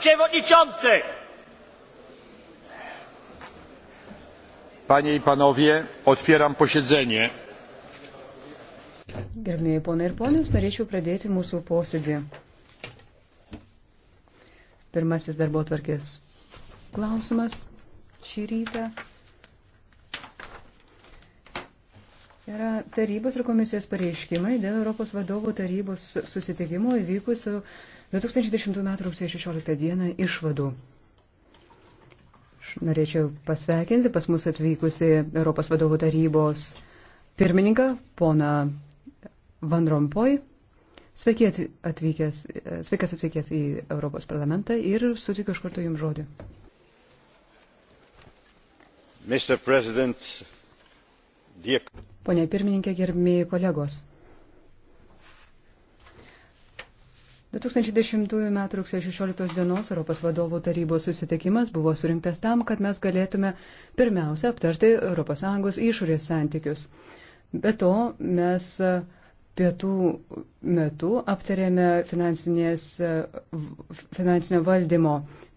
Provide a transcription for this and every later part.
przewodniczący! Panie i panowie, otwieram posiedzenie. Gerbėjai ponai ir ponios, norėčiau pradėti mūsų posėdį. Pirmasis darbo tvarkės klausimas šį rytą yra tarybos ir komisijos pareiškimai dėl Europos vadovų tarybos susitikimo įvykusių su 2010 m. rugsėjo 16 d. išvadų. Aš norėčiau pasveikinti pas mus atvykusi Europos vadovų tarybos pirmininką, poną Van Rompuy. Sveiki atvykęs, sveikas atvykęs į Europos parlamentą ir sutikiu iš karto jums žodį. Dear... Pone pirmininkė, gerbėjai kolegos. 2010 m. rugsėjo 16 dienos Europos vadovų tarybos susitikimas buvo surinktas tam, kad mes galėtume pirmiausia aptarti ES išorės santykius. Be to, mes e, pietų metu aptarėme e, finansinio valdymo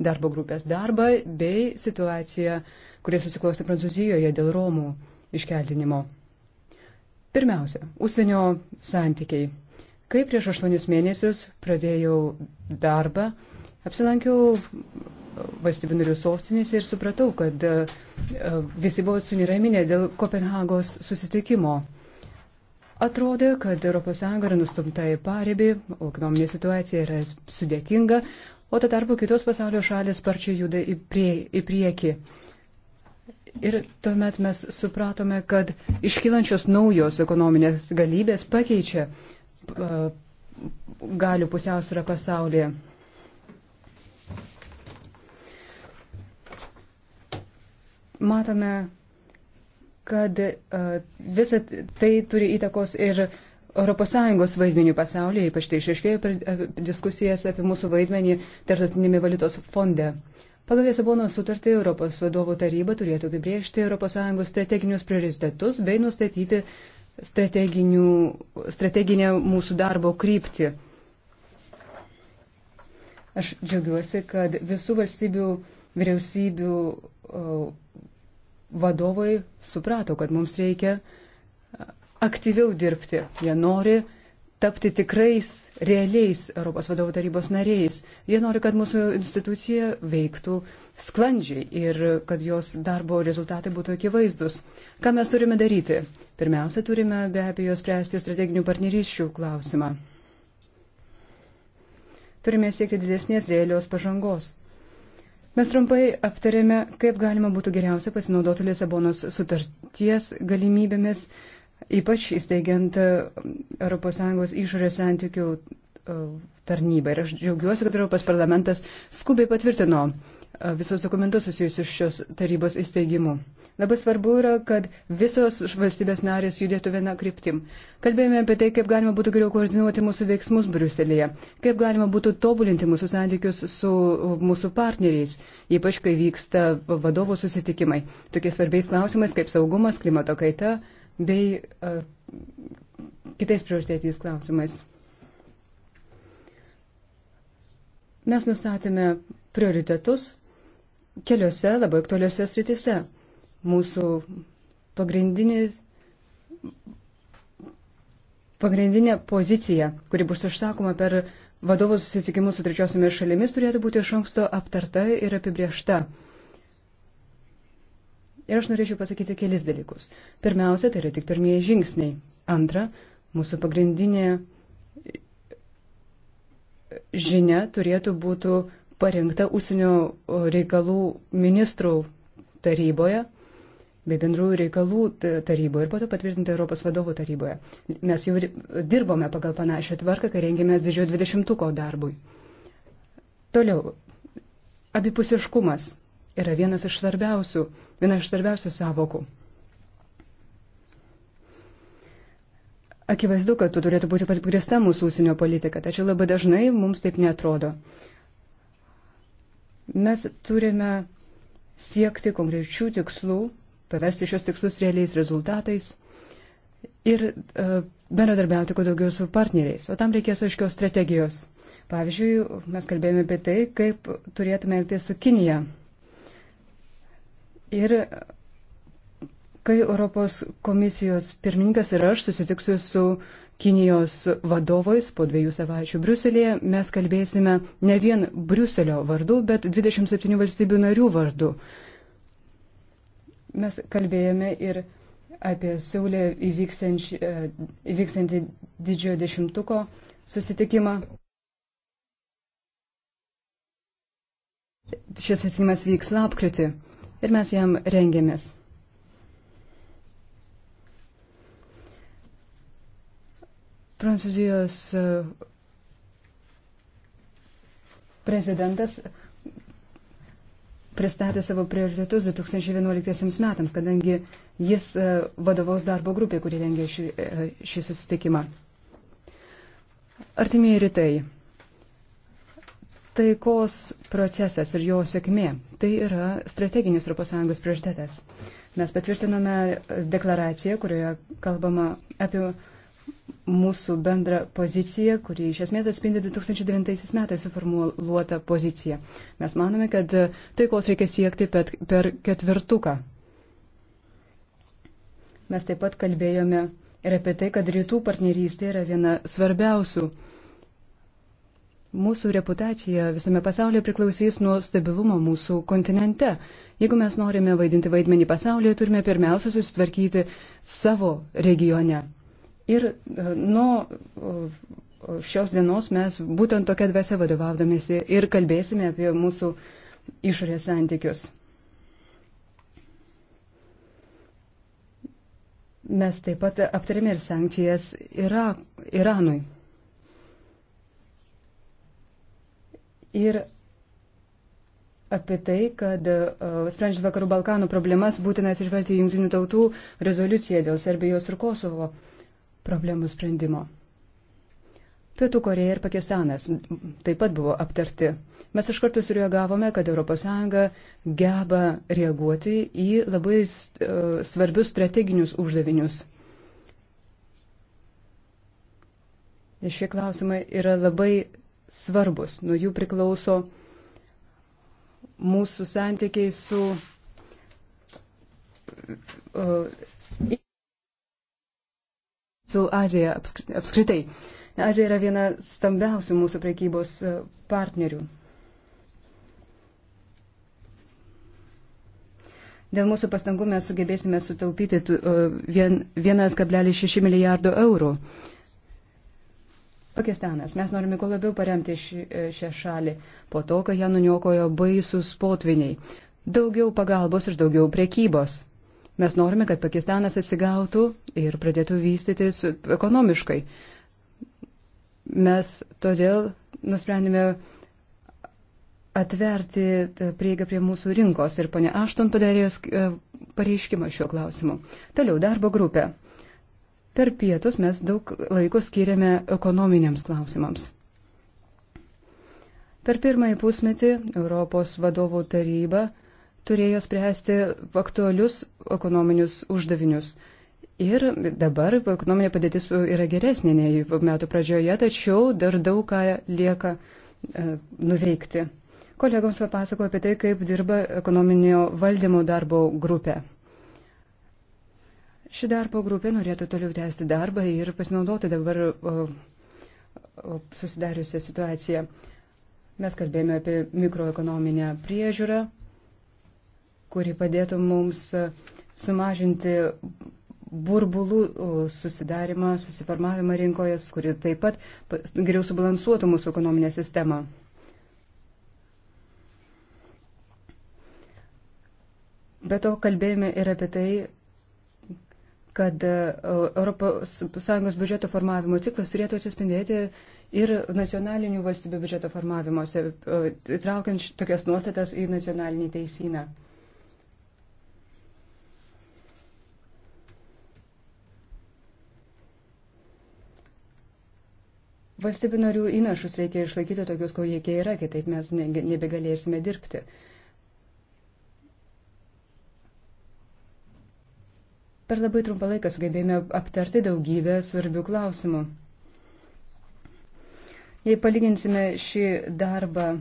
darbo grupės darbą bei situaciją, kurie susiklosti Prancūzijoje dėl Romų iškeldinimo. Pirmiausia, užsienio santykiai. Kai prieš aštuonis mėnesius pradėjau darbą, apsilankiau valstybių narių sostinėse ir supratau, kad e, e, visi buvo suniraminę dėl Kopenhagos susitikimo. Atrodė, kad ES yra nustumta į paribį, ekonominė situacija yra sudėtinga, o ta tarpu kitos pasaulio šalis sparčiai juda į, prie, į priekį. Ir tuomet mes supratome, kad iškylančios naujos ekonominės galybės pakeičia E, galių pusiausvyrą pasaulyje. Matome, kad e, visą tai turi įtakos ir ES vaidmenių pasaulyje, ypač tai išaiškėjo per e, diskusijas apie mūsų vaidmenį tarptautinėme valiutos fonde. Pagal Lisabono sutartį Europos vadovų taryba turėtų apibriežti ES strateginius prioritetus bei nustatyti strateginę mūsų darbo kryptį. Aš džiaugiuosi, kad visų valstybių vyriausybių vadovai suprato, kad mums reikia aktyviau dirbti. Jie nori tapti tikrais, realiais Europos vadovų tarybos nariais. Jie nori, kad mūsų institucija veiktų sklandžiai ir kad jos darbo rezultatai būtų akivaizdus. Ką mes turime daryti? Pirmiausia, turime be abejo spręsti strateginių partnerysčių klausimą. Turime siekti didesnės realios pažangos. Mes trumpai aptarėme, kaip galima būtų geriausia pasinaudoti Lisabonos sutarties galimybėmis ypač įsteigiant e, ES išorės santykių e, tarnybą. Ir aš džiaugiuosi, kad Europos parlamentas skubiai patvirtino e, visus dokumentus susijusius šios tarybos įsteigimu. Labai svarbu yra, kad visos valstybės narės judėtų viena kryptim. Kalbėjome apie tai, kaip galima būtų geriau koordinuoti mūsų veiksmus Briuselėje, kaip galima būtų tobulinti mūsų santykius su mūsų partneriais, ypač kai vyksta vadovų susitikimai, tokie svarbiais klausimais kaip saugumas, klimato kaita, bei uh, kitais prioritėtiniais klausimais. Mes nustatėme prioritetus keliose labai aktualiuose sritise. Mūsų pagrindinė, pagrindinė pozicija, kuri bus išsakoma per vadovų susitikimus su trečiosiomis šalimis, turėtų būti iš anksto aptarta ir apibriešta. Uh, Ir aš norėčiau pasakyti kelis dalykus. Pirmiausia, tai yra tik pirmieji žingsniai. Antra, mūsų pagrindinė e, žinia turėtų būti parengta užsienio reikalų ministrų taryboje bei bendrųjų reikalų taryboje ir po to patvirtinti Europos vadovų taryboje. Mes jau dirbome pagal panašią tvarką, kai rengėmės didžiojo dvidešimtuko darbui. Toliau, abipusiškumas yra vienas iš svarbiausių, viena iš svarbiausių savokų. Akivaizdu, kad tu turėtų būti pagrįsta mūsų ūsinio politika, tačiau labai dažnai mums taip netrodo. Mes turime siekti konkrečių tikslų, paversti šios tikslus realiais rezultatais ir uh, bendradarbiauti kuo daugiau su partneriais. O tam reikės aiškios strategijos. Pavyzdžiui, mes kalbėjome apie tai, kaip turėtume elgtis su Kinija Ir kai Europos komisijos pirmininkas ir aš susitiksiu su Kinijos vadovais po dviejų savaičių Briuselėje, mes kalbėsime ne vien Briuselio vardu, bet 27 valstybių narių vardu. Mes kalbėjome ir apie Seulė e, įvyksiantį didžiojo dešimtuko susitikimą. Šis susitikimas vyks lapkritį ir mes jam rengiamės. Prancūzijos e, prezidentas pristatė savo prioritetus 2011 metams, kadangi jis e, vadovaus darbo grupė, kuri rengė šį, e, šį susitikimą. Artimieji rytai taikos procesas ir jo sėkmė. Tai yra strateginis ES prioritetas. Mes patvirtinome deklaraciją, kurioje kalbama apie mūsų bendrą poziciją, kuri iš esmės atspindi 2009 metais suformuoluotą poziciją. Mes manome, kad taikos reikia siekti per, per ketvirtuką. Mes taip pat kalbėjome ir apie tai, kad rytų partnerystė yra viena svarbiausių uh, Mūsų reputacija visame pasaulyje priklausys nuo stabilumo mūsų kontinente. Jeigu mes norime vaidinti vaidmenį pasaulyje, turime pirmiausia susitvarkyti savo regione. Ir e, nuo e, šios dienos mes būtent tokia dvasia vadovaudomėsi ir kalbėsime apie mūsų išorės santykius. Mes taip pat aptarėme ir sankcijas Irak, Iranui. ir apie tai, kad e, sprendžiant Vakarų Balkanų problemas būtina atsižvelgti Junktinių tautų rezoliuciją dėl Serbijos ir Kosovo problemų sprendimo. Pietų Koreja ir Pakistanas taip pat buvo aptarti. Mes iš karto sureagavome, kad ES geba reaguoti į labai e, svarbius strateginius uždavinius. Šie klausimai yra labai svarbus, nuo jų priklauso mūsų santykiai su uh, su Azija apskritai. Azija yra viena stambiausių mūsų prekybos uh, partnerių. Dėl mūsų pastangų mes sugebėsime sutaupyti 1,6 uh, milijardo eurų. Uh, Pakistanas. Mes norime kuo labiau paremti e, šią šalį po to, kai ją nuniokojo baisus potviniai. Daugiau pagalbos ir daugiau priekybos. Mes norime, kad Pakistanas atsigautų ir pradėtų vystytis ekonomiškai. Mes todėl nusprendėme atverti prieigą prie mūsų rinkos ir ponia Ašton padarė e, pareiškimą šiuo klausimu. Toliau darbo grupė. Per pietus mes daug laiko skiriame ekonominiams klausimams. Per pirmąjį pusmetį Europos vadovų taryba turėjo spręsti aktualius ekonominius uždavinius. Ir dabar ekonominė padėtis yra geresnė nei metų pradžioje, tačiau dar daug ką lieka e, nuveikti. Kolegoms papasakoju apie tai, kaip dirba ekonominio valdymo darbo grupė. Ši darbo grupė norėtų toliau tęsti darbą ir pasinaudoti dabar susidariusią situaciją. Mes kalbėjome apie mikroekonominę priežiūrą, kuri padėtų mums sumažinti burbulų susidarimą, susiformavimą rinkoje, kuri taip pat geriau subalansuotų mūsų ekonominę sistemą. Be to kalbėjome ir apie tai, kad ES biudžeto formavimo ciklas turėtų atsispindėti ir nacionalinių valstybių biudžeto formavimuose, e, įtraukiant tokias nuostatas į nacionalinį teisyną. Valstybių narių įnašus reikia išlaikyti tokius, kokie jie yra, kitaip mes nebegalėsime dirbti. Per labai trumpą laiką sugebėjome aptarti daugybę svarbių klausimų. Jei palyginsime šį darbą e,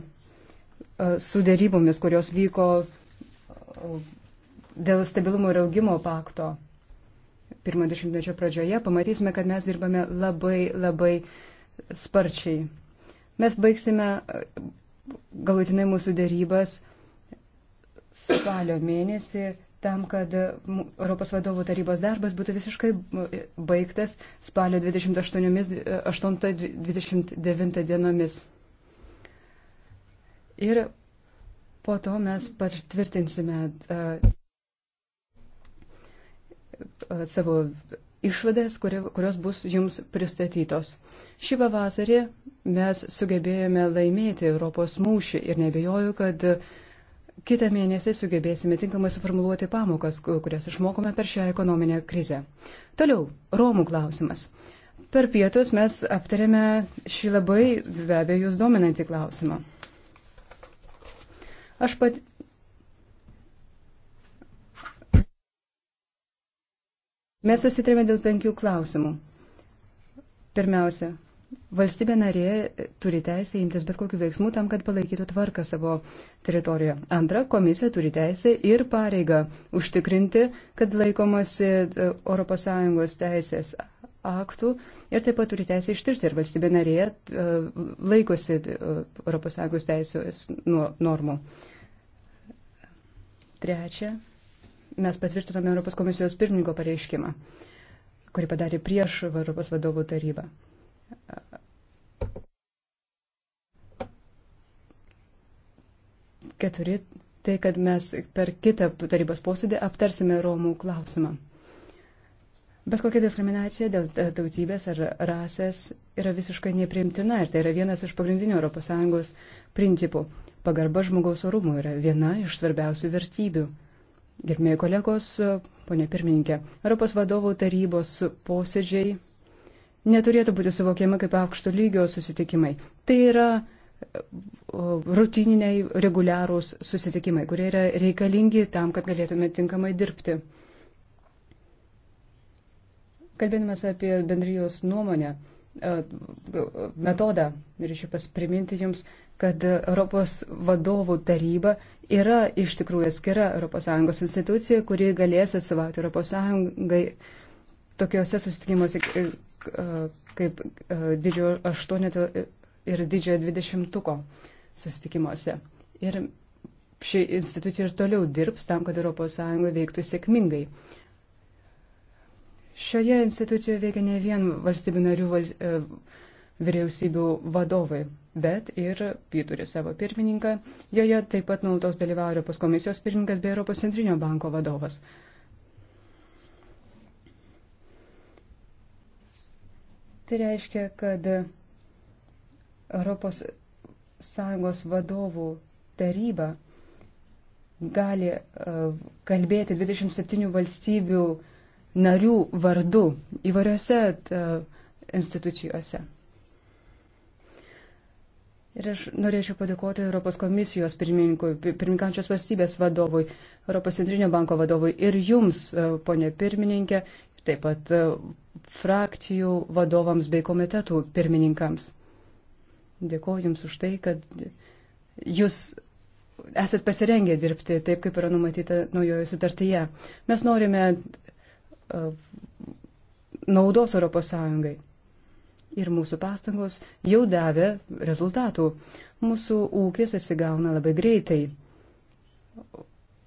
su dėrybomis, kurios vyko e, dėl stabilumo ir augimo pakto pirmo dešimtmečio pradžioje, pamatysime, kad mes dirbame labai, labai sparčiai. Mes baigsime e, galutinai mūsų dėrybas spalio mėnesį tam, kad e, Europos vadovų tarybos darbas būtų visiškai e, baigtas spalio 28-29 e, dienomis. Ir po to mes patvirtinsime savo išvadas, kurios bus jums pristatytos. Šį pavasarį mes sugebėjome laimėti Europos mūšį ir nebejoju, kad kitą mėnesį sugebėsime tinkamai suformuluoti pamokas, kurias išmokome per šią ekonominę krizę. Toliau, Romų klausimas. Per pietus mes aptarėme šį labai be abejo jūs dominantį klausimą. Aš pat. Mes susitrėmė dėl penkių klausimų. Pirmiausia, Valstybė narė turi teisę imtis bet kokių veiksmų tam, kad palaikytų tvarką savo teritorijoje. Antra, komisija turi teisę ir pareigą užtikrinti, kad laikomasi ES teisės aktų ir taip pat turi teisę ištirti, ar valstybė narė e, laikosi ES teisės nu, normų. Trečia, mes patvirtinome Europos komisijos pirmininko pareiškimą, kurį padarė prieš Europos vadovų tarybą. Keturi, tai kad mes per kitą tarybos posėdį aptarsime Romų klausimą. Bet kokia diskriminacija dėl tautybės ar rasės yra visiškai nepriimtina ir tai yra vienas iš pagrindinių ES principų. Pagarba žmogaus orumui yra viena iš svarbiausių vertybių. Gerbėjai kolegos, ponė pirmininkė, Europos vadovų tarybos posėdžiai neturėtų būti suvokiama kaip aukšto lygio susitikimai. Tai yra rutininiai, reguliarūs susitikimai, kurie yra reikalingi tam, kad galėtume tinkamai dirbti. Kalbėdamas apie bendrijos nuomonę, e, metodą, norėčiau pas priminti jums, kad Europos vadovų taryba yra iš tikrųjų atskira ES institucija, kuri galės atstovauti ES tokiuose susitikimuose kaip e, didžiojo aštuoneto ir didžiojo dvidešimtuko susitikimuose. Ir ši institucija ir toliau dirbs tam, kad ES veiktų sėkmingai. Šioje institucijoje veikia ne vien valstybių narių val, e, vyriausybių vadovai, bet ir ji turi savo pirmininką. Joje taip pat nuolatos dalyvauja Europos komisijos pirmininkas bei Europos centrinio banko vadovas. Tai reiškia, kad ES vadovų taryba gali e, kalbėti 27 valstybių narių vardu įvairiose e, institucijose. Ir aš norėčiau padėkoti Europos komisijos pirmininkui, pirmininkančios valstybės vadovui, Europos centrinio banko vadovui ir jums, e, ponė pirmininkė, taip pat e, frakcijų vadovams bei komitetų pirmininkams. Dėkuoju Jums už tai, kad Jūs esat pasirengę dirbti taip, kaip yra numatyta naujoje sutartyje. Mes norime e, naudos Europos Sąjungai. Ir mūsų pastangos jau davė rezultatų. Mūsų ūkis atsigauna labai greitai.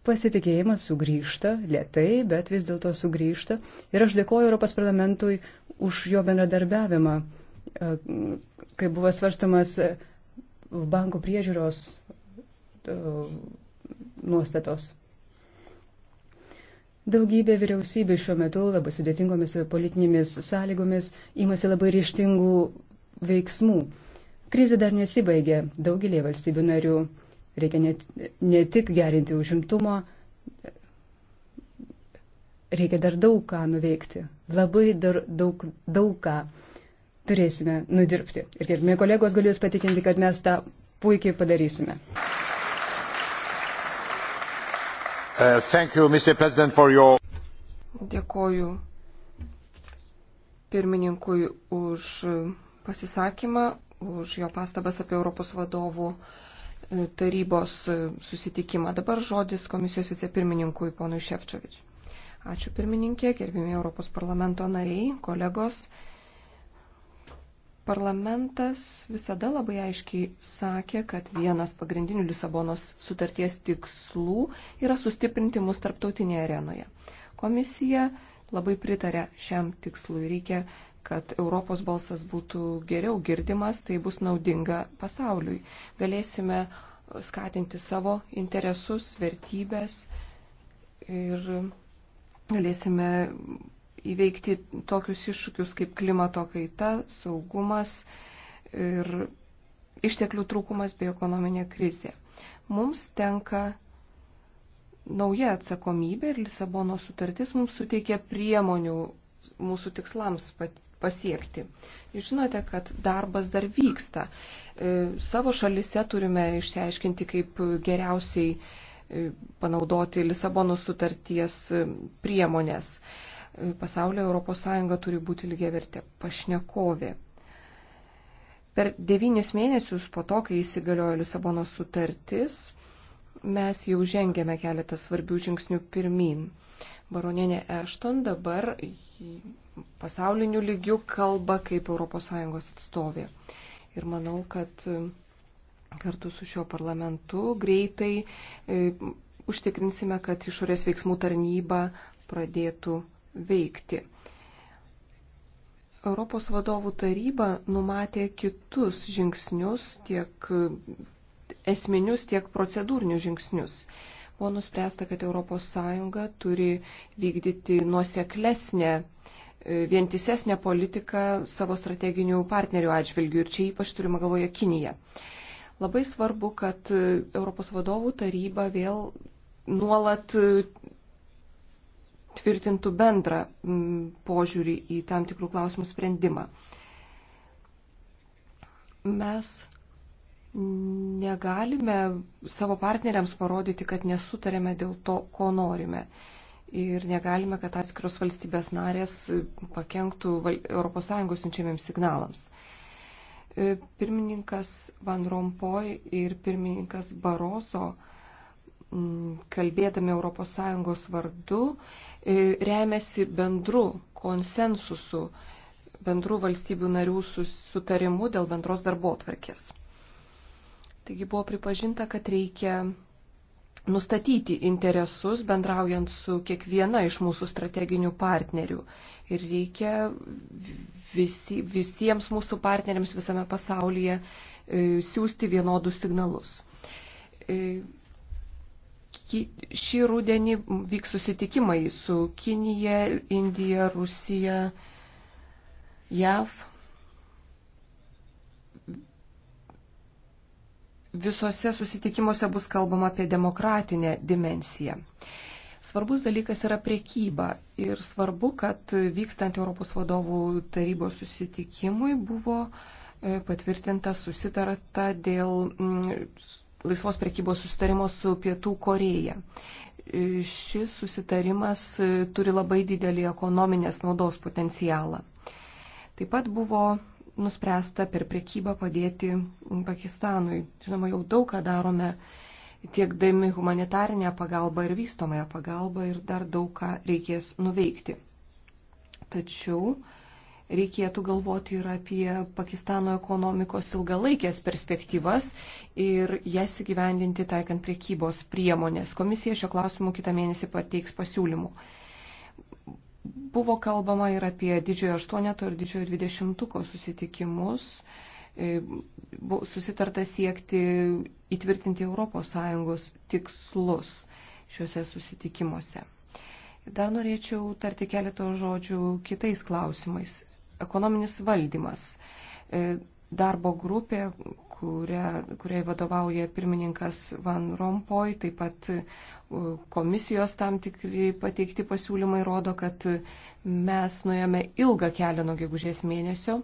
Pasitikėjimas sugrįžta, lietai, bet vis dėlto sugrįžta. Ir aš dėkoju Europos parlamentui už jo bendradarbiavimą, e, kai buvo svarstamas e, bankų priežiūros e, nuostatos. Daugybė vyriausybių šiuo metu labai sudėtingomis politinėmis sąlygomis imasi labai ryštingų veiksmų. Krizė dar nesibaigė daugelį valstybių narių. Reikia ne, ne tik gerinti užimtumą, reikia dar daug ką nuveikti. Labai dar daug, daug ką turėsime nudirbti. Ir gerbimi kolegos, galiu Jūs patikinti, kad mes tą puikiai padarysime. Uh, you, your... Dėkoju pirmininkui už pasisakymą, už jo pastabas apie Europos vadovų uh, tarybos susitikimą. Dabar žodis komisijos vicepirmininkui ponui Ševčiovičiui. Ačiū pirmininkė, gerbimi Europos parlamento nariai, kolegos. Parlamentas visada labai aiškiai sakė, kad vienas pagrindinių Lisabonos sutarties tikslų yra sustiprinti mus tarptautinėje arenoje. Komisija labai pritarė šiam tikslui. Reikia kad Europos balsas būtų geriau girdimas, tai bus naudinga pasauliui. Galėsime skatinti savo interesus, vertybės ir galėsime įveikti tokius iššūkius kaip klimato kaita, saugumas ir išteklių trūkumas bei ekonominė krizė. Mums tenka nauja atsakomybė ir Lisabono sutartis mums suteikė priemonių mūsų tikslams pasiekti. Jūs žinote, kad darbas dar vyksta. E, savo šalise turime išsiaiškinti, kaip geriausiai e, panaudoti Lisabono sutarties e, priemonės. Pasaulio ES turi būti lygiai vertė pašnekovė. Per devynis mėnesius po to, kai įsigaliojo Lisabono sutartis, mes jau žengėme keletą svarbių žingsnių pirmin. Baronienė Ešton dabar pasauliniu lygiu kalba kaip ES atstovė. Ir manau, kad e, kartu su šiuo parlamentu greitai e, užtikrinsime, kad išorės veiksmų tarnyba pradėtų veikti. Europos vadovų taryba numatė kitus žingsnius tiek esminius, tiek procedūrinius žingsnius. Buvo nuspręsta, kad ES turi vykdyti nuoseklesnę, e, vientisesnę politiką savo strateginių partnerių atžvilgių ir čia ypač turima galvoje Kinija. Labai svarbu, kad e, Europos vadovų taryba vėl nuolat e, tvirtintų bendrą požiūrį į tam tikrų klausimų sprendimą. Mes negalime savo partneriams parodyti, kad nesutarėme dėl to, ko norime. Ir negalime, kad atskiros valstybės narės pakenktų ES siunčiamiems signalams. E, pirmininkas Van Rompuy ir pirmininkas Baroso kalbėdami ES vardu, e, remiasi bendru konsensusu, bendru valstybių narių susitarimu dėl bendros darbo tvarkės. Taigi buvo pripažinta, kad reikia nustatyti interesus bendraujant su kiekviena iš mūsų strateginių partnerių. Ir reikia visi, visiems mūsų partneriams visame pasaulyje e, siūsti vienodus signalus. E, šį rudenį vyks susitikimai su Kinija, Indija, Rusija, JAV. visose susitikimuose bus kalbama apie demokratinę dimensiją. Svarbus dalykas yra priekyba ir svarbu, kad vykstant Europos vadovų tarybos susitikimui buvo e, patvirtinta susitarata dėl mm, laisvos priekybos susitarimo su Pietų Koreja. E, šis susitarimas e, turi labai didelį ekonominės naudos potencialą. Taip pat buvo nuspręsta per priekybą padėti Pakistanui. Žinoma, jau daug ką darome, tiekdami humanitarinę pagalbą ir vystomąją pagalbą ir dar daug ką reikės nuveikti. Tačiau reikėtų galvoti ir apie Pakistano ekonomikos ilgalaikės perspektyvas ir jas įgyvendinti taikant priekybos priemonės. Komisija šio klausimu kitą mėnesį pateiks pasiūlymų. Buvo kalbama ir apie didžiojo aštuoneto ir didžiojo dvidešimtuko susitikimus. E, buvo susitarta siekti įtvirtinti ES tikslus šiuose susitikimuose. Dar norėčiau tarti keletą žodžių kitais klausimais. Ekonominis valdymas. E, darbo grupė, kuria, kuriai vadovauja pirmininkas Van Rompoj, taip pat e, komisijos tam tikri pateikti pasiūlymai rodo, kad mes nuėjome ilgą kelią nuo gegužės mėnesio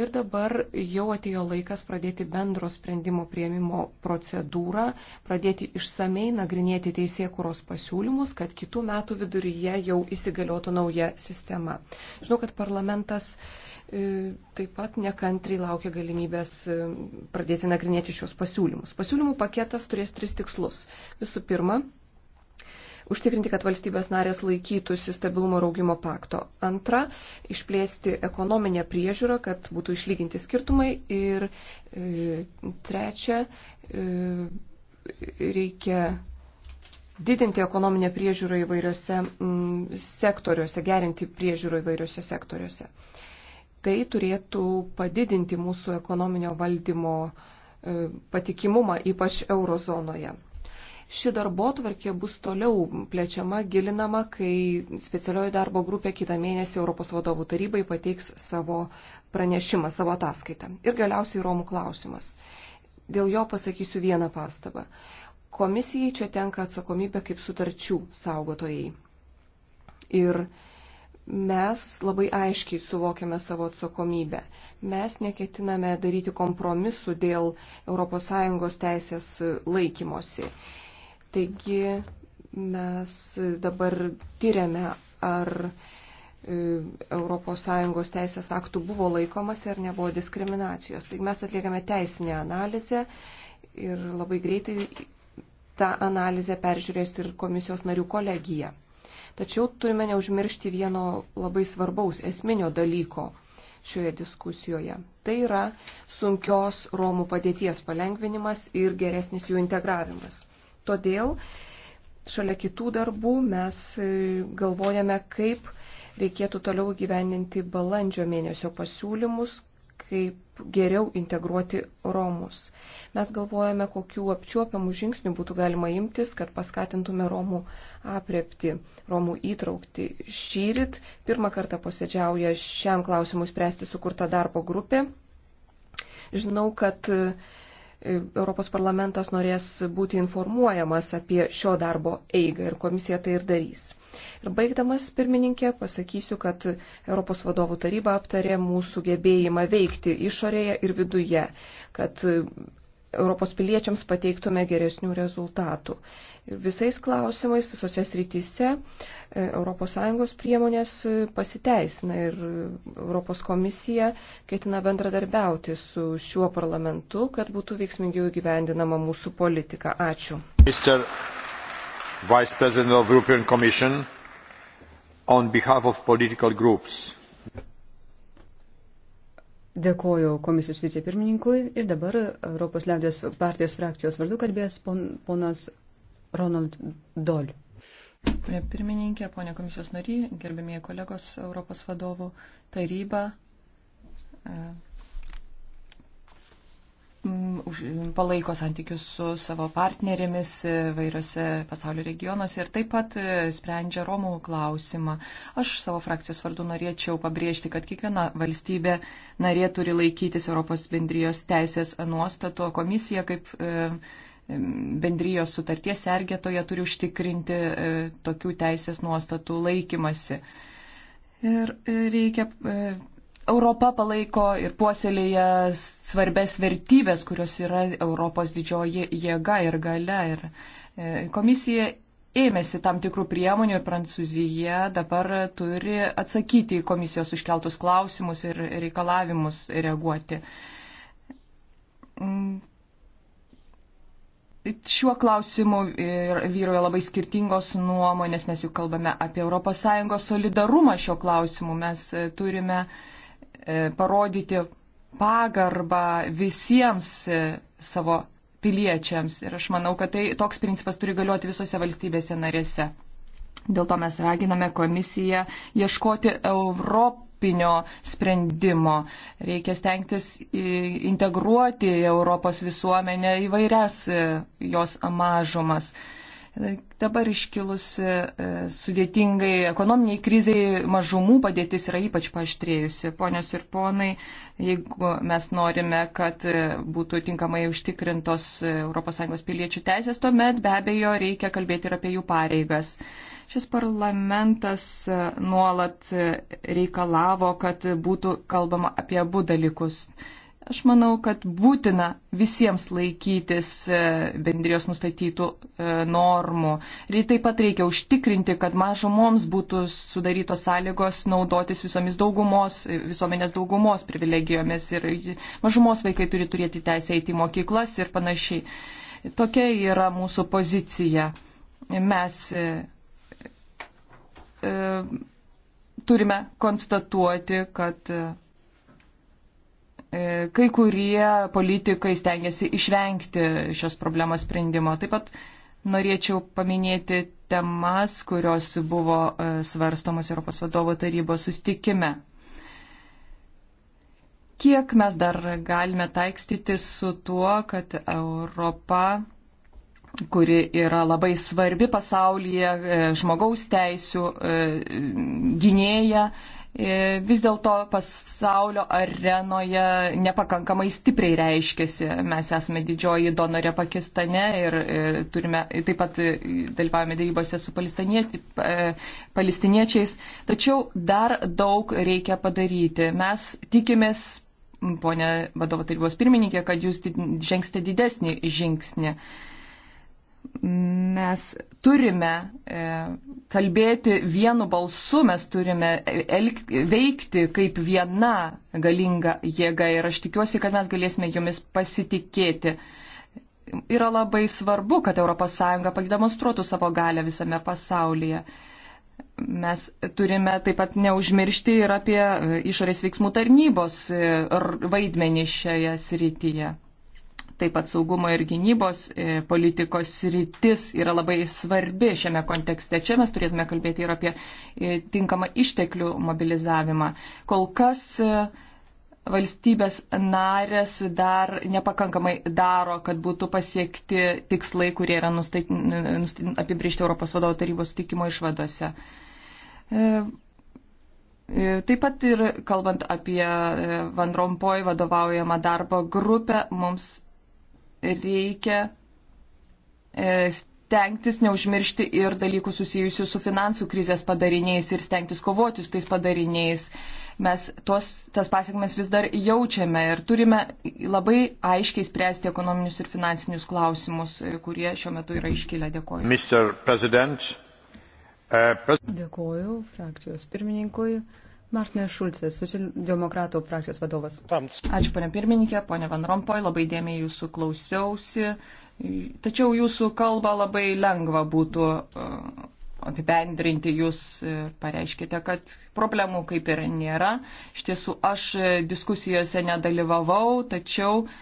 ir dabar jau atėjo laikas pradėti bendro sprendimo prieimimo procedūrą, pradėti išsamei nagrinėti teisėkuros pasiūlymus, kad kitų metų viduryje jau įsigaliotų nauja sistema. Žinau, kad parlamentas E, taip pat nekantriai laukia galimybės e, pradėti nagrinėti šios pasiūlymus. Pasiūlymų paketas turės tris tikslus. Visų pirma, užtikrinti, kad valstybės narės laikytųsi stabilumo raugimo pakto. Antra, išplėsti ekonominę priežiūrą, kad būtų išlyginti skirtumai. Ir e, trečia, e, reikia didinti ekonominę priežiūrą įvairiose m, sektoriuose, gerinti priežiūrą įvairiose sektoriuose. E, Tai turėtų padidinti mūsų ekonominio valdymo e, patikimumą, ypač eurozonoje. Ši darbo tvarkė bus toliau plečiama, gilinama, kai specialioji darbo grupė kitą mėnesį Europos vadovų tarybai pateiks savo pranešimą, savo ataskaitą. Ir galiausiai Romų klausimas. Dėl jo pasakysiu vieną pastabą. Komisijai čia tenka atsakomybė kaip sutarčių saugotojai. Ir mes labai aiškiai suvokiame savo atsakomybę. Mes neketiname daryti kompromisų dėl ES teisės laikymosi. Taigi mes dabar tyriame, ar e, ES teisės aktų buvo laikomas ir nebuvo diskriminacijos. Taigi mes atliekame teisinę analizę ir labai greitai tą analizę peržiūrės ir komisijos narių kolegija. Tačiau turime neužmiršti vieno labai svarbaus esminio dalyko šioje diskusijoje. Tai yra sunkios Romų padėties palengvinimas ir geresnis jų integravimas. Todėl šalia kitų darbų mes e, galvojame, kaip reikėtų toliau gyveninti balandžio mėnesio pasiūlymus, kaip geriau integruoti Romus. Mes galvojame, kokių apčiuopiamų žingsnių būtų galima imtis, kad paskatintume Romų aprepti, Romų įtraukti. Šyrit pirmą kartą posėdžiauja šiam klausimui spręsti sukurta darbo grupė. Žinau, kad e, Europos parlamentas norės būti informuojamas apie šio darbo eigą ir komisija tai ir darys. Ir baigdamas, pirmininkė, pasakysiu, kad Europos vadovų taryba aptarė mūsų gebėjimą veikti išorėje ir viduje, kad Europos piliečiams pateiktume geresnių rezultatų. Ir visais klausimais, visose srityse e, ES priemonės e, pasiteisina ir Europos komisija ketina bendradarbiauti su šiuo parlamentu, kad būtų veiksmingiau įgyvendinama mūsų politika. Ačiū. Mister vice president of the european commission on behalf of political groups. Dėkoju komisijos vicepirmininkui ir dabar Europos liaudės partijos frakcijos vardu kalbės pon, ponas Ronald Dol. Pone pirmininkė, pone komisijos nary, gerbėmėjai kolegos Europos vadovų taryba. E, palaiko santykius su savo partnerėmis vairiose pasaulio regionuose ir taip pat e, sprendžia Romų klausimą. Aš savo frakcijos vardu norėčiau pabrėžti, kad kiekviena valstybė narė turi laikytis Europos bendrijos teisės nuostato. Komisija kaip e, bendrijos sutarties sergėtoje turi užtikrinti e, tokių teisės nuostatų laikymasi. Ir reikia Europa palaiko ir puoselėja svarbės vertybės, kurios yra Europos didžioji jėga ir gale. Ir e, komisija ėmėsi tam tikrų priemonių ir Prancūzija dabar turi atsakyti į komisijos užkeltus klausimus ir reikalavimus reaguoti. Mm. Šiuo klausimu vyroja labai skirtingos nuomonės, mes jau kalbame apie ES solidarumą šiuo klausimu. Mes turime uh, E, parodyti pagarbą visiems e, savo piliečiams. Ir aš manau, kad tai, toks principas turi galioti visose valstybėse narėse. Dėl to mes raginame komisiją ieškoti europinio sprendimo. Reikia stengtis integruoti Europos visuomenę įvairias e, jos mažumas. Dabar iškilus e, sudėtingai ekonominiai kriziai mažumų padėtis yra ypač paštrėjusi. Ponios ir ponai, jeigu mes norime, kad e, būtų tinkamai užtikrintos ES piliečių teisės, tuomet be abejo reikia kalbėti ir apie jų pareigas. Šis parlamentas e, nuolat reikalavo, kad būtų kalbama apie abu dalykus Aš manau, kad būtina visiems laikytis e, bendrijos nustatytų e, normų. Ir taip pat reikia užtikrinti, kad mažumoms būtų sudarytos sąlygos naudotis visomis daugumos, e, visuomenės daugumos privilegijomis ir mažumos vaikai turi turėti teisę eiti į mokyklas ir panašiai. Tokia yra mūsų pozicija. Mes turime konstatuoti, kad E, kai kurie politikai stengiasi išvengti šios problemos sprendimo. Taip pat norėčiau paminėti temas, kurios buvo e, svarstomas Europos vadovo tarybos sustikime. Kiek mes dar galime taikstyti su tuo, kad Europa, kuri yra labai svarbi pasaulyje e, žmogaus teisų gynėja, E, vis dėlto pasaulio arenoje nepakankamai stipriai reiškiasi. Mes esame didžioji donorė Pakistane ir e, turime, e, taip pat dalyvavome dėrybose su palestiniečiais. Tačiau dar daug reikia padaryti. Mes tikimės, ponė vadovo tarybos pirmininkė, kad jūs žengsite didesnį žingsnį. Mes turime. E, kalbėti vienu balsu, mes turime elg, veikti kaip viena galinga jėga ir aš tikiuosi, kad mes galėsime jumis pasitikėti. Yra labai svarbu, kad ES pademonstruotų savo galę visame pasaulyje. Mes turime taip pat neužmiršti ir apie e, išorės veiksmų tarnybos e, vaidmenį šioje srityje. Taip pat saugumo ir gynybos e, politikos rytis yra labai svarbi šiame kontekste. Čia mes turėtume kalbėti ir apie e, tinkamą išteklių mobilizavimą. Kol kas e, valstybės narės dar nepakankamai daro, kad būtų pasiekti tikslai, kurie yra nustat... apibriežti Europos vadovo tarybos sutikimo išvadose. Taip pat ir kalbant apie Van Rompoj vadovaujamą darbo grupę, mums reikia e, stengtis neužmiršti ir dalykų susijusių su finansų krizės padariniais ir stengtis kovoti su tais padariniais. Mes tos, tas pasiekmes vis dar jaučiame ir turime labai aiškiai spręsti ekonominius ir finansinius klausimus, e, kurie šiuo metu yra iškilę. Dėkuoju. Uh, e, pres... Dėkuoju frakcijos pirmininkui. Martinas Šulcas, socialdemokratų frakcijos vadovas. Ačiū, ponė pirmininkė, ponė Van Rompoj, labai dėmiai jūsų klausiausi. Tačiau jūsų kalbą labai lengva būtų uh, apibendrinti, jūs uh, pareiškite, kad problemų kaip ir nėra. Iš tiesų, aš uh, diskusijose nedalyvavau, tačiau uh,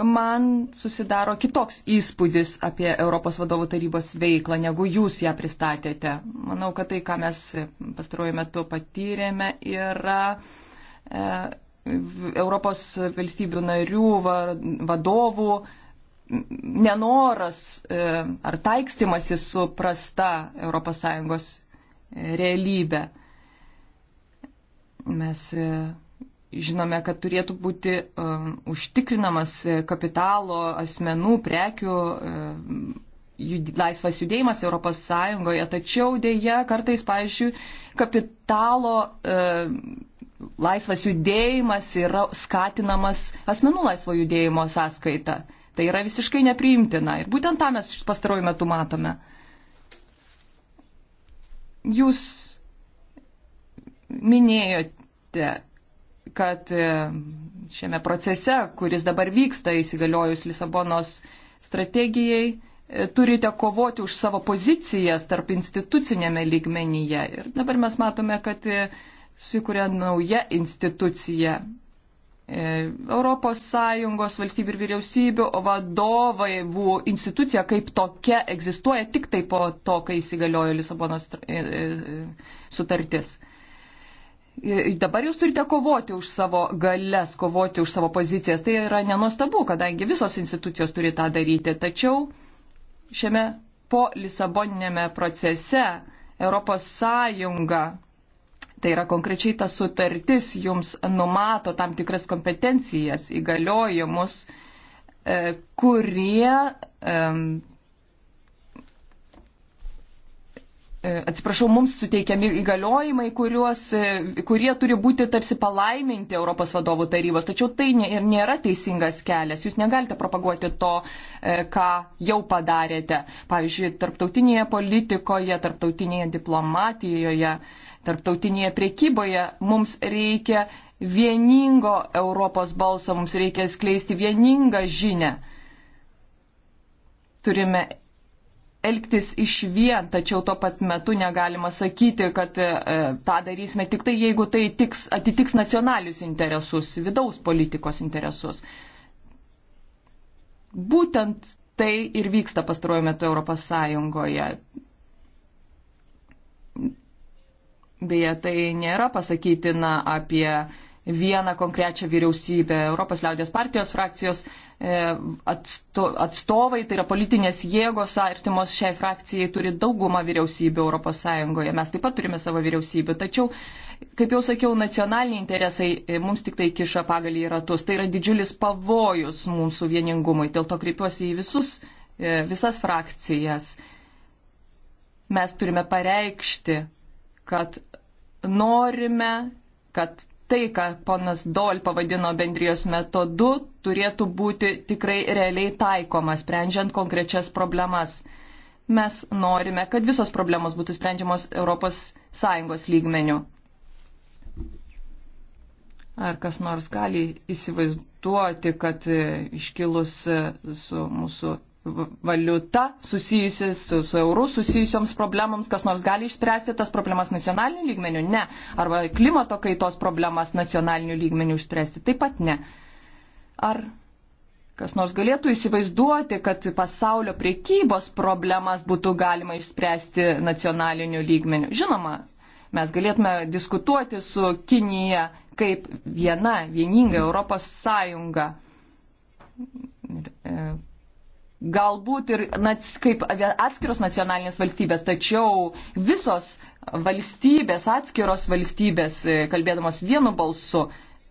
man susidaro kitoks įspūdis apie Europos vadovų tarybos veiklą, negu jūs ją pristatėte. Manau, kad tai, ką mes pastaruoju metu patyrėme, yra e, Europos valstybių narių vadovų nenoras e, ar taikstimasis su prasta ES realybė. Mes e, Žinome, kad turėtų būti um, užtikrinamas e, kapitalo, asmenų, prekių um, jud, laisvas judėjimas Europos Sąjungoje, tačiau dėja kartais, pavyzdžiui, kapitalo um, laisvas judėjimas yra skatinamas asmenų laisvo judėjimo sąskaita. Tai yra visiškai nepriimtina ir būtent tą mes pastaruoju metu matome. Jūs minėjote kad e, šiame procese, kuris dabar vyksta įsigaliojus Lisabonos strategijai, e, turite kovoti už savo pozicijas tarp institucinėme lygmenyje. Ir dabar mes matome, kad e, susikūrė nauja institucija. Europos Sąjungos valstybių ir vyriausybių vadovai buvo institucija kaip tokia egzistuoja tik tai po to, kai įsigaliojo Lisabonos sutartis. E, dabar jūs turite kovoti už savo galės, kovoti už savo pozicijas. Tai yra nenostabu, kadangi visos institucijos turi tą daryti. Tačiau šiame po Lisaboninėme procese Europos Sąjunga, tai yra konkrečiai ta sutartis, jums numato tam tikras kompetencijas, įgaliojimus, e, kurie E, atsiprašau, mums suteikiami įgaliojimai, kuriuos, e, kurie turi būti tarsi palaiminti Europos vadovų tarybos. Tačiau tai nė, ir nėra teisingas kelias. Jūs negalite propaguoti to, e, ką jau padarėte. Pavyzdžiui, tarptautinėje politikoje, tarptautinėje diplomatijoje, tarptautinėje priekyboje mums reikia vieningo Europos balso, mums reikia skleisti vieningą žinę. Turime elgtis iš vien, tačiau tuo pat metu negalima sakyti, kad e, tą darysime tik tai, jeigu tai tiks, atitiks nacionalius interesus, vidaus politikos interesus. Būtent tai ir vyksta pastaruoju metu Europos Sąjungoje. Beje, tai nėra pasakytina apie vieną konkrečią vyriausybę. Europos liaudės partijos frakcijos E, atstovai, tai yra politinės jėgos artimos šiai frakcijai, turi daugumą vyriausybių ES. Mes taip pat turime savo vyriausybių. Tačiau, kaip jau sakiau, nacionaliniai interesai e, mums tik tai kiša pagalį į ratus. Tai yra didžiulis pavojus mūsų vieningumui. Dėl to kreipiuosi į visus, e, visas frakcijas. Mes turime pareikšti, kad norime, kad tai, ką ponas Dol pavadino bendrijos metodu, turėtų būti tikrai realiai taikoma, sprendžiant konkrečias problemas. Mes norime, kad visos problemos būtų sprendžiamos ES lygmenių. Ar kas nors gali įsivaizduoti, kad iškilus su mūsų valiuta susijusi su, su eurų susijusioms problemams, kas nors gali išspręsti tas problemas nacionaliniu lygmeniu? Ne. Arba klimato kaitos problemas nacionaliniu lygmeniu išspręsti? Taip pat ne. Ar kas nors galėtų įsivaizduoti, kad pasaulio priekybos problemas būtų galima išspręsti nacionaliniu lygmeniu? Žinoma, mes galėtume diskutuoti su Kinija kaip viena, vieninga Europos Sąjunga. Ir, e, galbūt ir kaip atskiros nacionalinės valstybės, tačiau visos valstybės, atskiros valstybės, e, kalbėdamos vienu balsu,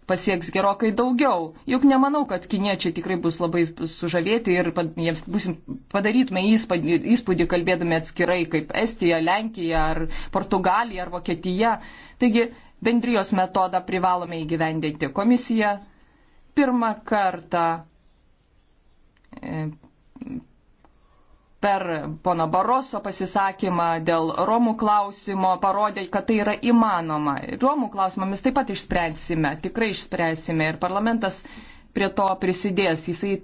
pasieks gerokai daugiau. Juk nemanau, kad kiniečiai tikrai bus labai sužavėti ir jiems busim, padarytume įspūdį, įspūdį kalbėdami atskirai kaip Estija, Lenkija ar Portugalija ar Vokietija. Taigi bendrijos metodą privalome įgyvendinti. Komisija pirmą kartą e, per pono Baroso pasisakymą dėl Romų klausimo parodė, kad tai yra įmanoma. Romų klausimą mes taip pat išspręsime, tikrai išspręsime ir parlamentas prie to prisidės. Jisai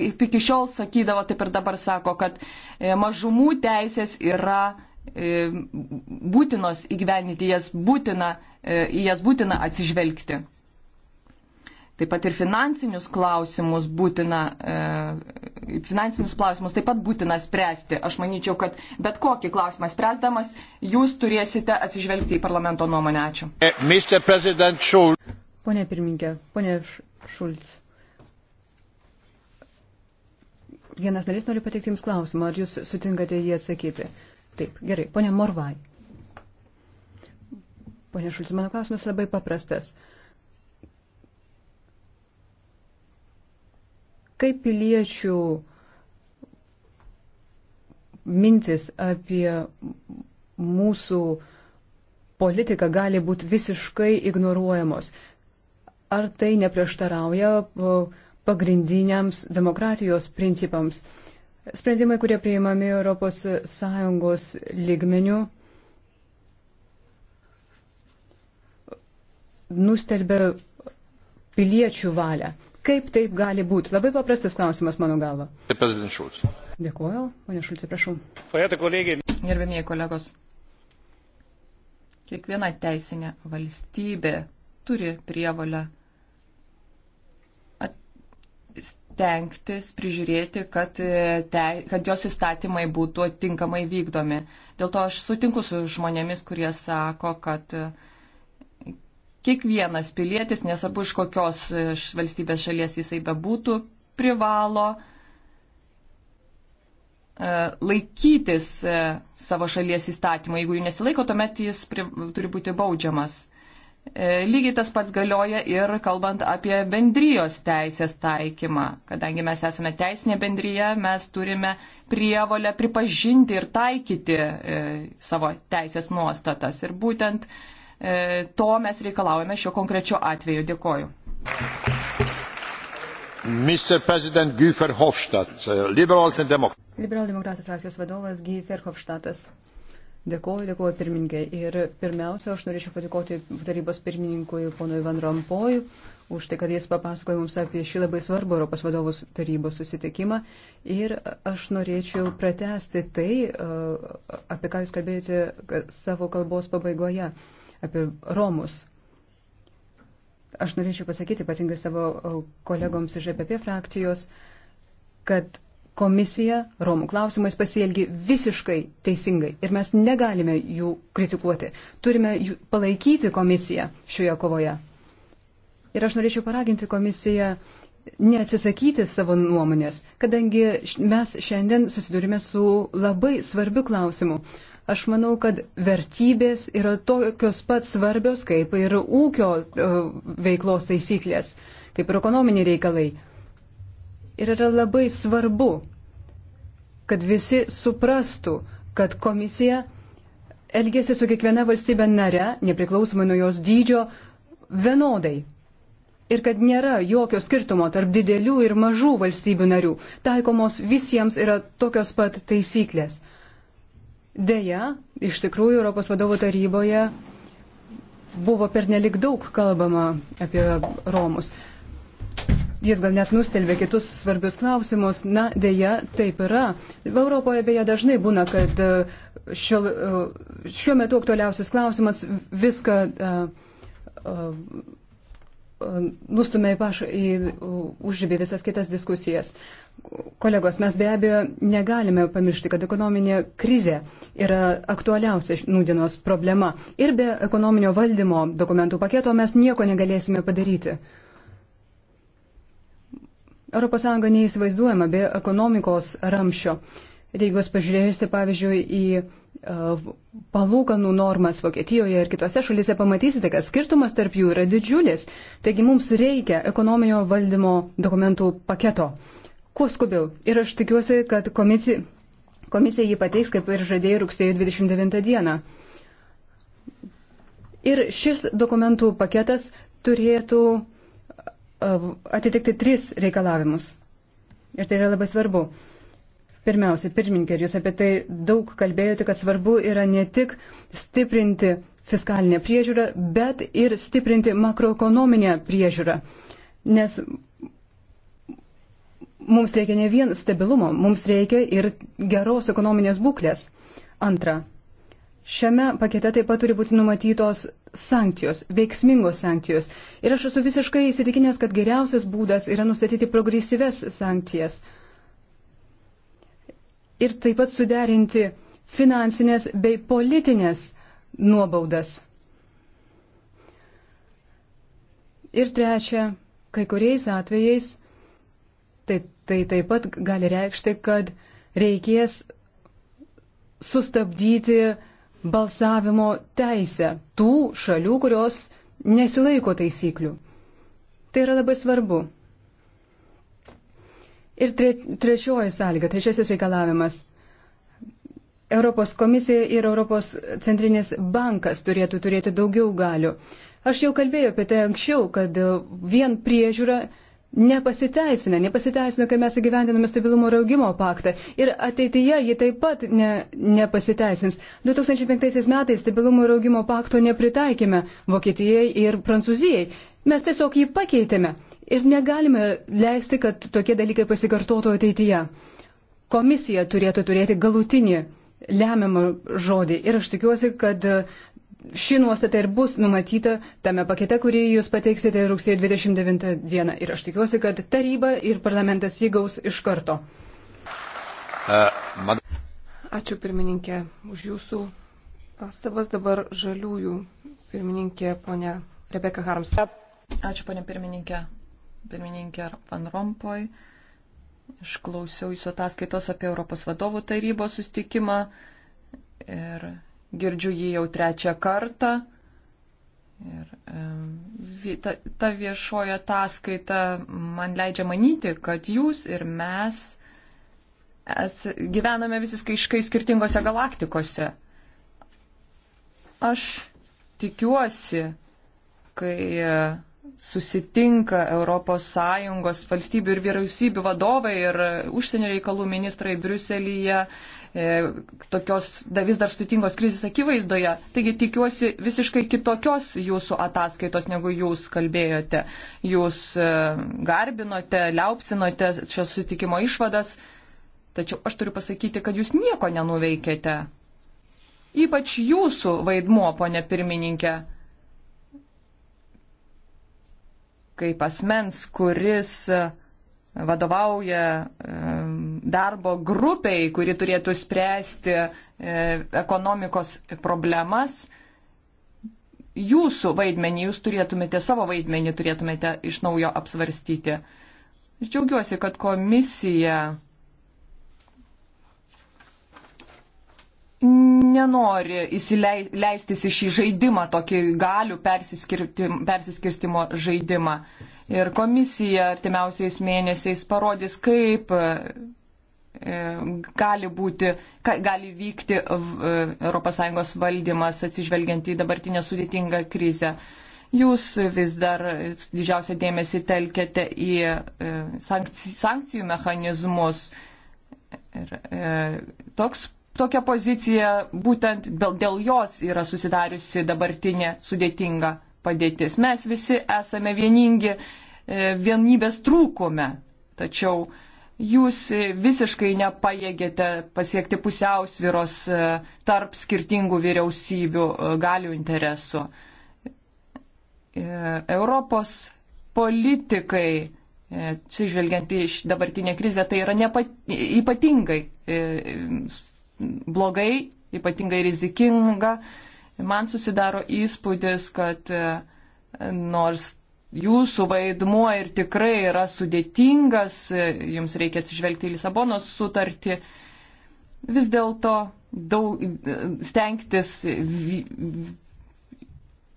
kaip iki šiol sakydavo, taip ir dabar sako, kad e, mažumų teisės yra e, būtinos įgyveninti, jas būtina, e, jas būtina atsižvelgti. Taip pat ir finansinius klausimus būtina, e, finansinius klausimus taip pat būtina spręsti. Aš manyčiau, kad bet kokį klausimą spręsdamas jūs turėsite atsižvelgti į parlamento nuomonę. Ačiū. E, pone pirmininkė, pone Šulc. Vienas narys nori pateikti Jums klausimą, ar Jūs sutinkate jį atsakyti. Taip, gerai. Pone Morvai. Pone Šulc, mano klausimas labai paprastas. kaip piliečių mintis apie mūsų politiką gali būti visiškai ignoruojamos. Ar tai neprieštarauja pagrindiniams demokratijos principams? Sprendimai, kurie priimami ES lygmenių, nustelbė piliečių valią. Kaip taip gali būti? Labai paprastas klausimas, mano galva. Dėkuoju, ponia Šulcė, prašau. Gerbėmieji kolegos, kiekviena teisinė valstybė turi prievalę stengtis prižiūrėti, kad, e, te, kad jos įstatymai būtų tinkamai vykdomi. Dėl to aš sutinku su žmonėmis, kurie sako, kad uh, Kiekvienas pilietis, nesvarbu iš kokios e, valstybės šalies jisai bebūtų, privalo e, laikytis e, savo šalies įstatymų. Jeigu jų nesilaiko, tuomet jis pri, turi būti baudžiamas. Lygiai tas pats galioja ir kalbant apie bendrijos teisės taikymą. Kadangi mes esame teisinė bendryje, mes turime prievolę pripažinti ir taikyti savo teisės nuostatas. Ir būtent uh, E, to mes reikalaujame šiuo konkrečiu atveju. Dėkoju. Mr. President Güfer Hofstadt, e, Liberals and Democrats. Liberal demokratų frakcijos vadovas Gyfer Hofštatas. Dėkuoju, dėkuoju pirmininkai. Ir pirmiausia, aš norėčiau padėkoti tarybos pirmininkui ponui Van Rompoj už tai, kad jis papasakojo mums apie šį labai svarbų Europos vadovos tarybos susitikimą. Ir aš norėčiau pratesti tai, e, apie ką jūs kalbėjote savo kalbos pabaigoje apie Romus. Aš norėčiau pasakyti, ypatingai savo kolegoms iš EPP frakcijos, kad komisija Romų klausimais pasielgi visiškai teisingai ir mes negalime jų kritikuoti. Turime jų palaikyti komisiją šioje kovoje. Ir aš norėčiau paraginti komisiją neatsisakyti savo nuomonės, kadangi mes šiandien susidurime su labai svarbiu klausimu. Aš manau, kad vertybės yra tokios pat svarbios, kaip ir ūkio e, veiklos taisyklės, kaip ir ekonominiai reikalai. Ir yra labai svarbu, kad visi suprastų, kad komisija elgėsi su kiekviena valstybė nare, nepriklausomai nuo jos dydžio, vienodai. Ir kad nėra jokio skirtumo tarp didelių ir mažų valstybių narių. Taikomos visiems yra tokios pat taisyklės. Deja, iš tikrųjų Europos vadovų taryboje buvo pernelik daug kalbama apie Romus. Jis gal net nustelbė kitus svarbius klausimus. Na, dėja, taip yra. Europoje beje dažnai būna, kad e, šio, e, šiuo metu aktualiausias klausimas viską. Uh, uh, nustumė paš, į užžybį visas kitas diskusijas. Kolegos, mes be abejo negalime pamiršti, kad ekonominė krizė yra aktualiausia nūdienos problema. Ir be ekonominio valdymo dokumentų paketo mes nieko negalėsime padaryti. ES neįsivaizduojama be ekonomikos ramšio. Ir jeigu jūs pažiūrėsite, pavyzdžiui, į E, palūkanų normas Vokietijoje ir kitose šalyse, pamatysite, kad skirtumas tarp jų yra didžiulis. Taigi mums reikia ekonominio valdymo dokumentų paketo. Kuo skubiau. Ir aš tikiuosi, kad komisija, komisija jį pateiks, kaip ir žadėjo rugsėjo 29 dieną. Ir šis dokumentų paketas turėtų e, atitikti tris reikalavimus. Ir tai yra labai svarbu. Pirmiausia, pirmininkė, jūs apie tai daug kalbėjote, kad svarbu yra ne tik stiprinti fiskalinę priežiūrą, bet ir stiprinti makroekonominę priežiūrą. Nes mums reikia ne vien stabilumo, mums reikia ir geros ekonominės būklės. Antra, šiame pakete taip pat turi būti numatytos sankcijos, veiksmingos sankcijos. Ir aš esu visiškai įsitikinęs, kad geriausias būdas yra nustatyti progresyves sankcijas. Uh, ir taip pat suderinti finansinės bei politinės nuobaudas. Ir trečia, kai kuriais atvejais tai, tai taip pat gali reikšti, kad reikės sustabdyti balsavimo teisę tų šalių, kurios nesilaiko taisyklių. Tai yra labai svarbu. Ir tre, trečioji sąlyga, trečiasis reikalavimas. Europos komisija ir Europos centrinis bankas turėtų turėti daugiau galių. Aš jau kalbėjau apie tai anksčiau, kad vien priežiūra nepasiteisina, nepasiteisino, kai mes įgyvendinome stabilumo ir augimo paktą. Ir ateityje ji taip pat ne, nepasiteisins. 2005 metais stabilumo ir augimo pakto nepritaikėme Vokietijai ir Prancūzijai. Mes tiesiog jį pakeitėme. Ir negalime leisti, kad tokie dalykai pasikartotų ateityje. Komisija turėtų turėti galutinį lemiamą žodį. Ir aš tikiuosi, kad ši nuostata ir bus numatyta tame pakete, kurį jūs pateiksite rugsėjo 29 dieną. Ir aš tikiuosi, kad taryba ir parlamentas jį gaus iš karto. Uh, Ačiū pirmininkė už jūsų pastabas. Dabar žaliųjų pirmininkė ponia Rebeka Harms. Ačiū ponia pirmininkė pirmininkė Van Rompoj. Išklausiau jūsų ataskaitos apie Europos vadovų tarybos sustikimą ir girdžiu jį jau trečią kartą. Ir e, ta, ta viešoja ataskaita man leidžia manyti, kad jūs ir mes es, gyvename visiškai iškai skirtingose galaktikose. Aš tikiuosi, kai susitinka ES valstybių ir vyriausybių vadovai ir užsienio reikalų ministrai Briuselyje e, tokios da, vis dar sudėtingos krizės akivaizdoje. Taigi tikiuosi visiškai kitokios jūsų ataskaitos, negu jūs kalbėjote. Jūs e, garbinote, liaupsinote šio sutikimo išvadas, tačiau aš turiu pasakyti, kad jūs nieko nenuveikėte. Ypač jūsų vaidmuo, ponė pirmininkė kaip asmens, kuris vadovauja darbo grupiai, kuri turėtų spręsti e, ekonomikos problemas. Jūsų vaidmenį, jūs turėtumėte savo vaidmenį, turėtumėte iš naujo apsvarstyti. Aš džiaugiuosi, kad komisija nenori įsileistis į šį žaidimą, tokį galių persiskirstimo žaidimą. Ir komisija artimiausiais mėnesiais parodys, kaip e, e, gali būti, gali vykti ES valdymas atsižvelgiant į dabartinę sudėtingą krizę. Jūs vis dar didžiausią dėmesį telkėte į e, sankcijų mechanizmus. Ir e, toks tokią poziciją, būtent dėl jos yra susidariusi dabartinė sudėtinga padėtis. Mes visi esame vieningi, e, vienybės trūkume, tačiau jūs visiškai nepajėgėte pasiekti pusiausviros e, tarp skirtingų vyriausybių e, galių interesų. Europos politikai atsižvelgiant į dabartinę krizę, tai yra nepa, ypatingai blogai, ypatingai rizikinga. Man susidaro įspūdis, kad e, nors jūsų vaidmuo ir tikrai yra sudėtingas, e, jums reikia atsižvelgti į Lisabonos sutartį, vis dėlto daug e, stengtis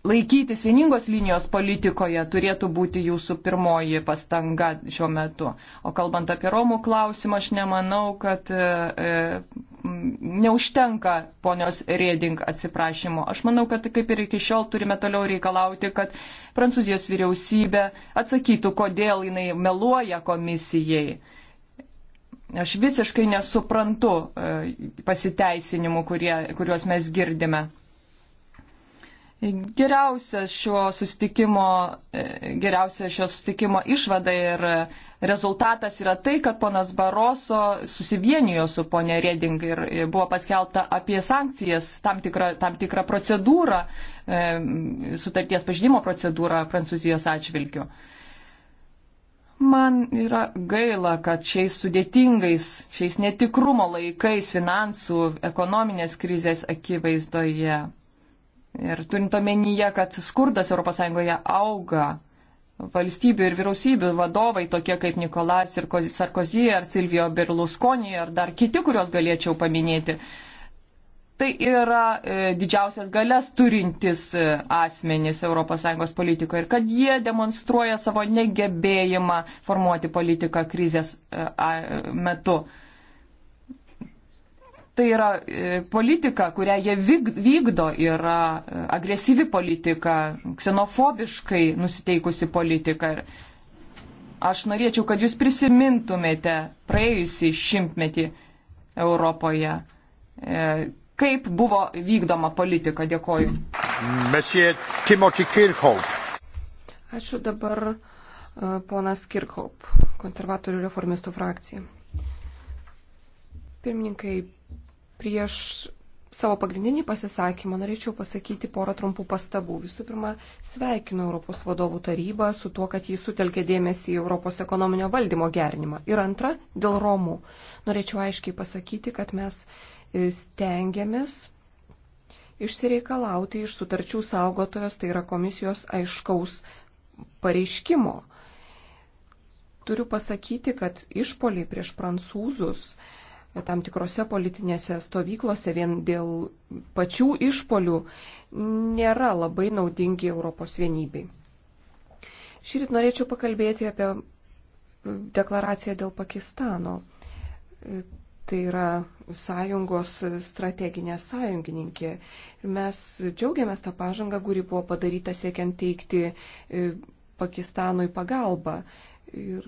laikytis vieningos linijos politikoje turėtų būti jūsų pirmoji pastanga šiuo metu. O kalbant apie Romų klausimą, aš nemanau, kad e, e neužtenka ponios Rėding atsiprašymo. Aš manau, kad kaip ir iki šiol turime toliau reikalauti, kad Prancūzijos vyriausybė atsakytų, kodėl jinai meluoja komisijai. Aš visiškai nesuprantu e, pasiteisinimų, kurie, kuriuos mes girdime. Geriausia šio sustikimo, e, geriausia šio sustikimo išvada ir rezultatas yra tai, kad ponas Baroso susivienijo su ponė Reding ir buvo paskelbta apie sankcijas, tam tikrą, tam tikrą procedūrą, e, sutarties pažydimo procedūrą Prancūzijos atžvilgiu. Man yra gaila, kad šiais sudėtingais, šiais netikrumo laikais finansų, ekonominės krizės akivaizdoje Ir turint omenyje, kad skurdas ES auga, valstybių ir vyriausybių vadovai, tokie kaip Nikolas ir Sarkozy ar Silvio Berlusconi ar dar kiti, kuriuos galėčiau paminėti, tai yra e, didžiausias galias turintis e, asmenys ES politikoje ir kad jie demonstruoja savo negebėjimą formuoti politiką krizės e, metu tai yra e, politika, kurią jie vykdo, yra e, agresyvi politika, ksenofobiškai nusiteikusi politika. Aš norėčiau, kad jūs prisimintumėte praėjusį šimtmetį Europoje, e, kaip buvo vykdoma politika. Dėkoju. Ačiū dabar ponas Kirkhaup, konservatorių reformistų frakcija pirmininkai Prieš savo pagrindinį pasisakymą norėčiau pasakyti porą trumpų pastabų. Visų pirma, sveikinu Europos vadovų tarybą su tuo, kad jis sutelkė dėmesį į Europos ekonominio valdymo gerinimą. Ir antra, dėl Romų. Norėčiau aiškiai pasakyti, kad mes e, stengiamės išsireikalauti iš sutarčių saugotojos, tai yra komisijos aiškaus pareiškimo. Turiu pasakyti, kad išpoliai prieš prancūzus tam tikrose politinėse stovyklose vien dėl pačių išpolių nėra labai naudingi Europos vienybei. Šįryt norėčiau pakalbėti apie e, deklaraciją dėl Pakistano. E, tai yra sąjungos strateginė sąjungininkė. Ir mes džiaugiamės tą pažangą, kuri buvo padaryta siekiant teikti e, Pakistanui pagalbą. Ir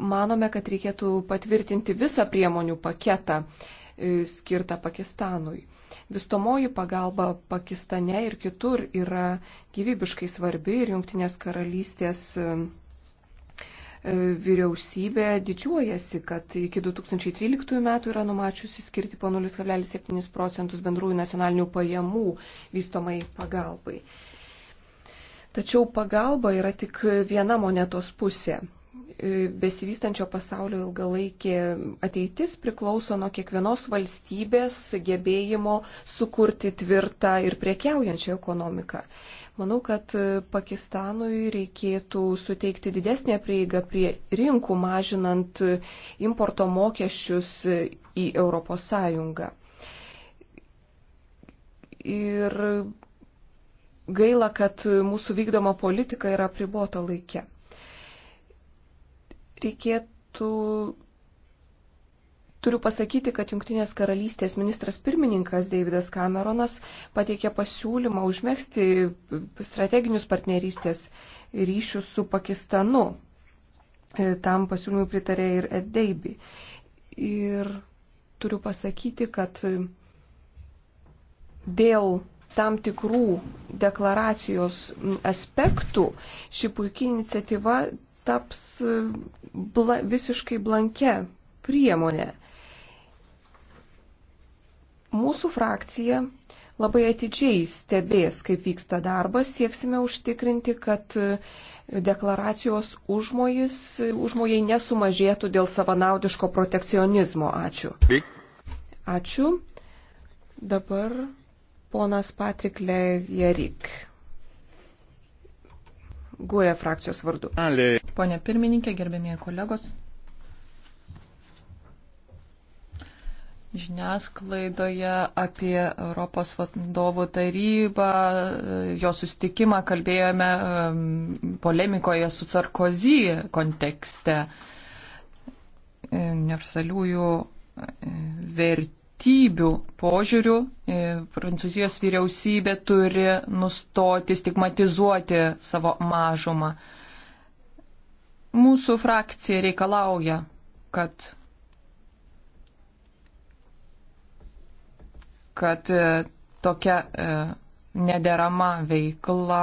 manome, kad reikėtų patvirtinti visą priemonių paketą e, skirtą Pakistanui. Vistomoji pagalba Pakistane ir kitur yra gyvybiškai svarbi ir Junktinės karalystės e, e, vyriausybė didžiuojasi, kad iki 2013 metų yra numačiusi skirti po 0,7 procentus bendrųjų nacionalinių pajamų vystomai pagalbai. Tačiau pagalba yra tik viena monetos pusė. E, besivystančio pasaulio ilgalaikė ateitis priklauso nuo kiekvienos valstybės gebėjimo sukurti tvirtą ir prekiaujančią ekonomiką. Manau, kad e, Pakistanui reikėtų suteikti didesnę prieigą prie rinkų, mažinant e, importo mokesčius į ES. Ir gaila, kad mūsų vykdoma politika yra pribota laikė reikėtų. Turiu pasakyti, kad Junktinės karalystės ministras pirmininkas Davidas Cameronas pateikė pasiūlymą užmėgsti strateginius partnerystės ryšius su Pakistanu. E, tam pasiūlymui pritarė ir Ed Deiby. Ir turiu pasakyti, kad dėl tam tikrų deklaracijos aspektų ši puikiai iniciatyva taps e, bla, visiškai blanke priemonė. Mūsų frakcija labai atidžiai stebės, kaip vyksta darbas, sieksime užtikrinti, kad e, deklaracijos užmojais, e, užmojai nesumažėtų dėl savanaudiško protekcionizmo. Ačiū. Ačiū. Dabar ponas Patrik Lejerik. Guoja frakcijos vardu. Pone pirmininkė, gerbėmieji kolegos. Žiniasklaidoje apie Europos vadovų tarybą, jo sustikimą kalbėjome polemikoje su Sarkozy kontekste universaliųjų vertybių vertybių požiūrių e, Prancūzijos vyriausybė turi nustoti stigmatizuoti savo mažumą. Mūsų frakcija reikalauja, kad, kad e, tokia e, nederama veikla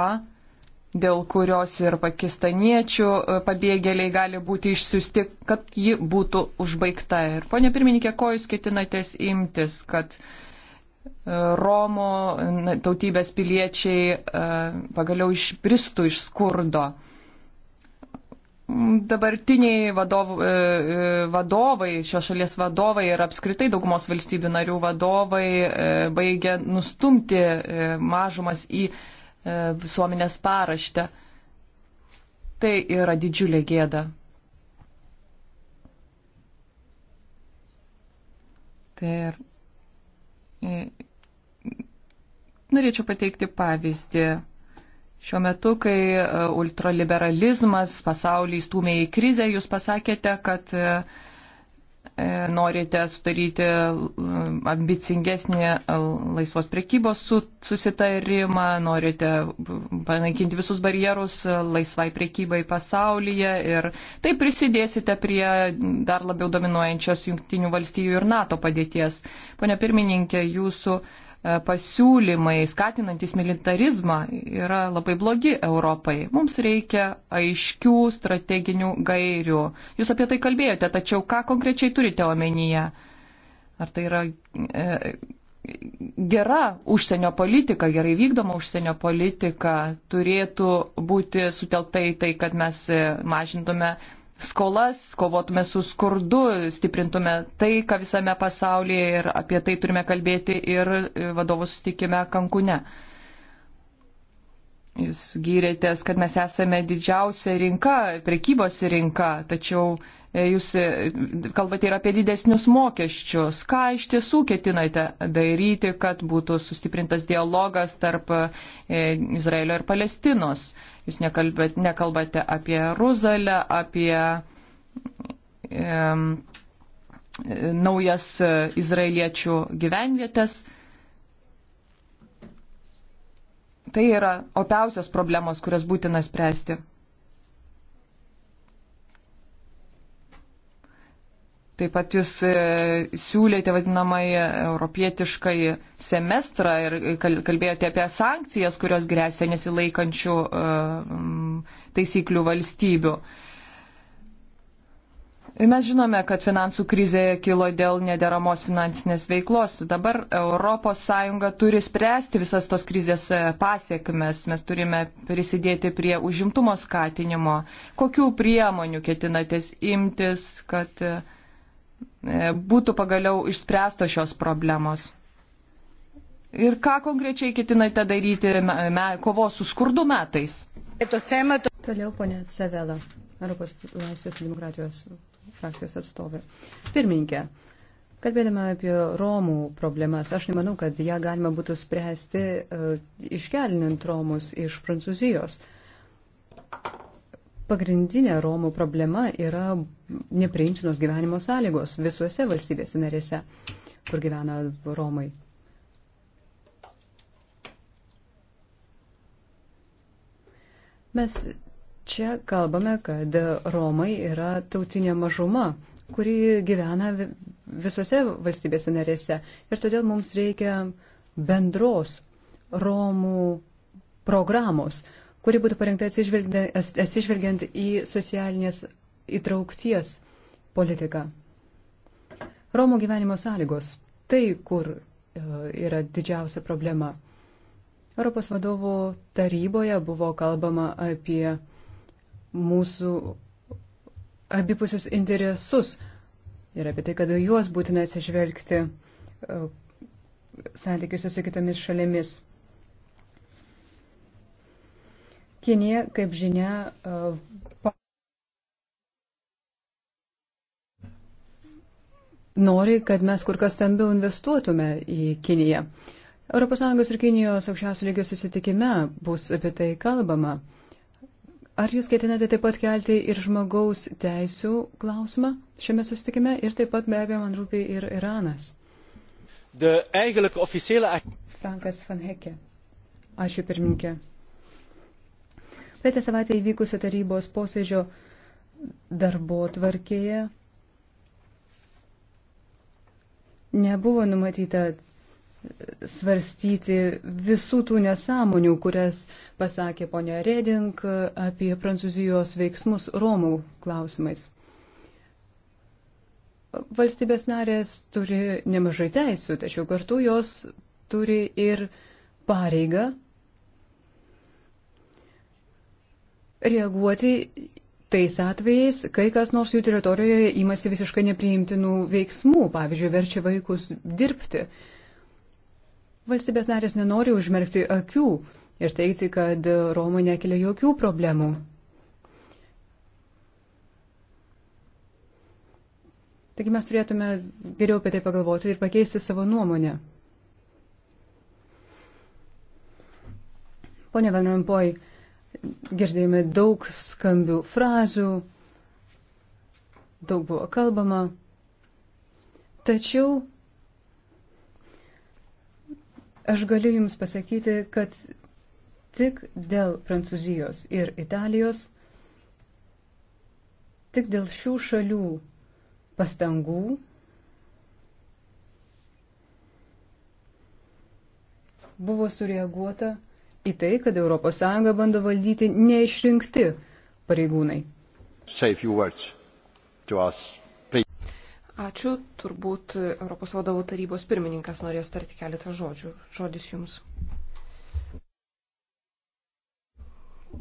dėl kurios ir pakistaniečių e, pabėgėliai gali būti išsiusti, kad ji būtų užbaigta. Ir ponė pirmininkė, ko jūs ketinatės imtis, kad e, Romo tautybės piliečiai e, pagaliau išpristų iš skurdo? Mm, dabartiniai vadov, vadovai, šios šalies vadovai ir apskritai daugumos valstybių narių vadovai baigia nustumti mažumas į E, visuomenės paraštę. Tai yra didžiulė gėda. Tai ir e, norėčiau pateikti pavyzdį. Šiuo metu, kai e, ultraliberalizmas pasaulį įstumė į krizę, jūs pasakėte, kad uh, E, norite sudaryti e, ambicingesnį e, laisvos prekybos susitarimą, norite panaikinti visus barjerus laisvai prekybai pasaulyje ir taip prisidėsite prie dar labiau dominuojančios Junktinių valstybių ir NATO padėties. Pone pirmininkė, jūsų E, pasiūlymai skatinantis militarizmą yra labai blogi Europai. Mums reikia aiškių strateginių gairių. Jūs apie tai kalbėjote, tačiau ką konkrečiai turite omenyje? Ar tai yra e, gera užsienio politika, gerai vykdoma užsienio politika turėtų būti sutelktai tai, kad mes e, mažintume skolas, kovotume su skurdu, stiprintume taiką visame pasaulyje ir apie tai turime kalbėti ir e, vadovų sustikime Kankune. Jūs gyrėtės, kad mes esame didžiausia rinka, prekybos rinka, tačiau e, jūs e, kalbate ir apie didesnius mokesčius. Ką iš tiesų ketinate daryti, kad būtų sustiprintas dialogas tarp Izraelio ir Palestinos? Jūs nekalbėt, nekalbate apie Jeruzalę, apie e, naujas izraeliečių gyvenvietės. Tai yra opiausios problemos, kurias būtina spręsti. Taip pat jūs e, siūlėte vadinamąjį europietiškąjį semestrą ir kalbėjote apie sankcijas, kurios grėsia nesilaikančių e, taisyklių valstybių. Mes žinome, kad finansų krizė kilo dėl nederamos finansinės veiklos. Dabar ES turi spręsti visas tos krizės e, pasiekmes. Mes turime prisidėti prie užimtumo skatinimo. Kokių priemonių ketinatės imtis, kad uh, E, būtų pagaliau išspręstos šios problemos. Ir ką konkrečiai ketinate daryti kovos su skurdu metais? Toliau, ponė Cevela, Europos laisvės ir demokratijos frakcijos atstovė. Pirminkė, kalbėdama apie Romų problemas, aš nemanau, kad ją galima būtų spręsti uh, iškelinant Romus iš Prancūzijos pagrindinė Romų problema yra nepriimtinos gyvenimo sąlygos visuose valstybėse narėse, kur gyvena Romai. Mes čia kalbame, kad Romai yra tautinė mažuma, kuri gyvena visose valstybėse narėse. Ir todėl mums reikia bendros Romų programos, kuri būtų parengta atsižvelgiant į socialinės įtraukties politiką. Romų gyvenimo sąlygos - tai, kur e, yra didžiausia problema. Europos vadovų taryboje buvo kalbama apie mūsų abipusius interesus ir apie tai, kad juos būtina atsižvelgti e, santykiuose su kitomis šalimis. Kinija, kaip žinia, e, nori, kad mes kur kas stambiau investuotume į Kiniją. ES ir Kinijos aukščiausių lygių susitikime bus apie tai kalbama. Ar jūs ketinate taip pat kelti ir žmogaus teisų klausimą šiame susitikime ir taip pat be abejo man rūpi ir Iranas? De eigenlijke officiële. Frankas van Hekke. Ačiū pirmininkė. Praeitą savaitę įvykusio tarybos posėdžio darbo tvarkėje nebuvo numatyta svarstyti visų tų nesąmonių, kurias pasakė ponia Reding apie Prancūzijos veiksmus Romų klausimais. Valstybės narės turi nemažai teisų, tačiau kartu jos turi ir pareigą reaguoti tais atvejais, kai kas nors jų teritorijoje imasi visiškai nepriimtinų veiksmų, pavyzdžiui, verčia vaikus dirbti. Valstybės narės nenori užmerkti akių ir teikti, kad Romai nekelia jokių problemų. Taigi mes turėtume geriau apie tai pagalvoti ir pakeisti savo nuomonę. Pone Van Rompuy, girdėjome daug skambių frazių, daug buvo kalbama. Tačiau aš galiu Jums pasakyti, kad tik dėl Prancūzijos ir Italijos, tik dėl šių šalių pastangų buvo sureaguota į tai, kad ES bando valdyti neišrinkti pareigūnai. Us, Ačiū. Turbūt Europos vadovų tarybos pirmininkas norės tarti keletą žodžių. Žodis jums.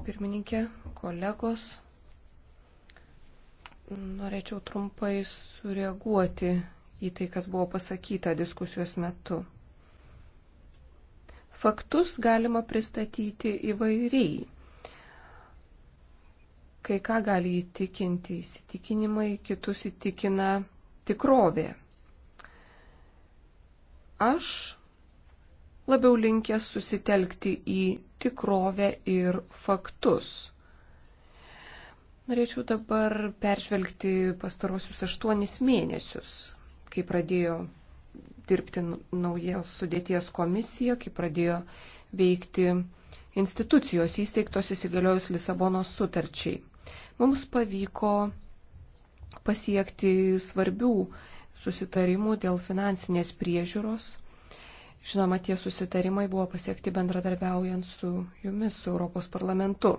Pirmininkė, kolegos, norėčiau trumpai sureaguoti į tai, kas buvo pasakyta diskusijos metu. Faktus galima pristatyti įvairiai. Kai ką gali įtikinti įsitikinimai, kitus įtikina tikrovė. Aš labiau linkęs susitelkti į tikrovę ir faktus. Norėčiau dabar peržvelgti pastarosius aštuonis mėnesius, kai pradėjo dirbti naujos sudėties komisija, kai pradėjo veikti institucijos įsteigtos įsigaliojus Lisabonos sutarčiai. Mums pavyko pasiekti svarbių susitarimų dėl finansinės priežiūros. Žinoma, tie susitarimai buvo pasiekti bendradarbiaujant su jumis, su Europos parlamentu.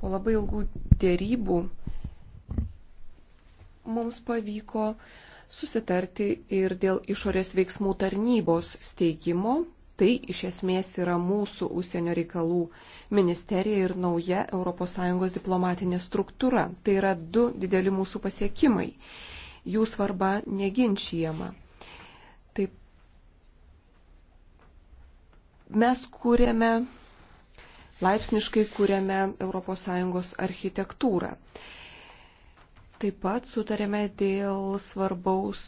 Po labai ilgų dėrybų mums pavyko uh, susitarti ir dėl išorės veiksmų tarnybos steigimo. Tai iš esmės yra mūsų užsienio reikalų ministerija ir nauja ES diplomatinė struktūra. Tai yra du dideli mūsų pasiekimai. Jų svarba neginčiama. Taip mes kūrėme, laipsniškai kūrėme ES architektūrą. Taip pat sutarėme dėl svarbaus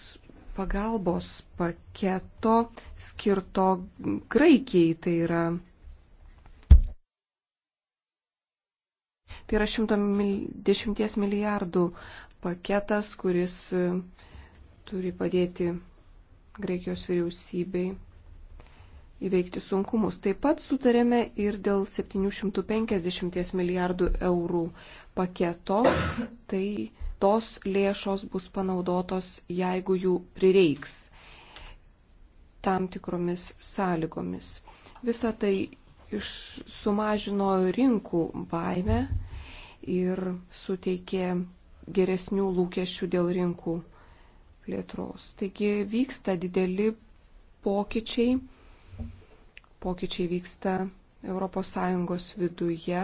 pagalbos paketo skirto Graikijai. Tai yra, tai yra 110 milijardų paketas, kuris e, turi padėti Graikijos vyriausybei įveikti sunkumus. Taip pat sutarėme ir dėl 750 milijardų eurų paketo. Tai tos lėšos bus panaudotos, jeigu jų prireiks tam tikromis sąlygomis. Visa tai iš, sumažino rinkų baimę ir suteikė geresnių lūkesčių dėl rinkų plėtros. Taigi vyksta dideli pokyčiai. Pokyčiai vyksta ES viduje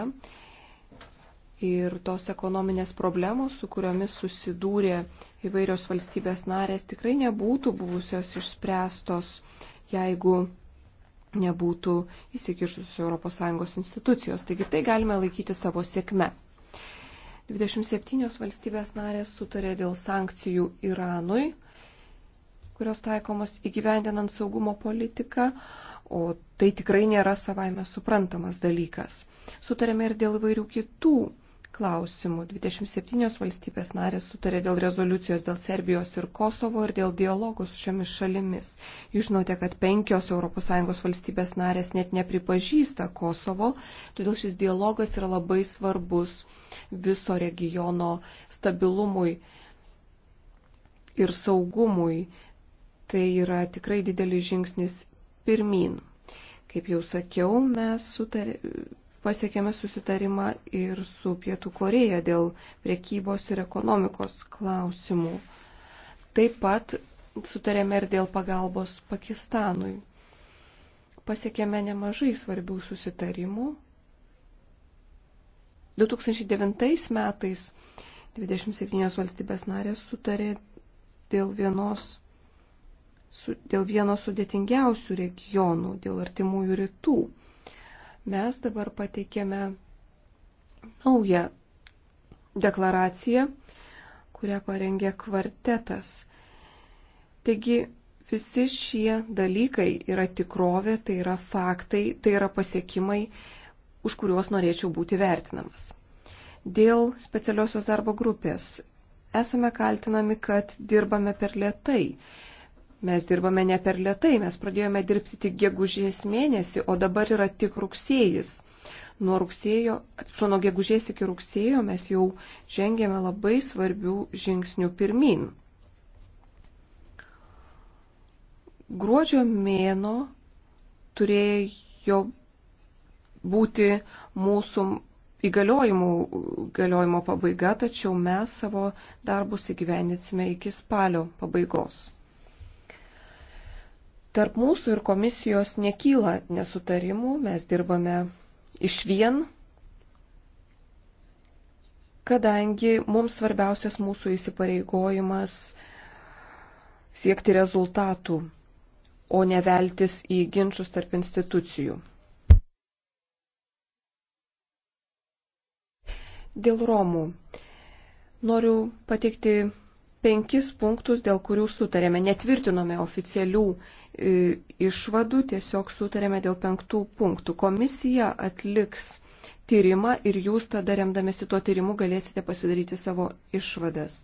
ir tos ekonominės problemos, su kuriomis susidūrė įvairios valstybės narės, tikrai nebūtų buvusios išspręstos, jeigu nebūtų įsikišusios ES institucijos. Taigi tai galime laikyti savo sėkme. 27 valstybės narės sutarė dėl sankcijų Iranui, kurios taikomos įgyvendinant saugumo politiką, o tai tikrai nėra savaime suprantamas dalykas. Sutarėme ir dėl įvairių kitų klausimų. 27 valstybės narės sutarė dėl rezoliucijos dėl Serbijos ir Kosovo ir dėl dialogų su šiomis šalimis. Jūs žinote, kad penkios ES valstybės narės net nepripažįsta Kosovo, todėl šis dialogas yra labai svarbus viso regiono stabilumui ir saugumui. Tai yra tikrai didelis žingsnis pirmin. Kaip jau sakiau, mes sutarė, pasiekėme susitarimą ir su Pietų Koreja dėl priekybos ir ekonomikos klausimų. Taip pat sutarėme ir dėl pagalbos Pakistanui. Pasiekėme nemažai svarbių susitarimų. 2009 metais 27 valstybės narės sutarė dėl vienos su, dėl vieno sudėtingiausių regionų, dėl artimųjų rytų. Mes dabar pateikėme naują deklaraciją, kurią parengė kvartetas. Taigi visi šie dalykai yra tikrovė, tai yra faktai, tai yra pasiekimai, už kuriuos norėčiau būti vertinamas. Dėl specialiosios darbo grupės esame kaltinami, kad dirbame per lietai. Mes dirbame ne per lietai, mes pradėjome dirbti tik gegužės mėnesį, o dabar yra tik rugsėjis. Nuo rugsėjo, atsiprašau, nuo gegužės iki rugsėjo mes jau žengėme labai svarbių žingsnių pirmin. Gruodžio mėno turėjo būti mūsų įgaliojimų galiojimo pabaiga, tačiau mes savo darbus įgyvendinsime iki spalio pabaigos. Tarp mūsų ir komisijos nekyla nesutarimų, mes dirbame iš vien, kadangi mums svarbiausias mūsų įsipareigojimas siekti rezultatų, o ne veltis į ginčius tarp institucijų. Dėl Romų noriu pateikti penkis punktus, dėl kurių sutarėme, netvirtinome oficialių E, išvadų tiesiog sutarėme dėl penktų punktų. Komisija atliks tyrimą ir jūs tada remdamėsi tuo tyrimu galėsite pasidaryti savo išvadas.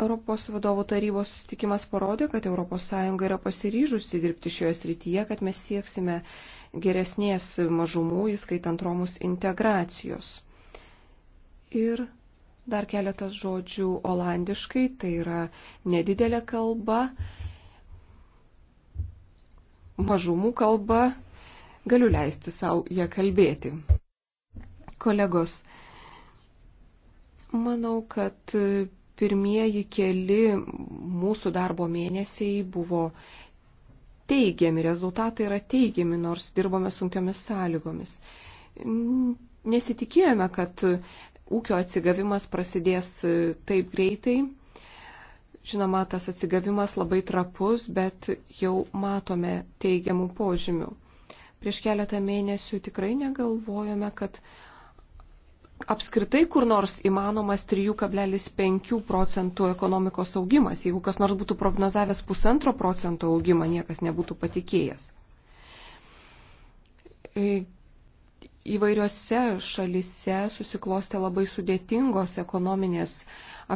Europos vadovų tarybos susitikimas parodė, kad ES yra pasiryžusi dirbti šioje srityje, kad mes sieksime geresnės mažumų, įskaitant romus, integracijos. Ir Dar keletas žodžių olandiškai, tai yra nedidelė kalba, mažumų kalba, galiu leisti savo ją kalbėti. Kolegos, manau, kad pirmieji keli mūsų darbo mėnesiai buvo teigiami, rezultatai yra teigiami, nors dirbome sunkiomis sąlygomis. Nesitikėjome, kad ūkio atsigavimas prasidės e, taip greitai. Žinoma, tas atsigavimas labai trapus, bet jau matome teigiamų požymių. Prieš keletą mėnesių tikrai negalvojome, kad apskritai kur nors įmanomas 3,5 procentų ekonomikos augimas. Jeigu kas nors būtų prognozavęs pusantro procento augimą, niekas nebūtų patikėjęs e, įvairiose šalise susiklostė labai sudėtingos ekonominės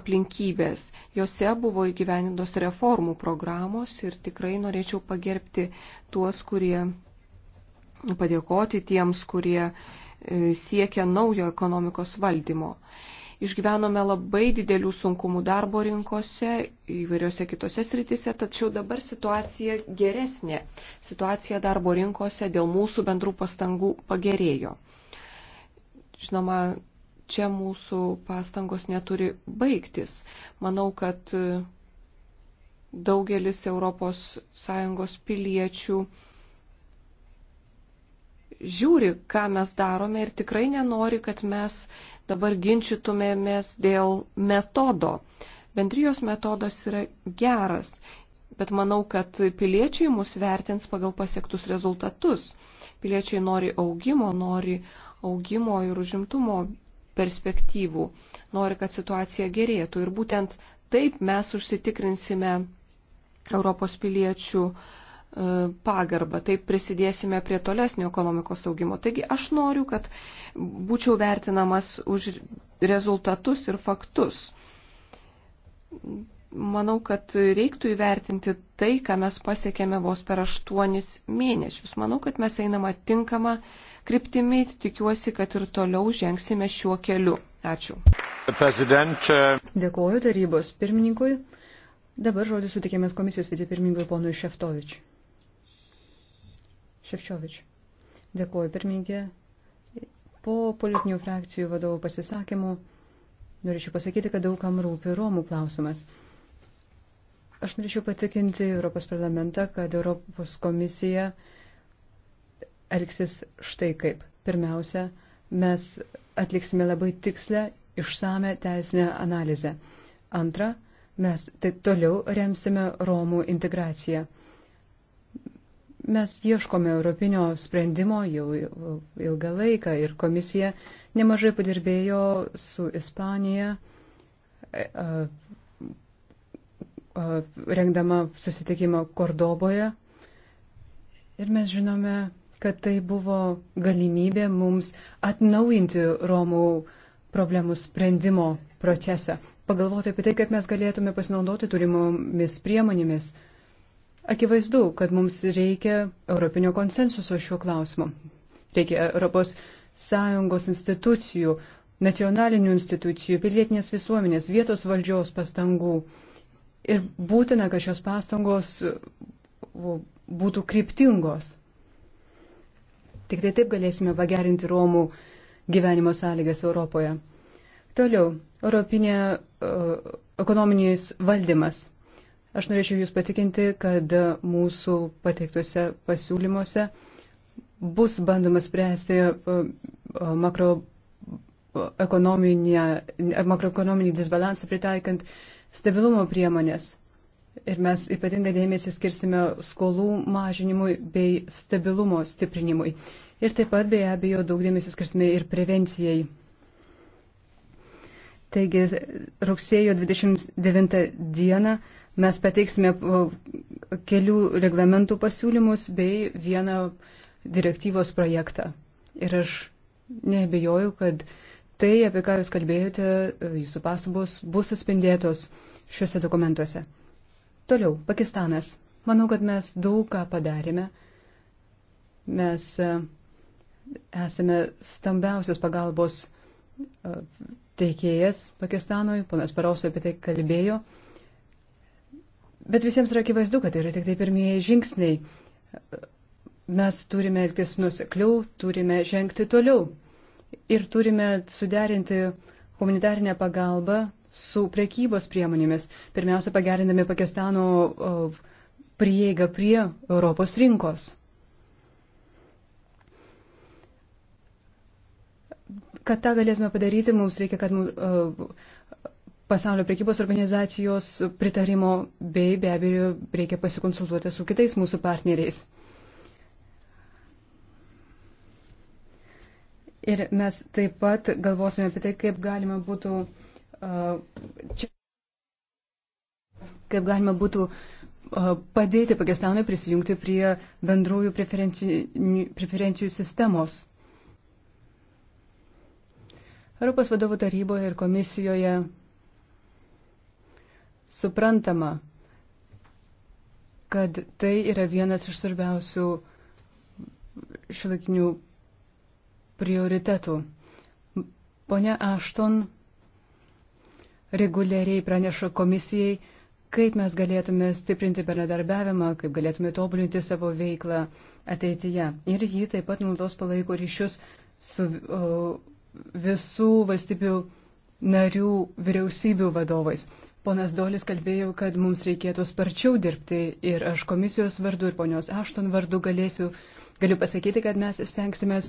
aplinkybės. Jose buvo įgyvenintos reformų programos ir tikrai norėčiau pagerbti tuos, kurie padėkoti tiems, kurie e, siekia naujo ekonomikos valdymo išgyvenome labai didelių sunkumų darbo rinkose, įvairiose kitose sritise, tačiau dabar situacija geresnė. Situacija darbo rinkose dėl mūsų bendrų pastangų pagerėjo. Žinoma, čia mūsų pastangos neturi baigtis. Manau, kad daugelis ES piliečių žiūri, ką mes darome ir tikrai nenori, kad mes dabar ginčytumėmės dėl metodo. Bendrijos metodas yra geras, bet manau, kad piliečiai mus vertins pagal pasiektus rezultatus. Piliečiai nori augimo, nori augimo ir užimtumo perspektyvų, nori, kad situacija gerėtų. Ir būtent taip mes užsitikrinsime Europos piliečių uh, E, pagarbą, taip prisidėsime prie tolesnio ekonomikos augimo. Taigi aš noriu, kad būčiau vertinamas už rezultatus ir faktus. Manau, kad reiktų įvertinti tai, ką mes pasiekėme vos per aštuonis mėnesius. Manau, kad mes einama tinkama kryptimi, tikiuosi, kad ir toliau žengsime šiuo keliu. Ačiū. Uh, Dėkuoju tarybos pirmininkui. Dabar žodį sutikėmės komisijos vicepirmininkui ponui Šeftovičiui. Šefčiovič. Dėkuoju, pirmininkė. Po politinių frakcijų vadovų pasisakymų norėčiau pasakyti, kad daugam rūpi Romų klausimas. Aš norėčiau patikinti Europos parlamentą, kad Europos komisija elgsis štai kaip. Pirmiausia, mes atliksime labai tikslę, išsame teisinę analizę. Antra, mes taip toliau remsime Romų integraciją. Mes ieškome europinio sprendimo jau ilgą laiką ir komisija nemažai padirbėjo su Ispanija, e, rengdama susitikimą Kordoboje. Ir mes žinome, kad tai buvo galimybė mums atnaujinti Romų problemų sprendimo procesą, pagalvoti apie tai, kaip mes galėtume pasinaudoti turimomis priemonėmis Akivaizdu, kad mums reikia europinio konsensuso šiuo klausimu. Reikia Europos Sąjungos institucijų, nacionalinių institucijų, pilietinės visuomenės, vietos valdžios pastangų. Ir būtina, kad šios pastangos būtų kryptingos. Tik tai taip galėsime pagerinti Romų gyvenimo sąlygas Europoje. Toliau, europinė uh, ekonominis valdymas. Aš norėčiau Jūs patikinti, kad mūsų pateiktuose pasiūlymuose bus bandoma spręsti e, makro makroekonominį disbalansą pritaikant stabilumo priemonės. Ir mes ypatingą dėmesį skirsime skolų mažinimui bei stabilumo stiprinimui. Ir taip pat be abejo daug dėmesio skirsime ir prevencijai. Taigi rugsėjo 29 dieną Mes pateiksime kelių reglamentų pasiūlymus bei vieną direktyvos projektą. Ir aš nebejoju, kad tai, apie ką Jūs kalbėjote, e, Jūsų pastabos bus atspindėtos šiuose dokumentuose. Toliau, Pakistanas. Manau, kad mes daug ką padarėme. Mes e, esame stambiausias pagalbos e, teikėjas Pakistanui, ponas Parausas apie tai kalbėjo. Bet visiems yra akivaizdu, kad tai yra tik tai pirmieji žingsniai. Mes turime elgtis nusekliau, turime žengti toliau ir turime suderinti humanitarinę pagalbą su priekybos priemonėmis, pirmiausia pagerindami Pakistano prieigą prie Europos rinkos. Kad tą galėtume padaryti, mums reikia, kad pasaulio prekybos organizacijos pritarimo bei be abejo reikia pasikonsultuoti su kitais mūsų partneriais. Ir mes taip pat galvosime apie tai, kaip galima būtų, čia, kaip galima būtų padėti Pakistanui prisijungti prie bendrųjų preferencijų, preferencijų sistemos. Europos vadovų taryboje ir komisijoje suprantama, kad tai yra vienas iš svarbiausių šilakinių prioritetų. Pone Ašton reguliariai praneša komisijai, kaip mes galėtume stiprinti bendradarbiavimą, kaip galėtume tobulinti savo veiklą ateityje. Ir jį taip pat naudos palaiko ryšius su o, visų valstybių narių vyriausybių vadovais. Ponas Dolis kalbėjo, kad mums reikėtų sparčiau dirbti ir aš komisijos vardu ir ponios Ašton vardu galėsiu, galiu pasakyti, kad mes stengsimės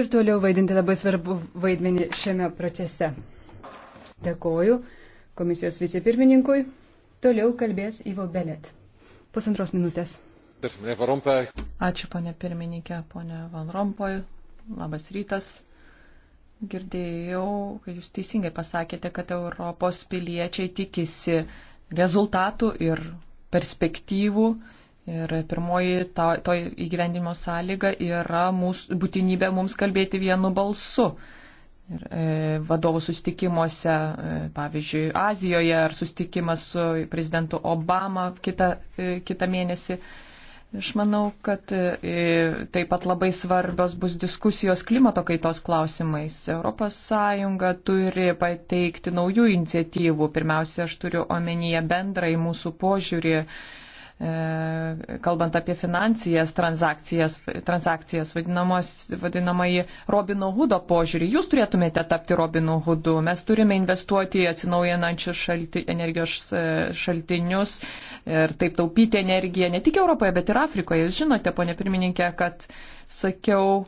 ir toliau vaidinti labai svarbu vaidmenį šiame procese. Dėkoju komisijos vicepirmininkui. Toliau kalbės Ivo Belet. Pusantros minutės. Ačiū, ponė pirmininkė, ponė Van Rompoj. Labas rytas girdėjau, kad jūs teisingai pasakėte, kad Europos piliečiai tikisi rezultatų ir perspektyvų. Ir pirmoji to, to įgyvendimo sąlyga yra mūsų, būtinybė mums kalbėti vienu balsu. Ir, e, vadovų sustikimuose, e, pavyzdžiui, Azijoje ar sustikimas su prezidentu Obama kitą, e, kitą mėnesį Aš manau, kad e, taip pat labai svarbios bus diskusijos klimato kaitos klausimais. ES turi pateikti naujų iniciatyvų. Pirmiausia, aš turiu omenyje bendrai mūsų požiūrį E, kalbant apie finansijas transakcijas, transakcijas vadinamąjį Robino Hudo požiūrį. Jūs turėtumėte tapti Robino Hudu. Mes turime investuoti į atsinaujinančius šalti, energijos šaltinius ir taip taupyti energiją ne tik Europoje, bet ir Afrikoje. Jūs žinote, ponė pirmininkė, kad sakiau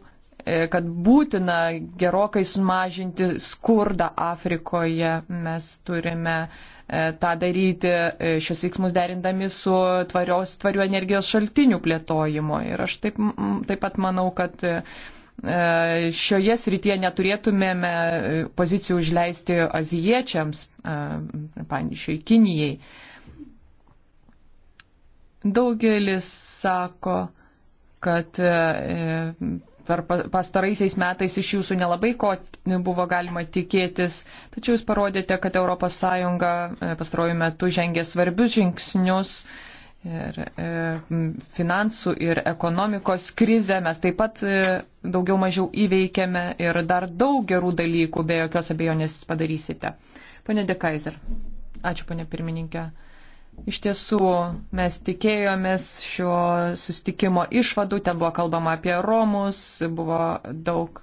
e, kad būtina gerokai sumažinti skurdą Afrikoje. Mes turime uh, E, tą daryti, e, šios veiksmus derindami su tvarios, tvarių energijos šaltinių plėtojimo. Ir aš taip, taip pat manau, kad e, šioje srityje neturėtumėme pozicijų užleisti azijiečiams, pavyzdžiui, Kinijai. Daugelis sako, kad per pastaraisiais metais iš jūsų nelabai ko buvo galima tikėtis, tačiau jūs parodėte, kad ES e, pastarojų metų žengė svarbius žingsnius. Ir e, finansų ir ekonomikos krizę mes taip pat e, daugiau mažiau įveikėme ir dar daug gerų dalykų be jokios abejonės padarysite. Pone Dekaiser, ačiū, pone pirmininkė. Iš tiesų, mes tikėjomės šio sustikimo išvadų, ten buvo kalbama apie Romus, buvo daug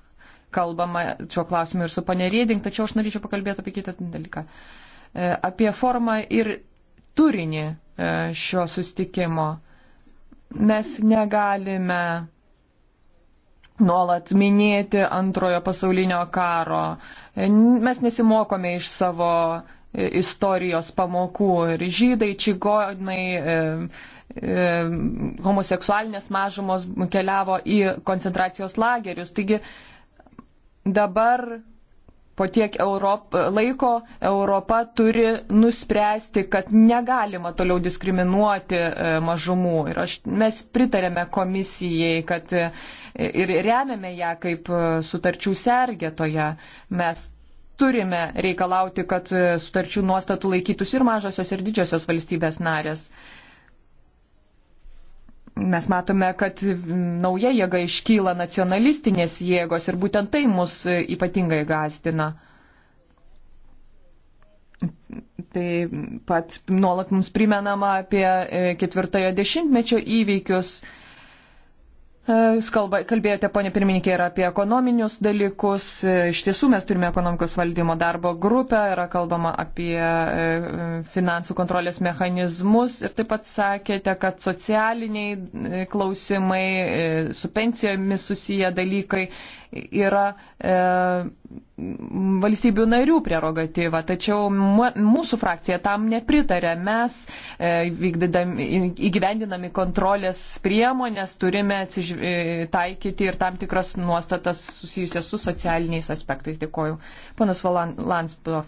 kalbama šio klausimu ir su panerėding, tačiau aš norėčiau pakalbėti apie kitą dalyką. E, apie formą ir turinį e, šio sustikimo. Mes negalime nuolat minėti antrojo pasaulinio karo. E, mes nesimokome iš savo istorijos pamokų ir žydai, čigonai, e, e, homoseksualinės mažumos keliavo į koncentracijos lagerius. Taigi dabar po tiek Europ, laiko Europa turi nuspręsti, kad negalima toliau diskriminuoti e, mažumų. Ir aš, mes pritarėme komisijai, kad ir remiame ją kaip sutarčių sergėtoje. Mes turime reikalauti, kad e, sutarčių nuostatų laikytųsi ir mažosios, ir didžiosios valstybės narės. Mes matome, kad nauja jėga iškyla nacionalistinės jėgos ir būtent tai mus e, ypatingai gazdina. Taip pat nuolat mums primenama apie e, ketvirtojo dešimtmečio įvykius Jūs kalba, kalbėjote, ponė pirmininkė, ir apie ekonominius dalykus. Iš tiesų mes turime ekonomikos valdymo darbo grupę, yra kalbama apie e, finansų kontrolės mechanizmus ir taip pat sakėte, kad socialiniai e, klausimai, e, su pensijomis susiję dalykai yra e, valstybių narių prerogatyva, tačiau mūsų frakcija tam nepritarė. Mes e, įgyvendinami kontrolės priemonės turime atsiž... E, taikyti ir tam tikras nuostatas susijusias su socialiniais aspektais. Dėkoju. Ponas Lansplov.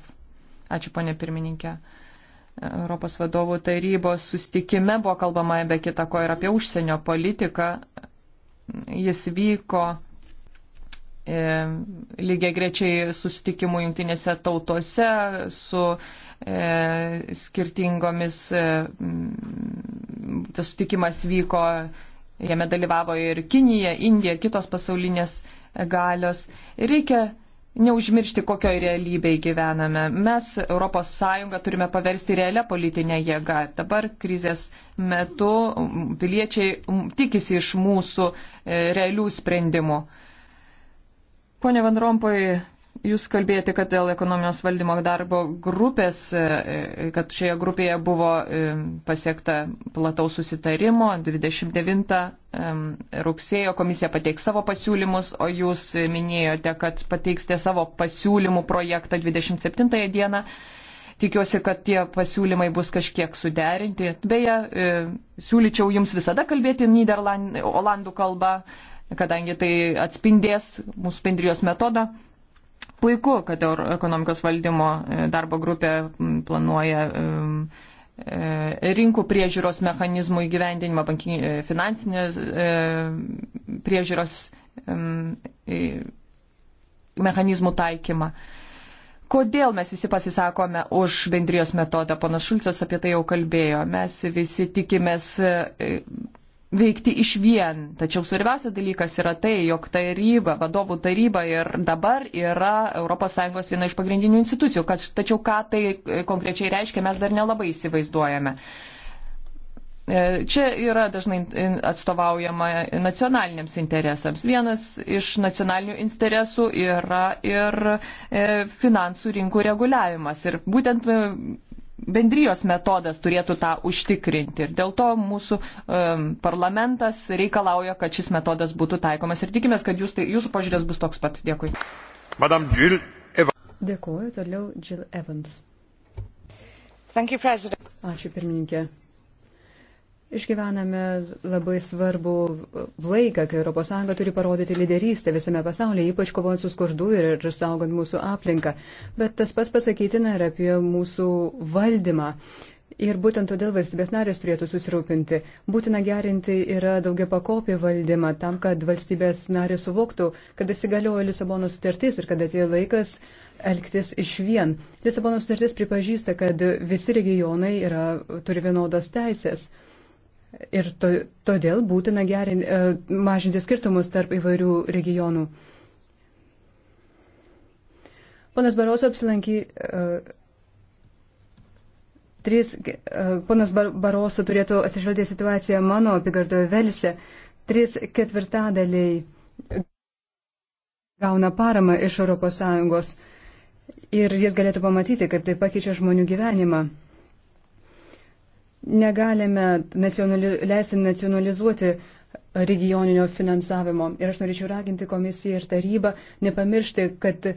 Ačiū, ponė pirmininkė. Europos vadovų tarybos sustikime buvo kalbama be kita ko ir apie užsienio politiką. Jis vyko E, lygiai grečiai susitikimų jungtinėse tautose su e, skirtingomis, e, tas sutikimas vyko, jame dalyvavo ir Kinija, Indija, kitos pasaulinės galios. Reikia neužmiršti, kokioje realybėje gyvename. Mes ES turime paversti realią politinę jėgą. Dabar krizės metu piliečiai tikisi iš mūsų realių sprendimų. Pone Van Rompoj, jūs kalbėjote, kad dėl ekonomijos valdymo darbo grupės, e, e, kad šioje grupėje buvo e, pasiekta plataus susitarimo, 29 rugsėjo komisija pateiks savo pasiūlymus, o jūs minėjote, kad pateiksite savo pasiūlymų projektą 27 dieną. Tikiuosi, kad tie pasiūlymai bus kažkiek suderinti. Beje, siūlyčiau jums visada kalbėti Niderland, Olandų kalbą, kadangi tai atspindės mūsų bendrijos metodą. Puiku, kad ekonomikos valdymo e, darbo grupė planuoja e, rinkų priežiūros mechanizmų įgyvendinimą, e, finansinės priežiūros mechanizmų taikymą. Kodėl mes visi pasisakome už bendrijos metodą? Panas Šulcas apie tai jau kalbėjo. Mes visi tikimės veikti iš vien. Tačiau svarbiausia dalykas yra tai, jog taryba, vadovų taryba ir dabar yra ES viena iš pagrindinių institucijų. Kas, tačiau ką tai e, konkrečiai reiškia, mes dar nelabai įsivaizduojame. E, čia yra dažnai e, atstovaujama nacionaliniams interesams. Vienas iš nacionalinių interesų yra ir finansų rinkų reguliavimas. Ir būtent bendrijos metodas turėtų tą užtikrinti. Ir dėl to mūsų um, parlamentas reikalauja, kad šis metodas būtų taikomas. Ir tikimės, kad jūs, tai, jūsų požiūrės bus toks pat. Dėkui. Dėkuoju, toliau Jill Evans. You, Ačiū pirmininkė. Išgyvename labai svarbu laiką, kai ES turi parodyti lyderystę visame pasaulyje, ypač kovojant su skurdu ir saugant mūsų aplinką. Bet tas pas pasakytina ir apie mūsų valdymą. Ir būtent todėl valstybės narės turėtų susirūpinti. Būtina gerinti yra daugia pakopį valdymą tam, kad valstybės narės suvoktų, kad įsigaliojo Lisabono sutartis ir kad atėjo laikas elgtis iš vien. Lisabono sutartis pripažįsta, kad visi regionai yra, turi vienodas teisės. Ir to, todėl būtina gerin, e, mažinti skirtumus tarp įvairių regionų. Ponas Baroso apsilankė. E, trys, e, ponas Baroso turėtų atsižvelgti situaciją mano apygardoje Velse. Trys ketvirtadaliai gauna paramą iš ES ir jis galėtų pamatyti, kaip tai pakeičia žmonių gyvenimą negalime nacionali, leisti nacionalizuoti regioninio finansavimo. Ir aš norėčiau raginti komisiją ir tarybą nepamiršti, kad e,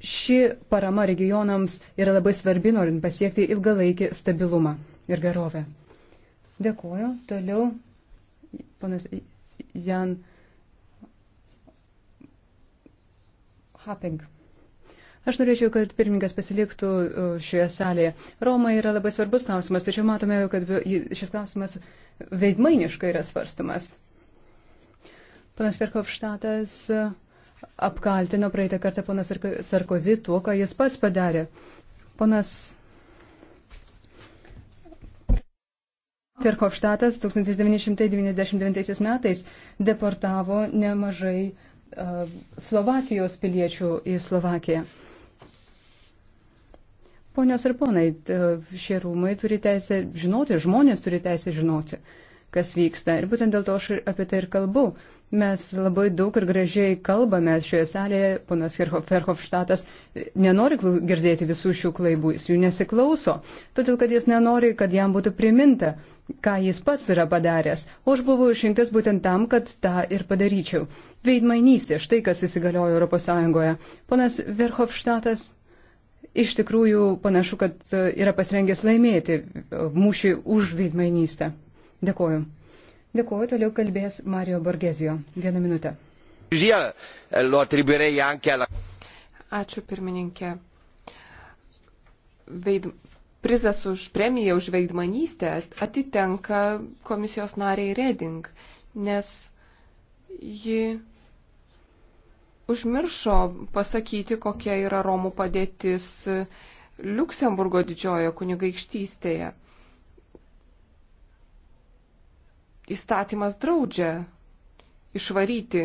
ši parama regionams yra labai svarbi, norint pasiekti ilgalaikį stabilumą ir gerovę. Dėkuoju. Toliau panas Jan Hapeng. Aš norėčiau, kad pirmininkas pasiliktų uh, šioje salėje. Roma yra labai svarbus klausimas, tačiau matome, kad šis klausimas veidmainiškai yra svarstumas. Panas Verhofštatas uh, apkaltino praeitą kartą ponas Sarkozy tuo, ką jis pats padarė. Ponas Verhofštatas 1999 metais deportavo nemažai uh, Slovakijos piliečių į Slovakiją. Ponios ir ponai, šie rūmai turi teisę žinoti, žmonės turi teisę žinoti, kas vyksta. Ir būtent dėl to aš apie tai ir kalbu. Mes labai daug ir gražiai kalbame šioje salėje, ponas Ferhofštatas nenori girdėti visų šių klaidų, jis jų nesiklauso, todėl kad jis nenori, kad jam būtų priminta, ką jis pats yra padaręs, o aš buvau išrinktas būtent tam, kad tą ir padaryčiau. Veidmainystė, štai kas įsigaliojo ES. Ponas Verhofštatas iš tikrųjų panašu, kad e, yra pasirengęs laimėti e, mūšį už veidmainystę. Dėkoju. Dėkoju, toliau kalbės Mario Borgezijo. Vieną minutę. E, Ačiū pirmininkė. Veid... Prizas už premiją už veidmanystę atitenka komisijos nariai Reding, nes ji užmiršo pasakyti, kokia yra Romų padėtis Luksemburgo didžiojo kunigaikštystėje. Įstatymas draudžia išvaryti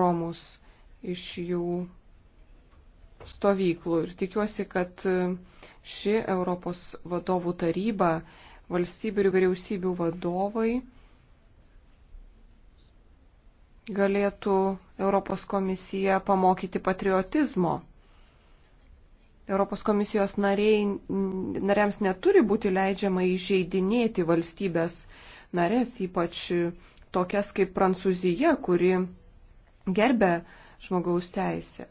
Romus iš jų stovyklų ir tikiuosi, kad ši Europos vadovų taryba, valstybių ir vyriausybių vadovai galėtų Europos komisija pamokyti patriotizmo. Europos komisijos nariai, nariams neturi būti leidžiama įžeidinėti valstybės narės, ypač tokias kaip Prancūzija, kuri gerbė žmogaus teisę.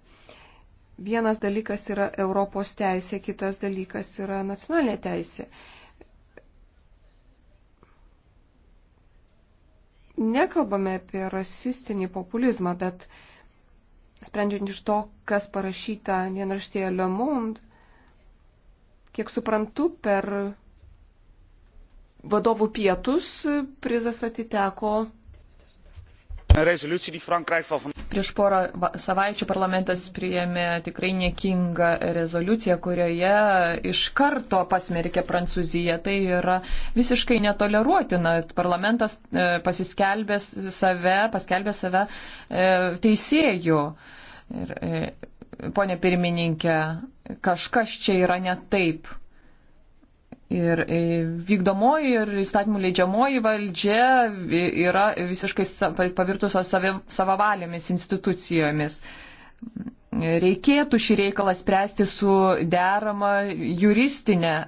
Vienas dalykas yra Europos teisė, kitas dalykas yra nacionalinė teisė. nekalbame apie rasistinį populizmą, bet sprendžiant iš to, kas parašyta dienraštėje Le Monde, kiek suprantu, per vadovų pietus prizas atiteko Prieš porą savaičių parlamentas priėmė tikrai niekingą rezoliuciją, kurioje iš karto pasmerkė Prancūziją. Tai yra visiškai netoleruotina. Parlamentas e, pasiskelbė save, paskelbė save e, teisėjų. Ir, e, ponė pirmininkė, kažkas čia yra ne taip. Ir e, vykdomoji ir įstatymų leidžiamoji valdžia yra visiškai pavirtusios savavalėmis institucijomis. Reikėtų šį reikalą spręsti su derama juristinė e,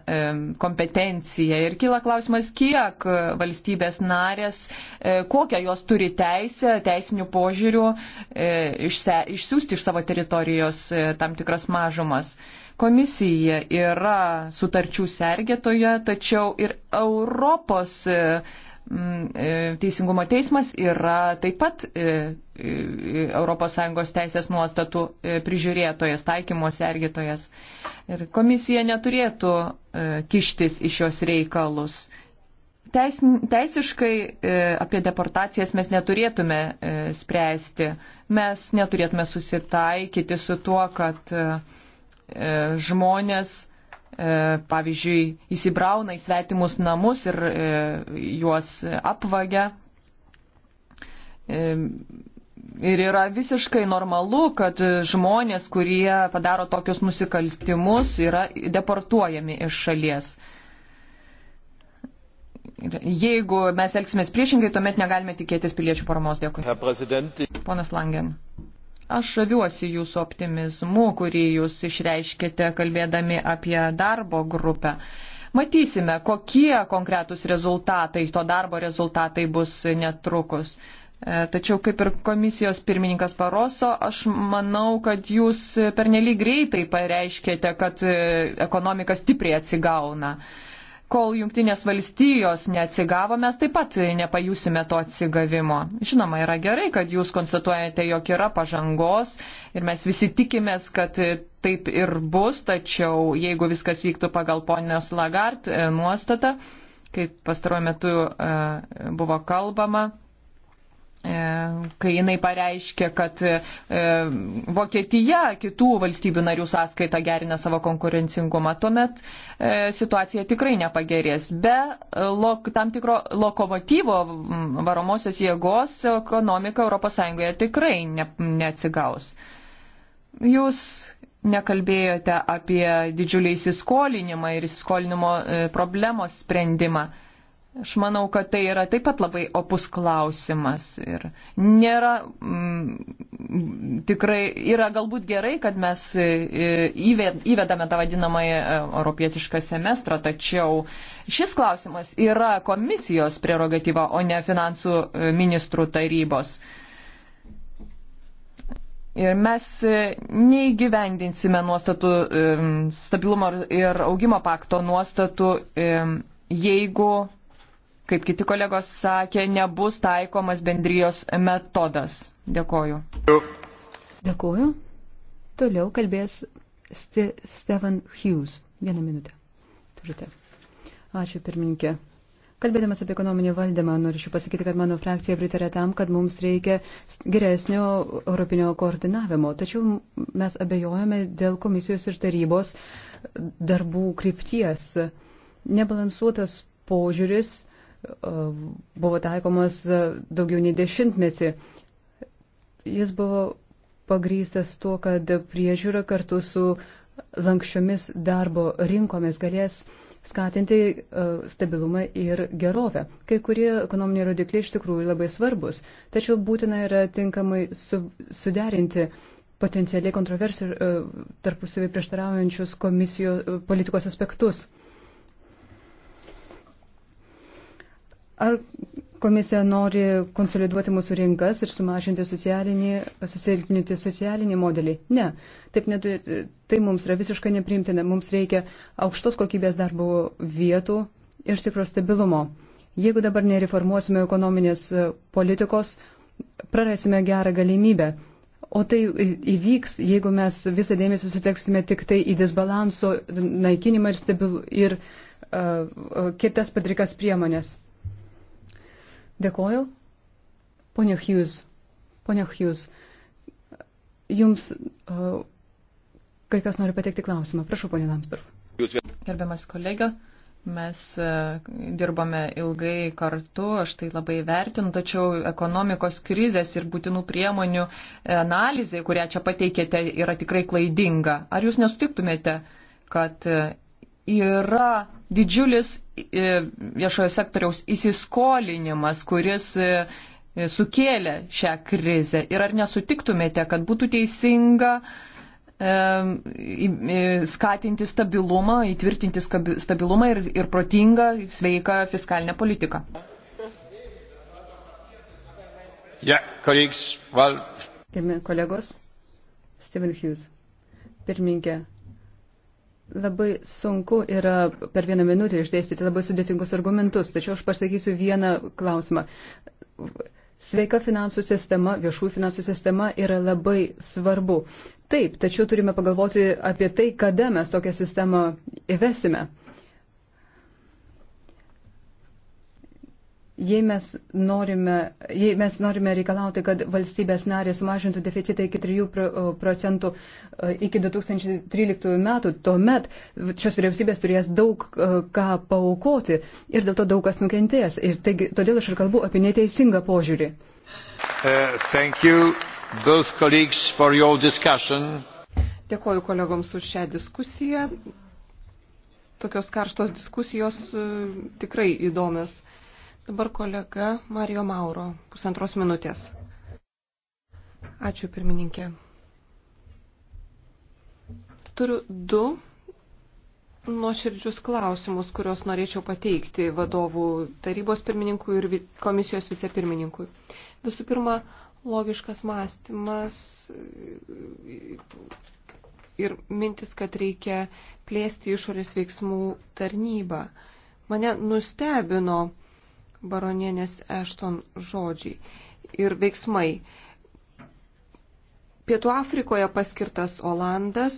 kompetencija. Ir kyla klausimas, kiek valstybės narės, e, kokią jos turi teisę teisinių požiūrių išsiųsti iš savo teritorijos tam tikras mažumas. Komisija yra sutarčių sergėtoje, tačiau ir Europos e, e, Teisingumo teismas yra taip pat ES e, teisės nuostatų prižiūrėtojas, taikymo sergėtojas. Ir komisija neturėtų kištis iš jos reikalus. Teis, teisiškai apie deportacijas mes neturėtume spręsti. Mes neturėtume susitaikyti su tuo, kad E, žmonės, e, pavyzdžiui, įsibrauna į svetimus namus ir e, juos apvagia. Ir yra visiškai normalu, kad žmonės, kurie padaro tokius nusikaltimus, yra deportuojami iš šalies. Jeigu mes elgsimės priešingai, tuomet negalime tikėtis piliečių paramos. Dėkui. Ponas Langen. Aš žaviuosi jūsų optimizmu, kurį jūs išreiškite kalbėdami apie darbo grupę. Matysime, kokie konkretūs rezultatai, to darbo rezultatai bus netrukus. E, tačiau, kaip ir komisijos pirmininkas Paroso, aš manau, kad jūs pernelyg greitai pareiškėte, kad e, ekonomika stipriai atsigauna kol Junktinės valstijos neatsigavo, mes taip pat nepajusime to atsigavimo. Žinoma, yra gerai, kad jūs konstatuojate, jog yra pažangos ir mes visi tikimės, kad taip ir bus, tačiau jeigu viskas vyktų pagal ponios Lagart e, nuostatą, kaip pastaruoju metu e, buvo kalbama, E, kai jinai pareiškė, kad e, Vokietija kitų valstybių narių sąskaita gerina savo konkurencingumą, tuomet e, situacija tikrai nepagerės. Be lok, tam tikro lokomotyvo varomosios jėgos ekonomika ES tikrai ne, neatsigaus. Jūs nekalbėjote apie didžiulį įsiskolinimą ir įsiskolinimo problemos sprendimą. Aš manau, kad tai yra taip pat labai opus klausimas ir nėra mm, tikrai, yra galbūt gerai, kad mes e, įvedame tą vadinamąją e, europietišką semestrą, tačiau šis klausimas yra komisijos prerogatyva, o ne finansų e, ministrų tarybos. Ir mes neįgyvendinsime nuostatų stabilumo ir augimo pakto nuostatų, jeigu kaip kiti kolegos sakė, nebus taikomas bendrijos metodas. Dėkoju. Dėkoju. Toliau kalbės St Stefan Hughes. Vieną minutę. Turite. Ačiū pirmininkė. Kalbėdamas apie ekonominį valdymą, norėčiau pasakyti, kad mano frakcija pritarė tam, kad mums reikia geresnio europinio koordinavimo. Tačiau mes abejojame dėl komisijos ir tarybos darbų krypties. Nebalansuotas požiūris E, buvo taikomas daugiau nei dešimtmetį. Jis buvo pagrystas tuo, kad priežiūra kartu su lankščiomis darbo rinkomis galės skatinti e, stabilumą ir gerovę. Kai kurie ekonominiai rodikliai iš tikrųjų labai svarbus, tačiau būtina yra tinkamai su, suderinti potencialiai kontroversijų e, tarpusavį prieštaraujančius komisijos politikos aspektus. Ar komisija nori konsoliduoti mūsų rinkas ir sumažinti socialinį, susilpninti socialinį modelį? Ne. Taip netu, tai mums yra visiškai neprimtina. Mums reikia aukštos kokybės darbo vietų ir tikro stabilumo. Jeigu dabar nereformuosime ekonominės politikos, prarasime gerą galimybę. O tai įvyks, jeigu mes visą dėmesį suteksime tik tai į disbalanso naikinimą ir, stabilų, ir uh, kitas padrikas priemonės. Dėkoju. Pone Hughes, pone Hughes, jums uh, kai kas nori pateikti klausimą. Prašau, pone Lamsdorf. Gerbiamas kolega, mes uh, dirbame ilgai kartu, aš tai labai vertinu, tačiau ekonomikos krizės ir būtinų priemonių analizė, kurią čia pateikėte, yra tikrai klaidinga. Ar jūs nesutiktumėte, kad uh, yra didžiulis e, viešojo sektoriaus įsiskolinimas, kuris e, e, sukėlė šią krizę. Ir ar nesutiktumėte, kad būtų teisinga skatinti stabilumą, įtvirtinti stabilumą ir, ir protingą, sveiką fiskalinę politiką? Ja, kolegos, Steven Hughes, pirmininkė, Labai sunku yra per vieną minutę išdėstyti labai sudėtingus argumentus, tačiau aš pasakysiu vieną klausimą. Sveika finansų sistema, viešų finansų sistema yra labai svarbu. Taip, tačiau turime pagalvoti apie tai, kada mes tokią sistemą įvesime. Jei mes, norime, jei mes norime reikalauti, kad valstybės narės sumažintų deficitą iki 3 procentų iki 2013 metų, tuomet šios vyriausybės turės daug ką paukoti ir dėl to daug kas nukentės. Ir taigi, todėl aš ir kalbu apie neteisingą požiūrį. Uh, Dėkoju kolegoms už šią diskusiją. Tokios karštos diskusijos uh, tikrai įdomios. Dabar kolega Mario Mauro, pusantros minutės. Ačiū pirmininkė. Turiu du nuoširdžius klausimus, kuriuos norėčiau pateikti vadovų tarybos pirmininkui ir komisijos vicepirmininkui. Visų pirma, logiškas mąstymas ir mintis, kad reikia plėsti išorės veiksmų tarnybą. Mane nustebino baronienės Ešton žodžiai ir veiksmai. Pietų Afrikoje paskirtas Olandas.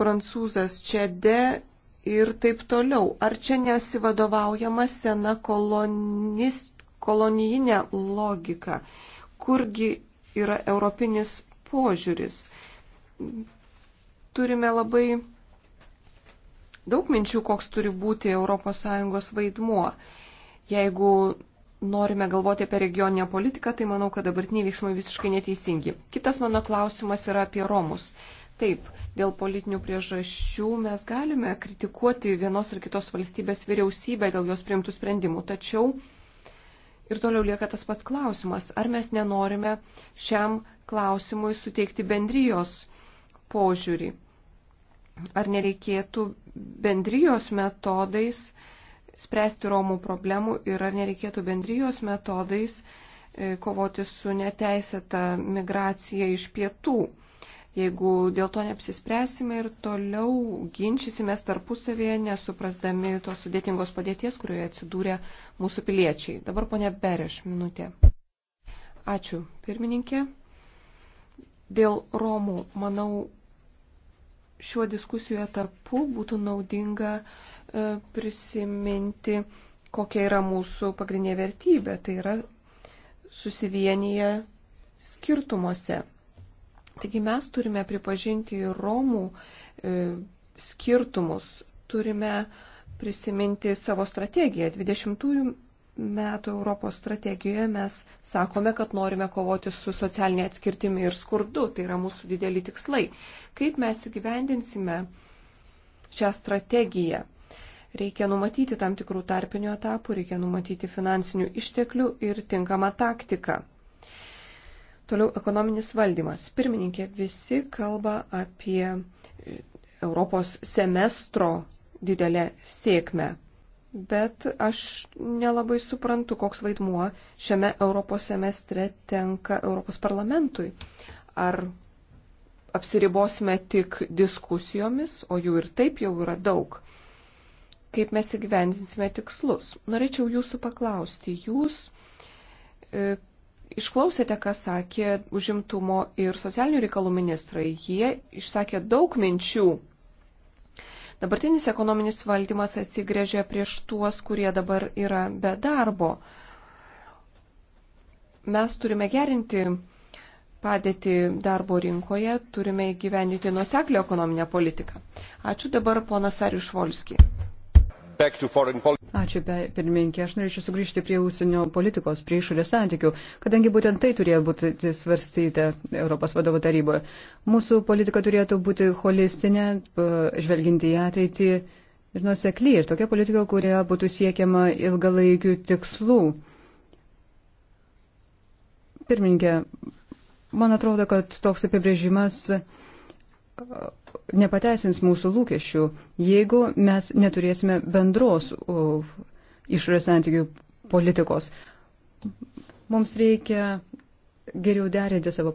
Prancūzas Čede ir taip toliau. Ar čia nesivadovaujama sena kolonist, kolonijinė logika, kurgi yra europinis požiūris? Turime labai daug minčių, koks turi būti ES vaidmuo. Jeigu norime galvoti apie regioninę politiką, tai manau, kad dabartiniai veiksmai visiškai neteisingi. Kitas mano klausimas yra apie Romus. Taip, dėl politinių priežasčių mes galime kritikuoti vienos ar kitos valstybės vyriausybę dėl jos priimtų sprendimų, tačiau Ir toliau lieka tas pats klausimas, ar mes nenorime šiam klausimui suteikti bendrijos požiūrį. Ar nereikėtų bendrijos metodais spręsti Romų problemų ir ar nereikėtų bendrijos metodais e, kovoti su neteisėta migracija iš pietų. Jeigu dėl to neapsispręsime ir toliau ginčysime tarpusavėje, nesuprasdami tos sudėtingos padėties, kurioje atsidūrė mūsų piliečiai. Dabar ponia Bereš, minutė. Ačiū, pirmininkė. Dėl Romų, manau, šiuo diskusijų etapu būtų naudinga e, prisiminti, kokia yra mūsų pagrindinė vertybė. Tai yra susivienyje skirtumuose. Taigi mes turime pripažinti ir Romų e, skirtumus, turime prisiminti savo strategiją. 20 metų Europos strategijoje mes sakome, kad norime kovoti su socialinė atskirtimi ir skurdu. Tai yra mūsų dideli tikslai. Kaip mes įgyvendinsime šią strategiją? Reikia numatyti tam tikrų tarpinių etapų, reikia numatyti finansinių išteklių ir tinkamą taktiką. Toliau ekonominis valdymas. Pirmininkė, visi kalba apie Europos semestro didelę sėkmę bet aš nelabai suprantu, koks vaidmuo šiame Europos semestre tenka Europos parlamentui. Ar apsiribosime tik diskusijomis, o jų ir taip jau yra daug. Kaip mes įgyvendinsime tikslus? Norėčiau jūsų paklausti. Jūs e, išklausėte, ką sakė užimtumo ir socialinių reikalų ministrai. Jie išsakė daug minčių Dabartinis ekonominis valdymas atsigrėžia prieš tuos, kurie dabar yra be darbo. Mes turime gerinti padėtį darbo rinkoje, turime įgyvendinti nuseklį ekonominę politiką. Ačiū dabar ponas Arius Volski. Ačiū, pirmininkė. Aš norėčiau sugrįžti prie ūsinio politikos, prie išorės santykių, kadangi būtent tai turėjo būti svarstyta Europos vadovų taryboje. Mūsų politika turėtų būti holistinė, žvelginti į ateitį ir nusekly. Ir tokia politika, kurioje būtų siekiama ilgalaikių tikslų. Pirmininkė, man atrodo, kad toks apibrėžimas nepateisins mūsų lūkesčių, jeigu mes neturėsime bendros išorės santykių politikos. Mums reikia geriau derinti savo,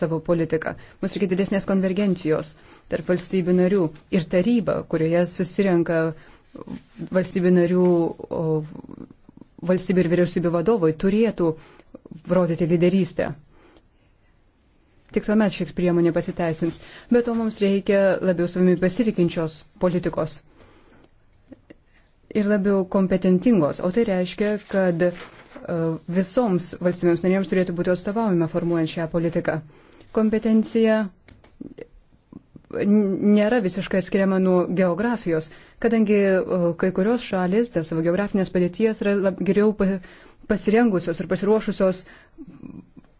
savo politiką. Mums reikia didesnės konvergencijos tarp valstybių narių ir taryba, kurioje susirenka valstybių narių, valstybių ir vyriausybių vadovai, turėtų rodyti lyderystę. Tik tuomet šiek priemonė pasiteisins. Bet to mums reikia labiau savimi pasitikinčios politikos ir labiau kompetentingos. O tai reiškia, kad e, visoms valstybėms narėms turėtų būti atstovaujama formuojant šią politiką. Kompetencija nėra visiškai skiriama nuo geografijos, kadangi e, kai kurios šalis dėl savo geografinės padėties yra geriau pasirengusios ir pasiruošusios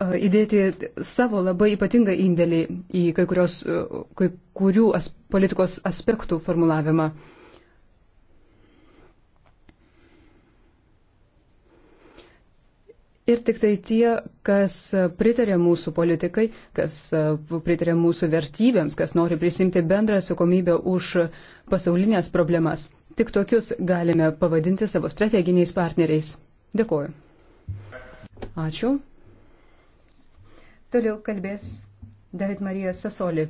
įdėti savo labai ypatingą indėlį į kai, kurios, kai kurių as, politikos aspektų formulavimą. Ir tik tai tie, kas pritarė mūsų politikai, kas pritarė mūsų vertybėms, kas nori prisimti bendrą atsakomybę už pasaulinės problemas, tik tokius galime pavadinti savo strateginiais partneriais. Dėkuoju. Ačiū. Toliau kalbės David Marija Sasoli.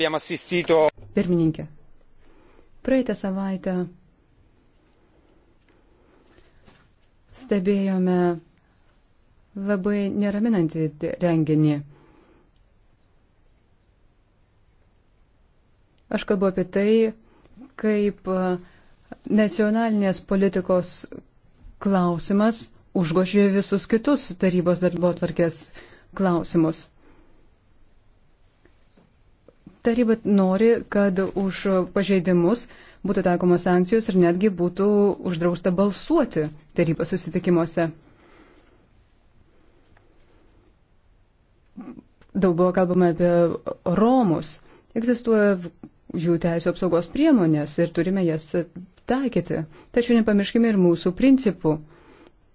Pirmininkė. Praeitą savaitę stebėjome labai neraminantį renginį. Aš kalbu apie tai, kaip nacionalinės politikos klausimas užgožė visus kitus tarybos darbo atvarkės klausimus. Taryba nori, kad už pažeidimus būtų taikomos sankcijos ir netgi būtų uždrausta balsuoti tarybos susitikimuose. Daug buvo kalbama apie Romus. Egzistuoja jų teisų apsaugos priemonės ir turime jas taikyti. Tačiau nepamirškime ir mūsų principų.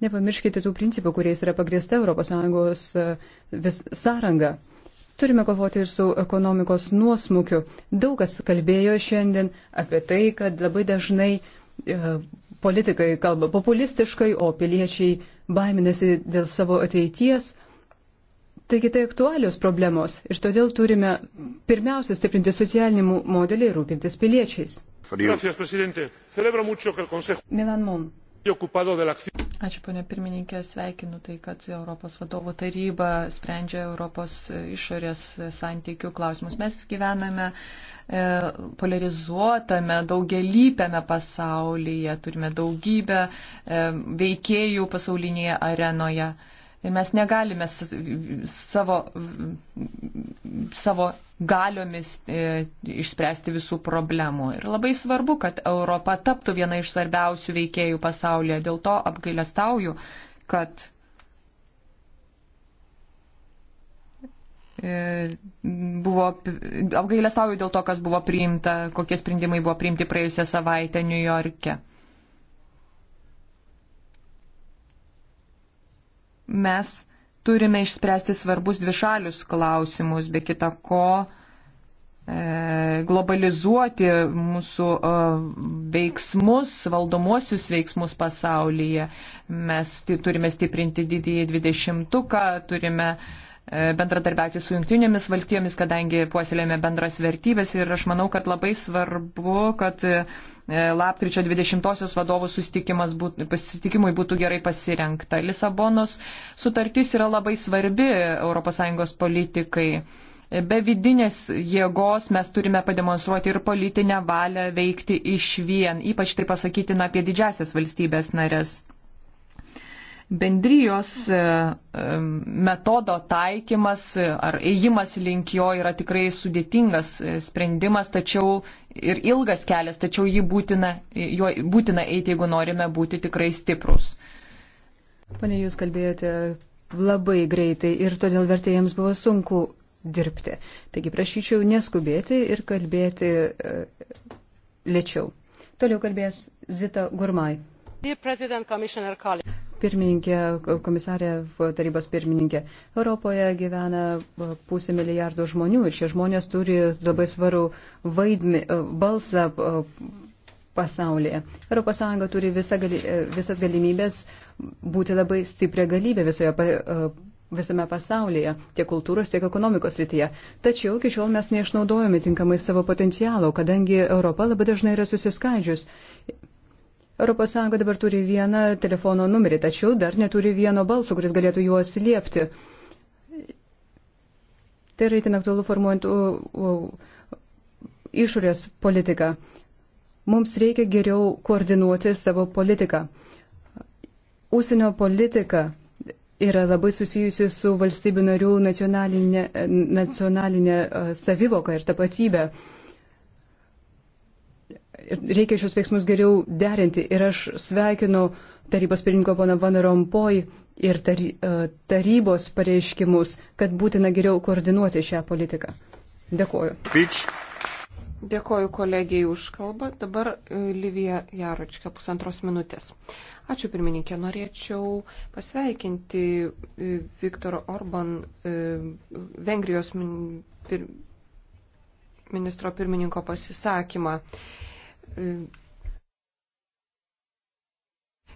Nepamirškite tų principų, kuriais yra pagrįsta ES e, vis sąranga. Turime kovoti ir su ekonomikos nuosmukiu. Daug kas kalbėjo šiandien apie tai, kad labai dažnai e, politikai kalba populistiškai, o piliečiai baiminasi dėl savo ateities. Taigi tai aktualios problemos ir todėl turime pirmiausia stiprinti socialinį modelį ir rūpintis piliečiais. Gracias, presidente. Celebro mucho que el Consejo. Milan Mon. ocupado de la acción. Ačiū, ponė pirmininkė, sveikinu tai, kad Europos vadovų taryba sprendžia Europos išorės santykių klausimus. Mes gyvename e, polarizuotame, daugelypiame pasaulyje, turime daugybę e, veikėjų pasaulinėje arenoje. E, Mes negalime savo, savo galiomis e, išspręsti visų problemų. Ir labai svarbu, kad Europa taptų viena iš svarbiausių veikėjų pasaulyje. Dėl to apgailestauju, kad e, buvo apgailestauju dėl to, kas buvo priimta, kokie sprendimai buvo priimti praėjusią savaitę Niujorke. mes turime išspręsti svarbus dvišalius klausimus, be kita ko e, globalizuoti mūsų e, veiksmus, valdomuosius veiksmus pasaulyje. Mes turime stiprinti didįjį dvidešimtuką, turime e, bendradarbiauti su jungtinėmis valstybėmis, kadangi puoselėme bendras vertybės ir aš manau, kad labai svarbu, kad E, lapkričio 20-osios vadovų susitikimui būtų gerai pasirenkta. Lisabonos sutartis yra labai svarbi ES politikai. E, be vidinės jėgos mes turime pademonstruoti ir politinę valią veikti iš vien, ypač tai pasakytina apie didžiasias valstybės narės bendrijos e, e, metodo taikymas ar ėjimas link jo yra tikrai sudėtingas e, sprendimas tačiau, ir ilgas kelias, tačiau jį būtina, juo būtina eiti, jeigu norime būti tikrai stiprus. Pane, jūs kalbėjote labai greitai ir todėl vertėjams buvo sunku dirbti. Taigi prašyčiau neskubėti ir kalbėti uh, lėčiau. Toliau kalbės Zita Gurmai pirmininkė, komisarė tarybos pirmininkė, Europoje gyvena pusė milijardų žmonių ir šie žmonės turi labai svarų vaidmį, balsą pasaulyje. ES turi visa gali, visas galimybės būti labai stiprią galybę visoje visame pasaulyje, tiek kultūros, tiek ekonomikos rytyje. Tačiau iki šiol mes neišnaudojame tinkamai savo potencialo, kadangi Europa labai dažnai yra susiskaidžius ES dabar turi vieną telefono numerį, tačiau dar neturi vieno balso, kuris galėtų juo atsiliepti. Tai yra itin aktualu formuojant išorės politiką. Mums reikia geriau koordinuoti savo politiką. Užsienio politika yra labai susijusi su valstybių narių nacionalinė, nacionalinė savivoka ir tapatybė reikia šios veiksmus geriau derinti. Ir aš sveikinu tarybos pirmininko pono Van Rompoj ir e, tarybos pareiškimus, kad būtina geriau koordinuoti šią politiką. Dėkuoju. Beach. Dėkoju kolegijai už kalbą. Dabar e, Livija Jaročka pusantros minutės. Ačiū pirmininkė. Norėčiau pasveikinti e, Viktor Orban, Vengrijos ministro pirmininko pasisakymą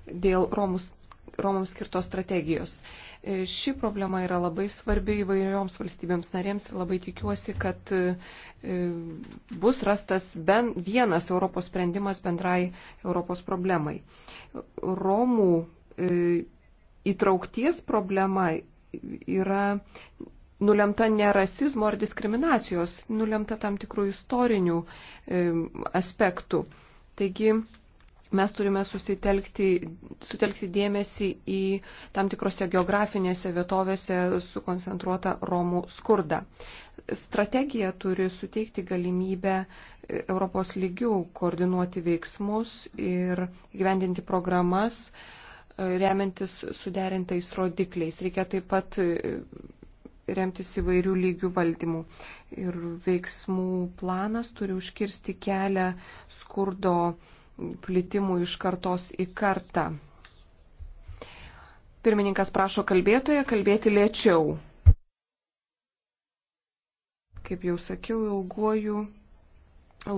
dėl Romus, Romams skirtos strategijos. E, ši problema yra labai svarbi įvairioms valstybėms narėms ir labai tikiuosi, kad e, bus rastas bent vienas Europos sprendimas bendrai Europos problemai. Romų e, įtraukties problema yra nulemta ne rasizmo ar diskriminacijos, nulemta tam tikrų istorinių e, aspektų. Taigi mes turime susitelkti, sutelkti dėmesį į tam tikrose geografinėse vietovėse sukoncentruotą Romų skurdą. Strategija turi suteikti galimybę e, Europos lygių koordinuoti veiksmus ir gyvendinti programas, e, remiantis suderintais rodikliais. Reikia taip pat e, remtis įvairių lygių valdymų. Ir veiksmų planas turi užkirsti kelią skurdo plitimų iš kartos į kartą. Pirmininkas prašo kalbėtoje kalbėti lėčiau. Kaip jau sakiau, ilguoju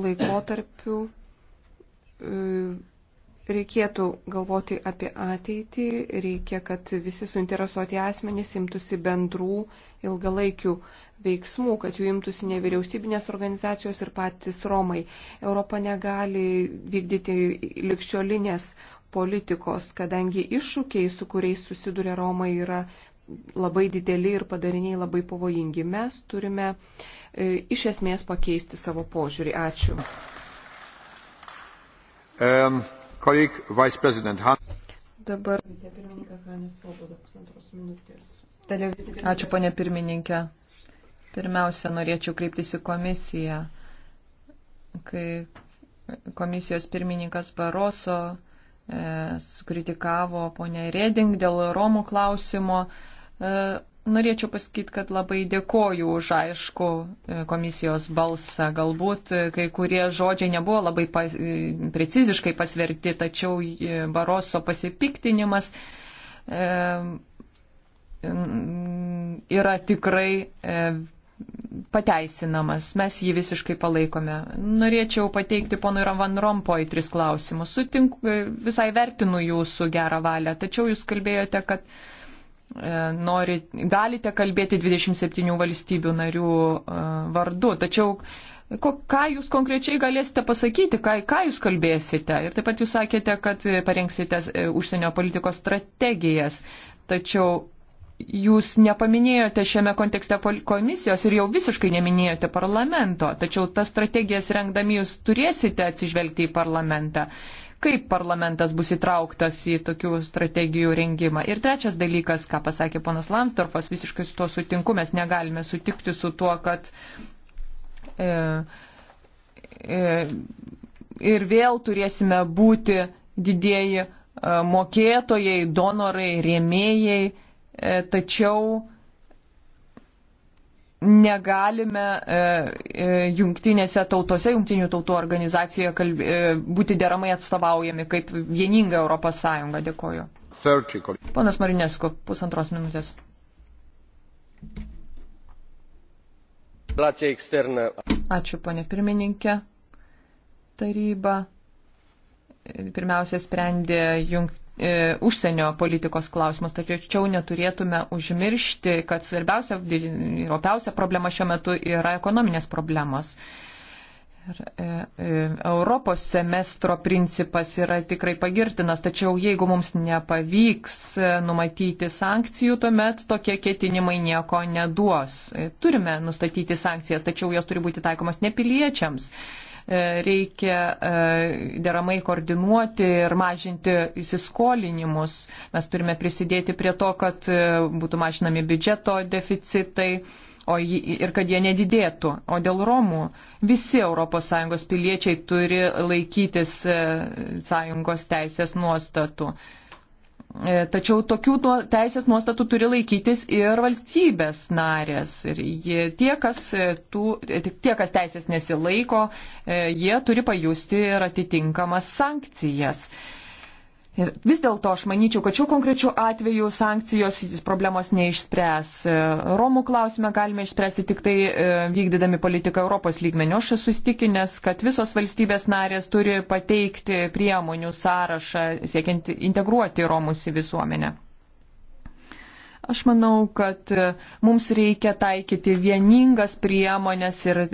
laikotarpiu e, reikėtų galvoti apie ateitį, reikia, kad visi suinteresuoti asmenys imtųsi bendrų ilgalaikių veiksmų, kad jų imtųsi nevyriausybinės organizacijos ir patys Romai. Europa negali vykdyti likščiolinės politikos, kadangi iššūkiai, su kuriais susiduria Romai, yra labai dideli ir padariniai labai pavojingi. Mes turime e, iš esmės pakeisti savo požiūrį. Ačiū. Um. Colleague, Vice President Han. Dabar vicepirmininkas Hanis Svoboda pusantros minutės. Ačiū, ponė pirmininkė. Pirmiausia, norėčiau kreiptis į komisiją. Kai komisijos pirmininkas Baroso e, sukritikavo ponę Reding dėl Romų klausimo, e, Norėčiau pasakyti, kad labai dėkoju už aišku e, komisijos balsą. Galbūt e, kai kurie žodžiai nebuvo labai pas, e, preciziškai pasverti, tačiau Baroso pasipiktinimas e, yra tikrai e, pateisinamas. Mes jį visiškai palaikome. Norėčiau pateikti ponui Van Rompoj tris klausimus. Sutinku, visai vertinu jūsų gerą valią, tačiau jūs kalbėjote, kad E, nori, galite kalbėti 27 valstybių narių e, vardu, tačiau ko, ką jūs konkrečiai galėsite pasakyti, ką, ką jūs kalbėsite. Ir taip pat jūs sakėte, kad parengsite e, užsienio politikos strategijas, tačiau jūs nepaminėjote šiame kontekste komisijos ir jau visiškai neminėjote parlamento, tačiau tas strategijas rengdami jūs turėsite atsižvelgti į parlamentą kaip parlamentas bus įtrauktas į tokių strategijų rengimą. Ir trečias dalykas, ką pasakė ponas Lansdorfas, visiškai su tuo sutinku, mes negalime sutikti su tuo, kad e, e, ir vėl turėsime būti didieji e, mokėtojai, donorai, rėmėjai, e, tačiau negalime e, e, jungtinėse tautose, jungtinių tautų organizacijoje kalb... E, būti deramai atstovaujami kaip vieninga Europos Sąjunga. Dėkoju. Ponas Marinesko, pusantros minutės. Ačiū, ponė pirmininkė. Taryba pirmiausia sprendė jungtinių e, užsienio politikos klausimus, tačiau neturėtume užmiršti, kad svarbiausia ir opiausia problema šiuo metu yra ekonominės problemos. Ir, e, e, Europos semestro principas yra tikrai pagirtinas, tačiau jeigu mums nepavyks e, numatyti sankcijų, tuomet tokie ketinimai nieko neduos. E, turime nustatyti sankcijas, tačiau jos turi būti taikomas nepiliečiams. piliečiams E, reikia e, deramai koordinuoti ir mažinti įsiskolinimus. Mes turime prisidėti prie to, kad e, būtų mažinami biudžeto deficitai. O jį, ir kad jie nedidėtų. O dėl Romų visi ES piliečiai turi laikytis sąjungos teisės nuostatų. E, tačiau tokių nuo, teisės nuostatų turi laikytis ir valstybės narės. Ir jie, tie, kas e, tų, e, tie, kas teisės nesilaiko, jie turi pajusti ir atitinkamas sankcijas. E, Ir vis dėlto aš manyčiau, kad šiuo konkrečiu atveju sankcijos problemos neišspręs. E, Romų klausimą galime išspręsti tik tai e, vykdydami politiką Europos lygmenio. Aš esu įstikinęs, kad visos valstybės narės turi pateikti priemonių sąrašą siekiant integruoti Romus į visuomenę. Aš manau, kad e, mums reikia taikyti vieningas priemonės ir e,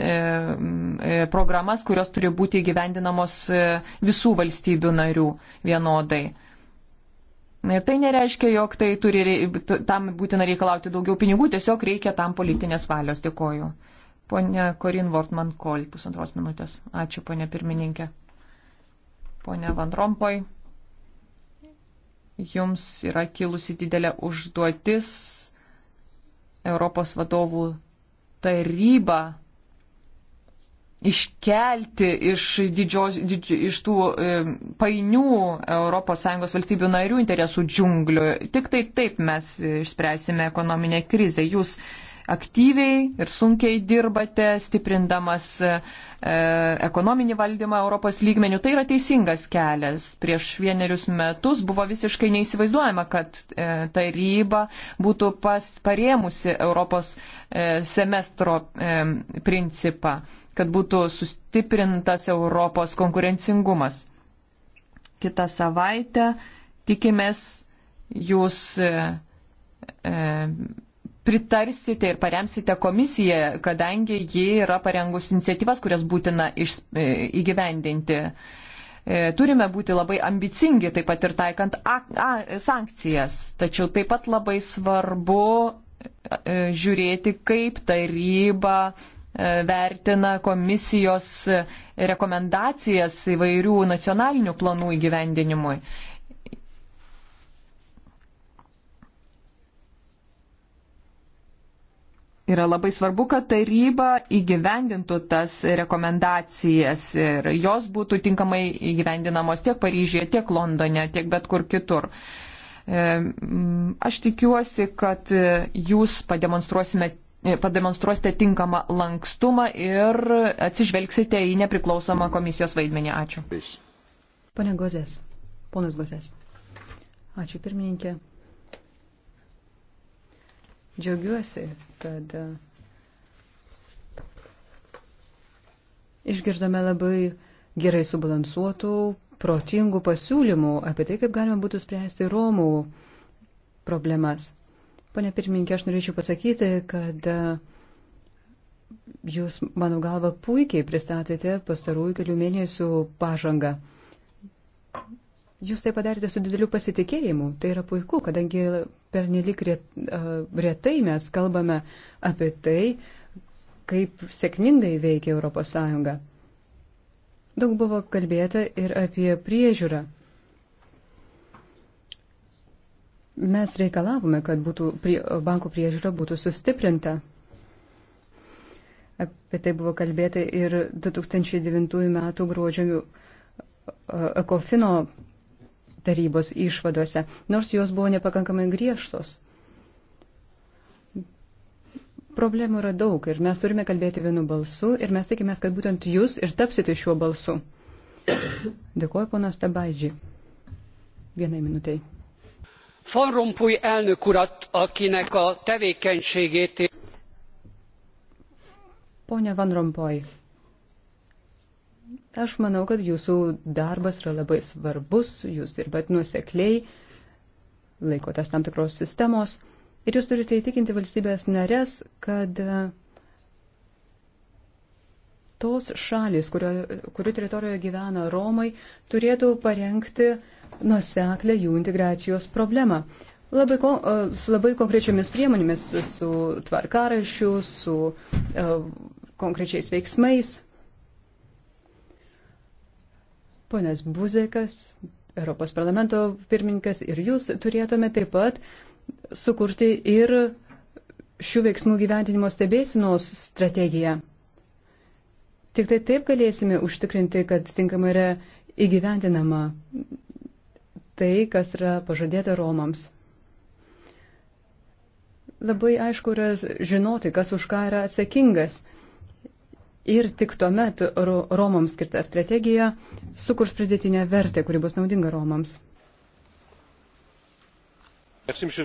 e programas, kurios turi būti įgyvendinamos e, visų valstybių narių vienodai. Ir tai nereiškia, jog tai turi, tam būtina reikalauti daugiau pinigų, tiesiog reikia tam politinės valios. Dėkoju. Pone Korin Vortman Kol, pusantros minutės. Ačiū, ponė pirmininkė. Pone Van Rompoj jums yra kilusi didelė užduotis Europos vadovų tarybą iškelti iš, didžios, didž, iš tų e, painių ES valstybių narių interesų džiunglių. Tik tai taip mes išspręsime ekonominę krizę. Jūs e, aktyviai ir sunkiai dirbate, stiprindamas e, e, ekonominį valdymą Europos lygmenių. Tai yra teisingas kelias. Prieš vienerius metus buvo visiškai neįsivaizduojama, kad e, taryba būtų pas, parėmusi Europos e, semestro e, principą, kad būtų sustiprintas Europos konkurencingumas. Kita savaitė tikimės jūs. E, e, pritarsite ir paremsite komisiją, kadangi ji yra parengus iniciatyvas, kurias būtina iš, e, įgyvendinti. E, turime būti labai ambicingi, taip pat ir taikant a, a, sankcijas, tačiau taip pat labai svarbu e, žiūrėti, kaip taryba vertina komisijos rekomendacijas įvairių nacionalinių planų įgyvendinimui. Yra labai svarbu, kad taryba įgyvendintų tas rekomendacijas ir jos būtų tinkamai įgyvendinamos tiek Paryžyje, tiek Londone, tiek bet kur kitur. E, aš tikiuosi, kad jūs e, pademonstruosite tinkamą lankstumą ir atsižvelgsite į nepriklausomą komisijos vaidmenį. Ačiū. Pane Gozės. Ponas Gozės. Ačiū pirmininkė. Džiaugiuosi, kad e, išgirdome labai gerai subalansuotų, protingų pasiūlymų apie tai, kaip galima būtų spręsti Romų problemas. Pane pirmininkė, aš norėčiau pasakyti, kad e, jūs, mano galva, puikiai pristatėte pastarųjų kelių mėnesių pažangą. Jūs tai padarėte su dideliu pasitikėjimu. Tai yra puiku, kadangi pernelik retai mes kalbame apie tai, kaip sėkmingai veikia ES. Daug buvo kalbėta ir apie priežiūrą. Mes reikalavome, kad būtų, prie, bankų priežiūra būtų sustiprinta. Apie tai buvo kalbėta ir 2009 m. gruodžio ekofino tarybos išvadose, nors jos buvo nepakankamai griežtos. Problemų yra daug ir mes turime kalbėti vienu balsu ir mes tikimės, kad būtent jūs ir tapsite šiuo balsu. Dėkuoju, ponas Tabaidžiai. Vienai minutiai. Van Rompuy elnök urat, akinek a tevékenységét... Pone Van Rompuy, Aš manau, kad jūsų darbas yra labai svarbus, jūs dirbat nusekliai, laikotės tam tikros sistemos ir jūs turite įtikinti valstybės narės, kad e, tos šalis, kurio, kurių teritorijoje gyvena Romai, turėtų parengti nuseklę jų integracijos problemą. Labai ko, e, su labai konkrečiamis priemonėmis, su tvarkarašiu, su e, konkrečiais veiksmais ponas Buzekas, Europos parlamento pirmininkas ir jūs turėtume taip pat sukurti ir šių veiksmų gyventinimo stebėsinos strategiją. Tik tai taip galėsime užtikrinti, kad tinkamai yra įgyvendinama tai, kas yra pažadėta Romams. Labai aišku yra žinoti, kas už ką yra atsakingas ir tik tuomet Romams skirta strategija sukurs pridėtinę vertę, kuri bus naudinga Romams. Euh,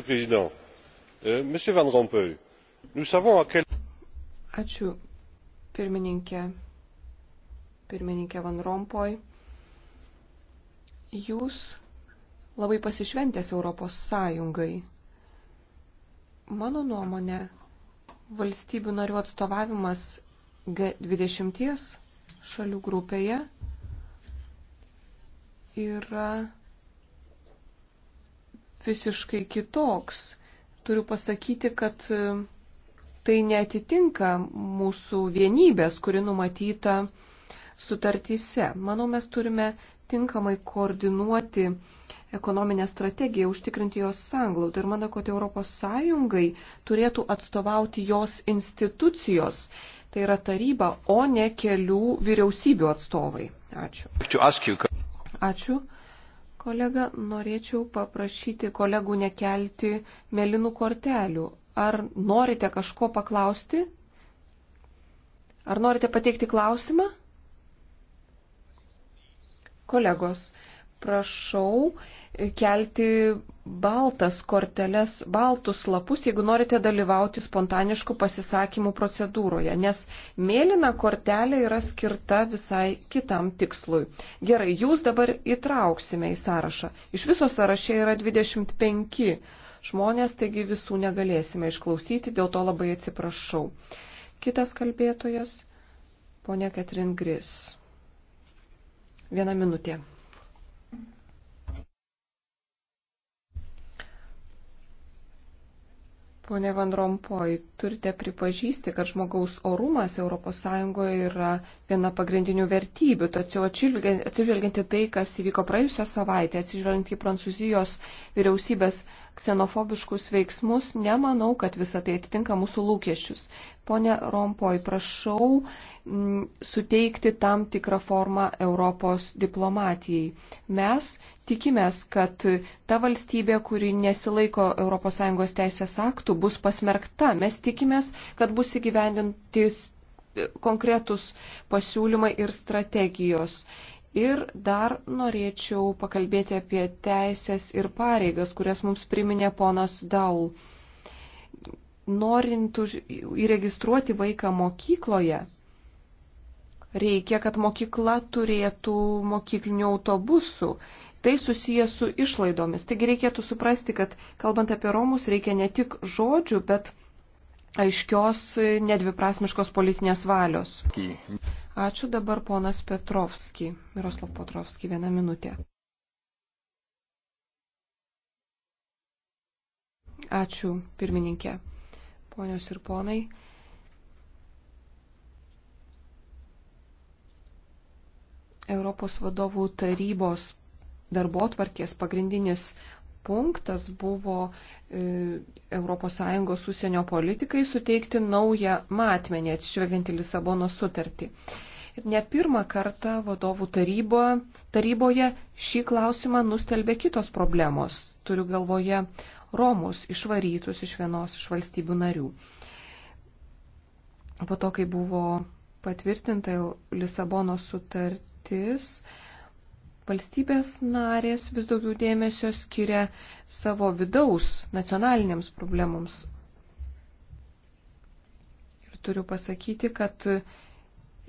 Ačiū, pirmininkė. Pirmininkė Van Rompoj. Jūs labai pasišventęs Europos Sąjungai. Mano nuomonė, valstybių narių atstovavimas G20 šalių grupėje yra visiškai kitoks. Turiu pasakyti, kad e, tai netitinka mūsų vienybės, kuri numatyta sutartyse. Manau, mes turime tinkamai koordinuoti ekonominę strategiją, užtikrinti jos sanglaudą. Ir manau, kad ES turėtų atstovauti jos institucijos, tai yra taryba, o ne kelių vyriausybių atstovai. Ačiū. Ačiū. Kolega, norėčiau paprašyti kolegų nekelti melinų kortelių. Ar norite kažko paklausti? Ar norite pateikti klausimą? Kolegos, prašau kelti baltas korteles, baltus lapus, jeigu norite dalyvauti spontaniškų pasisakymų procedūroje, nes mėlyna kortelė yra skirta visai kitam tikslui. Gerai, jūs dabar įtrauksime į sąrašą. Iš viso sąraše yra 25 žmonės, taigi visų negalėsime išklausyti, dėl to labai atsiprašau. Kitas kalbėtojas, ponia Katrin Gris. Viena minutė. Pone Van Rompoj, turite pripažįsti, kad žmogaus orumas ES yra viena pagrindinių vertybių, tačiau atsižvelgiant į tai, kas įvyko praėjusią savaitę, atsižvelgiant į Prancūzijos vyriausybės ksenofobiškus veiksmus, nemanau, kad visa tai atitinka mūsų lūkesčius. Pone Rompoj, prašau m, mm, suteikti tam tikrą formą Europos diplomatijai. Mes tikimės, kad ta valstybė, kuri nesilaiko ES teisės aktų, bus pasmerkta. Mes tikimės, kad bus įgyvendintis konkretus pasiūlymai ir strategijos. Ir dar norėčiau pakalbėti apie teisės ir pareigas, kurias mums priminė ponas Daul. Norint už, įregistruoti vaiką mokykloje, reikia, kad mokykla turėtų mokyklinių autobusų tai susijęs su išlaidomis. Taigi reikėtų suprasti, kad kalbant apie Romus reikia ne tik žodžių, bet aiškios nedviprasmiškos politinės valios. Ačiū dabar ponas Petrovski, Miroslav Petrovski, vieną minutę. Ačiū, pirmininkė. Ponios ir ponai. Europos vadovų tarybos darbo tvarkės pagrindinis punktas buvo ES užsienio politikai suteikti naują matmenį atsižvelgiant į Lisabono sutartį. Ir ne pirmą kartą vadovų tarybo, taryboje šį klausimą nustelbė kitos problemos. Turiu galvoje Romus išvarytus iš vienos iš valstybių narių. Po to, kai buvo patvirtinta Lisabono sutartis, Valstybės narės vis daugiau dėmesio skiria savo vidaus nacionalinėms problemoms. Ir turiu pasakyti, kad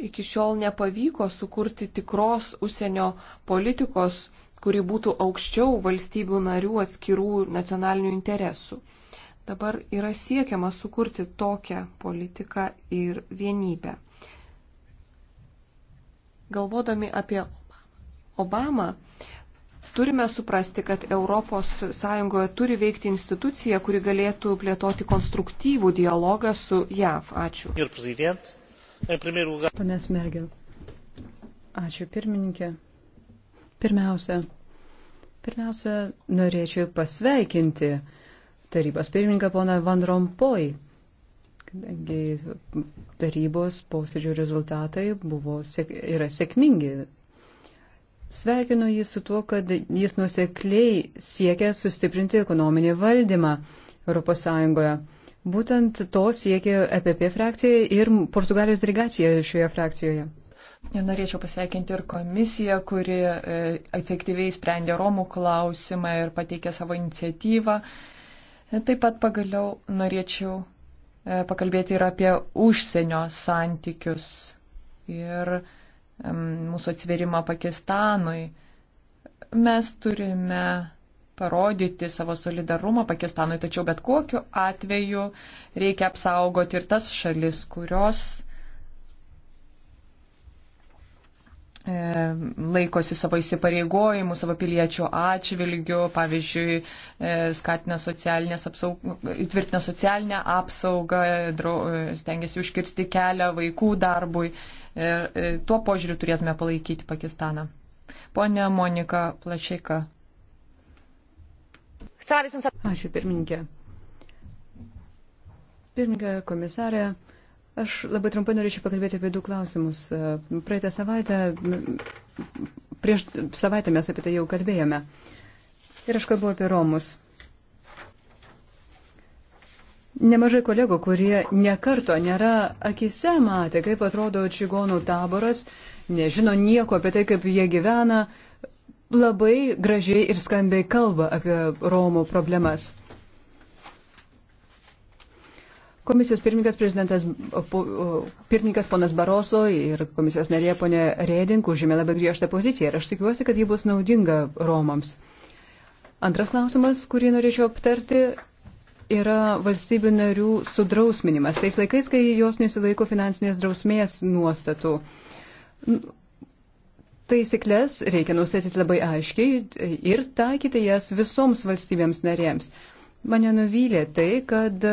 iki šiol nepavyko sukurti tikros užsienio politikos, kuri būtų aukščiau valstybių narių atskirų nacionalinių interesų. Dabar yra siekiama sukurti tokią politiką ir vienybę. Galvodami apie Obama, turime suprasti, kad ES turi veikti institucija, kuri galėtų plėtoti konstruktyvų dialogą su JAV. Ačiū. Panas Mergel. Ačiū pirmininkė. Pirmiausia, pirmiausia, norėčiau pasveikinti tarybos pirmininką poną Van Rompoj, kadangi tarybos posėdžių rezultatai buvo, yra sėkmingi Sveikinu jį su tuo, kad jis nusekliai siekia sustiprinti ekonominį valdymą ES. Būtent to siekia EPP frakcija ir Portugalijos delegacija šioje frakcijoje. Norėčiau pasveikinti ir komisiją, kuri e, efektyviai sprendė Romų klausimą ir pateikė savo iniciatyvą. E, taip pat pagaliau norėčiau e, pakalbėti ir apie užsienio santykius. Ir uh, mūsų atsverimą Pakistanui. Mes turime parodyti savo solidarumą Pakistanui, tačiau bet kokiu atveju reikia apsaugoti ir tas šalis, kurios e, laikosi savo įsipareigojimų, savo piliečių atžvilgių, pavyzdžiui, e, skatina socialinės apsaugą, įtvirtina socialinę apsaugą, e, stengiasi užkirsti kelią vaikų darbui Ir e, tuo požiūriu turėtume palaikyti Pakistaną. Pone Monika Plašeika. Ačiū pirmininkė. Pirmininkė komisarė. Aš labai trumpai norėčiau pakalbėti apie du klausimus. Praeitą savaitę, prieš savaitę mes apie tai jau kalbėjome. Ir aš kalbu apie Romus. Nemažai kolegų, kurie nekarto nėra akise matę, kaip atrodo čigonų taboras, nežino nieko apie tai, kaip jie gyvena, labai gražiai ir skambiai kalba apie Romų problemas. Komisijos pirmininkas, prezidentas, pirmininkas ponas Baroso ir komisijos narė ponė Rėdink užėmė labai griežtą poziciją ir aš tikiuosi, kad ji bus naudinga Romams. Antras klausimas, kurį norėčiau aptarti, yra valstybių narių sudrausminimas, tais laikais, kai jos nesilaiko finansinės drausmės nuostatų. Taisyklės reikia nustatyti labai aiškiai ir taikyti jas visoms valstybėms narėms. Mane nuvylė tai, kad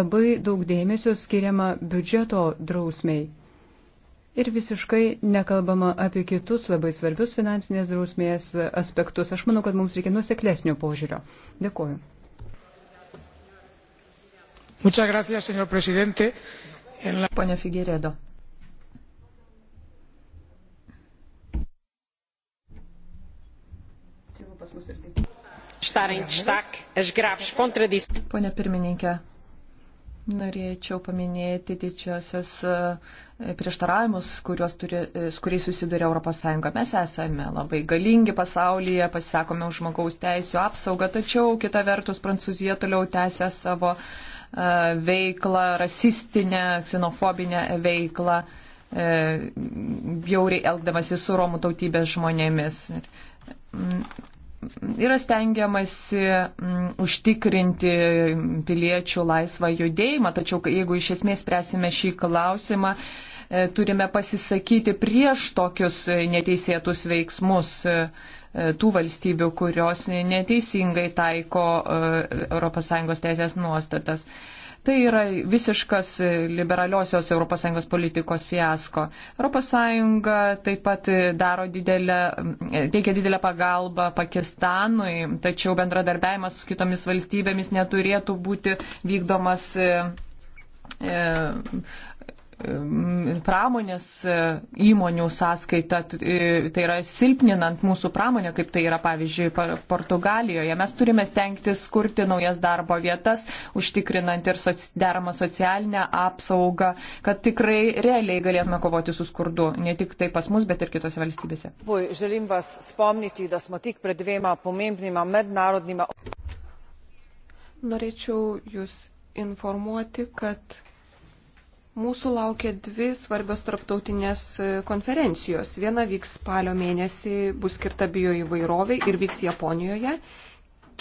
labai daug dėmesio skiriama biudžeto drausmiai ir visiškai nekalbama apie kitus labai svarbius finansinės drausmės aspektus. Aš manau, kad mums reikia nuseklesnio požiūrio. Dėkuoju. Gracias, señor presidente. La... Pone Figueredo. Pone pirmininkė, norėčiau paminėti didžiosios e, prieštaravimus, turi, e, su kuriais susiduria ES. Mes esame labai galingi pasaulyje, pasisakome už žmogaus teisų apsaugą, tačiau kita vertus Prancūzija toliau tęsia savo uh, E, veiklą, rasistinę, ksenofobinę veiklą, e, jauriai elgdamasi su Romų tautybės žmonėmis. Mm, yra stengiamasi mm, užtikrinti piliečių laisvą judėjimą, tačiau jeigu iš esmės spręsime šį klausimą, e, turime pasisakyti prieš tokius neteisėtus veiksmus. E, E, tų valstybių, kurios neteisingai taiko ES teisės nuostatas. Tai yra visiškas liberaliosios ES politikos fiasko. ES taip pat daro didelę, e, teikia didelę pagalbą Pakistanui, tačiau bendradarbiavimas su kitomis valstybėmis neturėtų būti vykdomas e, pramonės e, įmonių sąskaita, e, tai yra silpninant mūsų pramonę, kaip tai yra pavyzdžiui Portugalijoje. Mes turime stengtis kurti naujas darbo vietas, užtikrinant ir soci, deramą socialinę apsaugą, kad tikrai realiai galėtume kovoti su skurdu, ne tik tai pas mus, bet ir kitose valstybėse. Želim vas spomniti, da smo tik pred dvema pomembnima mednarodnima. Norėčiau jūs informuoti, kad Mūsų laukia dvi svarbios tarptautinės e, konferencijos. Viena vyks spalio mėnesį, bus skirta bioįvairoviai ir vyks Japonijoje.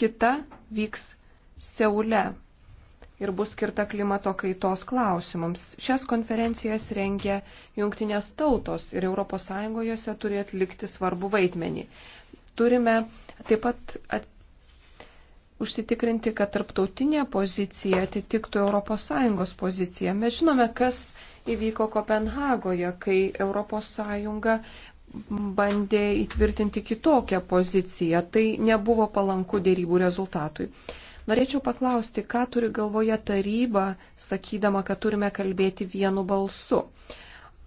Kita vyks Seule ir bus skirta klimato kaitos klausimams. Šias konferencijas rengia jungtinės tautos ir ES turi atlikti svarbu vaidmenį. Turime taip pat at užsitikrinti, kad tarptautinė pozicija atitiktų ES poziciją. Mes žinome, kas įvyko Kopenhagoje, kai ES bandė įtvirtinti kitokią poziciją. Tai nebuvo palanku dėrybų rezultatui. Norėčiau paklausti, ką turi galvoje taryba, sakydama, kad turime kalbėti vienu balsu.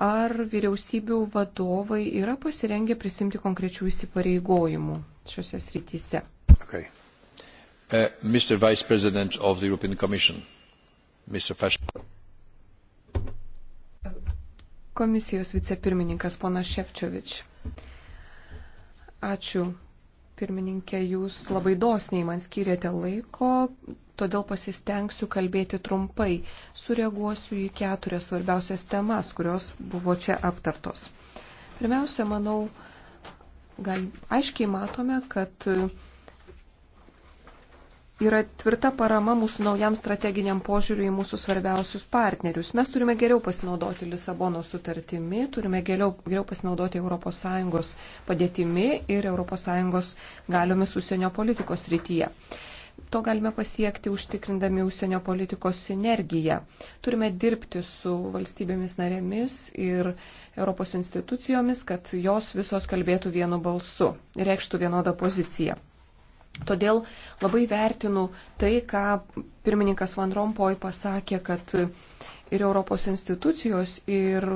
Ar vyriausybių vadovai yra pasirengę prisimti konkrečių įsipareigojimų šiuose srityse? Okay. Uh, Mr. Vice President of the European Commission, Mr. Fashion. Komisijos vicepirmininkas ponas Šepčiovič. Ačiū pirmininkė, jūs labai dosniai man skyrėte laiko, todėl pasistengsiu kalbėti trumpai. Sureaguosiu į keturias svarbiausias temas, kurios buvo čia aptartos. Pirmiausia, manau, gal, aiškiai matome, kad yra tvirta parama mūsų naujam strateginiam požiūriui į mūsų svarbiausius partnerius. Mes turime geriau pasinaudoti Lisabono sutartimi, turime geriau, geriau pasinaudoti ES padėtimi ir ES galiomis užsienio politikos rytyje. To galime pasiekti užtikrindami užsienio politikos sinergiją. Turime dirbti su valstybėmis narėmis ir Europos institucijomis, kad jos visos kalbėtų vienu balsu, reikštų vienodą poziciją. Todėl labai vertinu tai, ką pirmininkas Van Rompoj pasakė, kad ir Europos institucijos, ir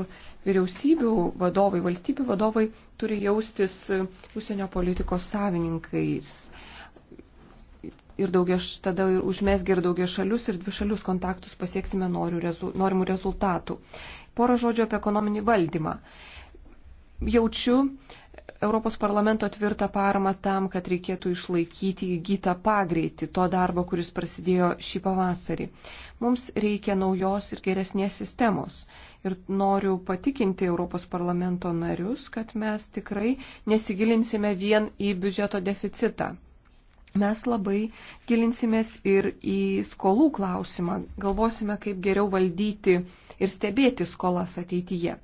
vyriausybių vadovai, valstybių vadovai turi jaustis užsienio politikos savininkais. Ir daugiaš, tada ir užmesgi ir daugia šalius, ir dvi šalius kontaktus pasieksime rezu, norimų rezultatų. Porą žodžių apie ekonominį valdymą. Jaučiu Europos parlamento tvirtą paramą tam, kad reikėtų išlaikyti įgytą pagreitį to darbo, kuris prasidėjo šį pavasarį. Mums reikia naujos ir geresnės sistemos. Ir noriu patikinti Europos parlamento narius, kad mes tikrai nesigilinsime vien į biudžeto deficitą. Mes labai gilinsimės ir į skolų klausimą. Galvosime, kaip geriau valdyti ir stebėti skolas ateityje.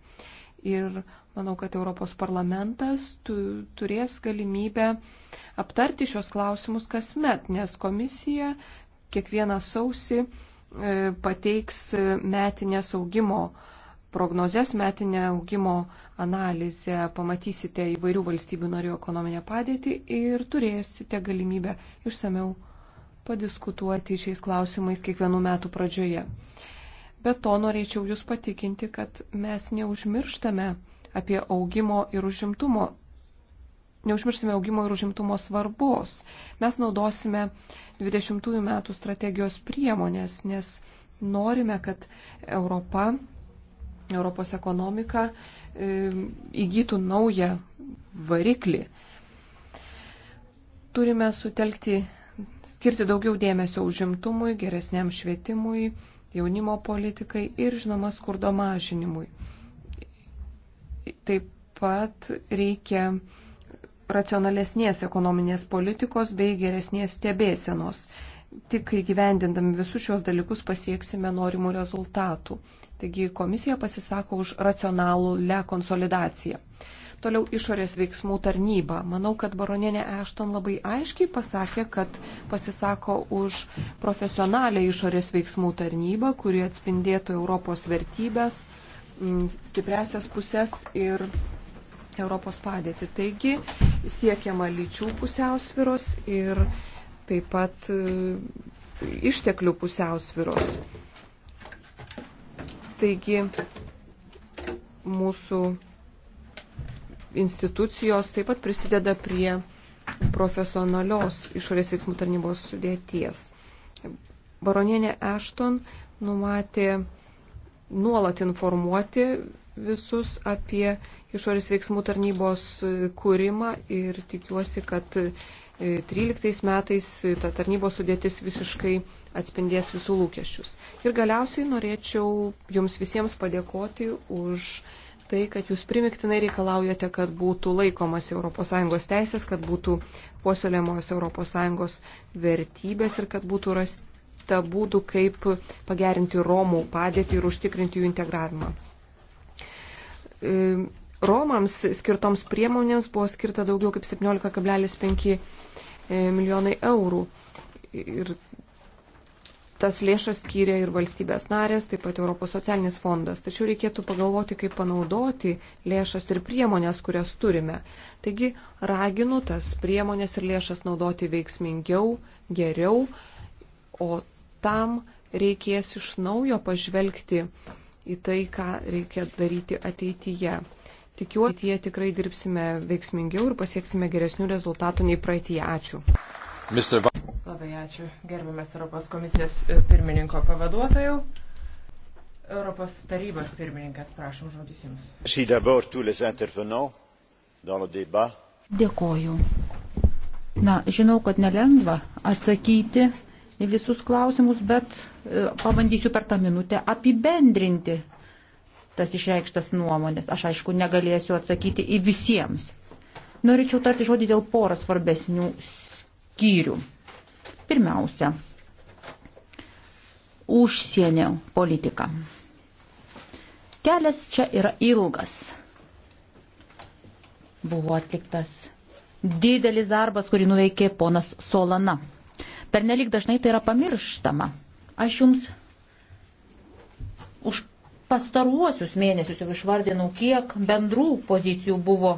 Ir Manau, kad Europos parlamentas tu, turės galimybę aptarti šios klausimus kasmet, nes komisija kiekvieną sausį e, pateiks metinės augimo prognozes, metinę augimo analizę, pamatysite įvairių valstybių narių ekonominę padėtį ir turėsite galimybę išsameu padiskutuoti šiais klausimais kiekvienų metų pradžioje. Be to norėčiau Jūs patikinti, kad mes neužmirštame apie augimo ir užimtumo. Neužmirškime augimo ir užimtumo svarbos. Mes naudosime 20 metų strategijos priemonės, nes norime, kad Europa, Europos ekonomika e, įgytų naują variklį. Turime sutelkti, skirti daugiau dėmesio užimtumui, geresniam švietimui, jaunimo politikai ir, žinoma, skurdo mažinimui. Taip pat reikia racionalesnės ekonominės politikos bei geresnės stebėsenos. Tik įgyvendindami visus šios dalykus pasieksime norimų rezultatų. Taigi komisija pasisako už racionalų le konsolidaciją. Toliau išorės veiksmų tarnyba. Manau, kad baronienė Ešton labai aiškiai pasakė, kad pasisako už profesionalę išorės veiksmų tarnybą, kuri atspindėtų Europos vertybės, stipresias pusės ir Europos padėtį. Taigi siekiama lyčių pusiausviros ir taip pat e, išteklių pusiausviros. Taigi mūsų institucijos taip pat prisideda prie profesionalios išorės veiksmų tarnybos sudėties. Baronienė Ashton numatė nuolat informuoti visus apie išorės veiksmų tarnybos kūrimą ir tikiuosi, kad 2013 e, metais e, ta tarnybos sudėtis visiškai atspindės visų lūkesčius. Ir galiausiai norėčiau jums visiems padėkoti už tai, kad jūs primiktinai reikalaujate, kad būtų laikomas ES teisės, kad būtų puoselėjamos ES vertybės ir kad būtų rasti ta būdų, kaip pagerinti Romų padėtį ir užtikrinti jų integravimą. E, Romams skirtoms priemonėms buvo skirta daugiau kaip 17,5 e, milijonai eurų. Ir tas lėšas skyrė ir valstybės narės, taip pat Europos socialinis fondas. Tačiau reikėtų pagalvoti, kaip panaudoti lėšas ir priemonės, kurias turime. Taigi raginu tas priemonės ir lėšas naudoti veiksmingiau, geriau, o tam reikės iš naujo pažvelgti į tai, ką reikia daryti ateityje. Tikiuosi, kad jie tikrai dirbsime veiksmingiau ir pasieksime geresnių rezultatų nei praeitie. Ačiū. Mister... Labai ačiū, gerbiamas Europos komisijos e, pirmininko pavaduotojų. Europos tarybos pirmininkas, prašom žodis Jums. Dėkoju. Na, žinau, kad nelengva atsakyti į visus klausimus, bet e, pabandysiu per tą minutę apibendrinti tas išreikštas nuomonės. Aš aišku negalėsiu atsakyti į visiems. Norėčiau tarti žodį dėl porą svarbesnių skyrių. Pirmiausia, užsienio politika. Kelias čia yra ilgas. Buvo atliktas didelis darbas, kurį nuveikė ponas Solana. Per nelik dažnai tai yra pamirštama. Aš jums už pastaruosius mėnesius jau išvardinau, kiek bendrų pozicijų buvo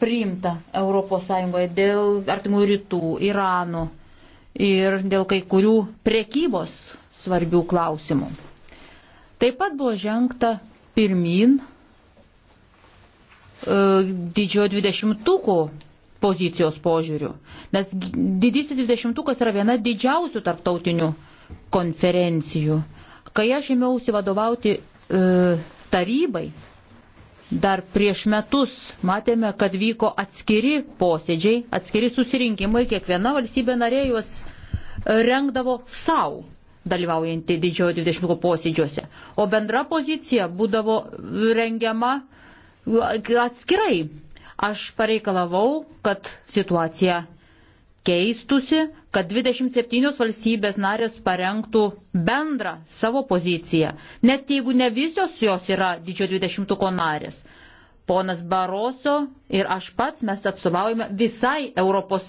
priimta ES dėl artimų rytų, Iranų ir dėl kai kurių prekybos svarbių klausimų. Taip pat buvo žengta pirmin e, didžiojo dvidešimtuko pozicijos požiūrių. Nes didysis dvidešimtukas yra viena didžiausių tarptautinių konferencijų. Kai aš ėmiausi vadovauti e, tarybai, dar prieš metus matėme, kad vyko atskiri posėdžiai, atskiri susirinkimai, kiekviena valstybė narė juos e, rengdavo savo dalyvaujantį didžiojo 20 posėdžiuose. O bendra pozicija būdavo rengiama atskirai Aš pareikalavau, kad situacija keistusi, kad 27 valstybės narės parengtų bendrą savo poziciją, net jeigu ne visos jos yra didžio 20-ko narės. Ponas Baroso ir aš pats mes atstovaujame visai ES,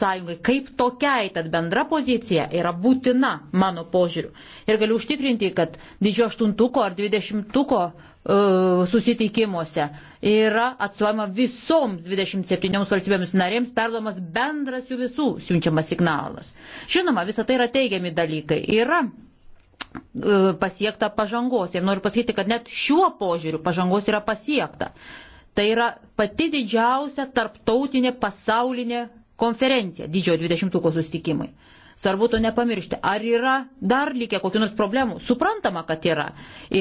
kaip tokiai, tad bendra pozicija yra būtina mano požiūriu. Ir galiu užtikrinti, kad didžio 8-ko ar 20-ko E, susitikimuose yra atsuojama visoms 27 valstybėms narėms, perdomas bendras jų visų siunčiamas signalas. Žinoma, visa tai yra teigiami dalykai. Yra e, pasiekta pažangos. Ir noriu pasakyti, kad net šiuo požiūriu pažangos yra pasiekta. Tai yra pati didžiausia tarptautinė pasaulinė konferencija, didžiojo 20-ko sustikimai. Svarbu to nepamiršti. Ar yra dar likę kokių nors problemų? Suprantama, kad yra.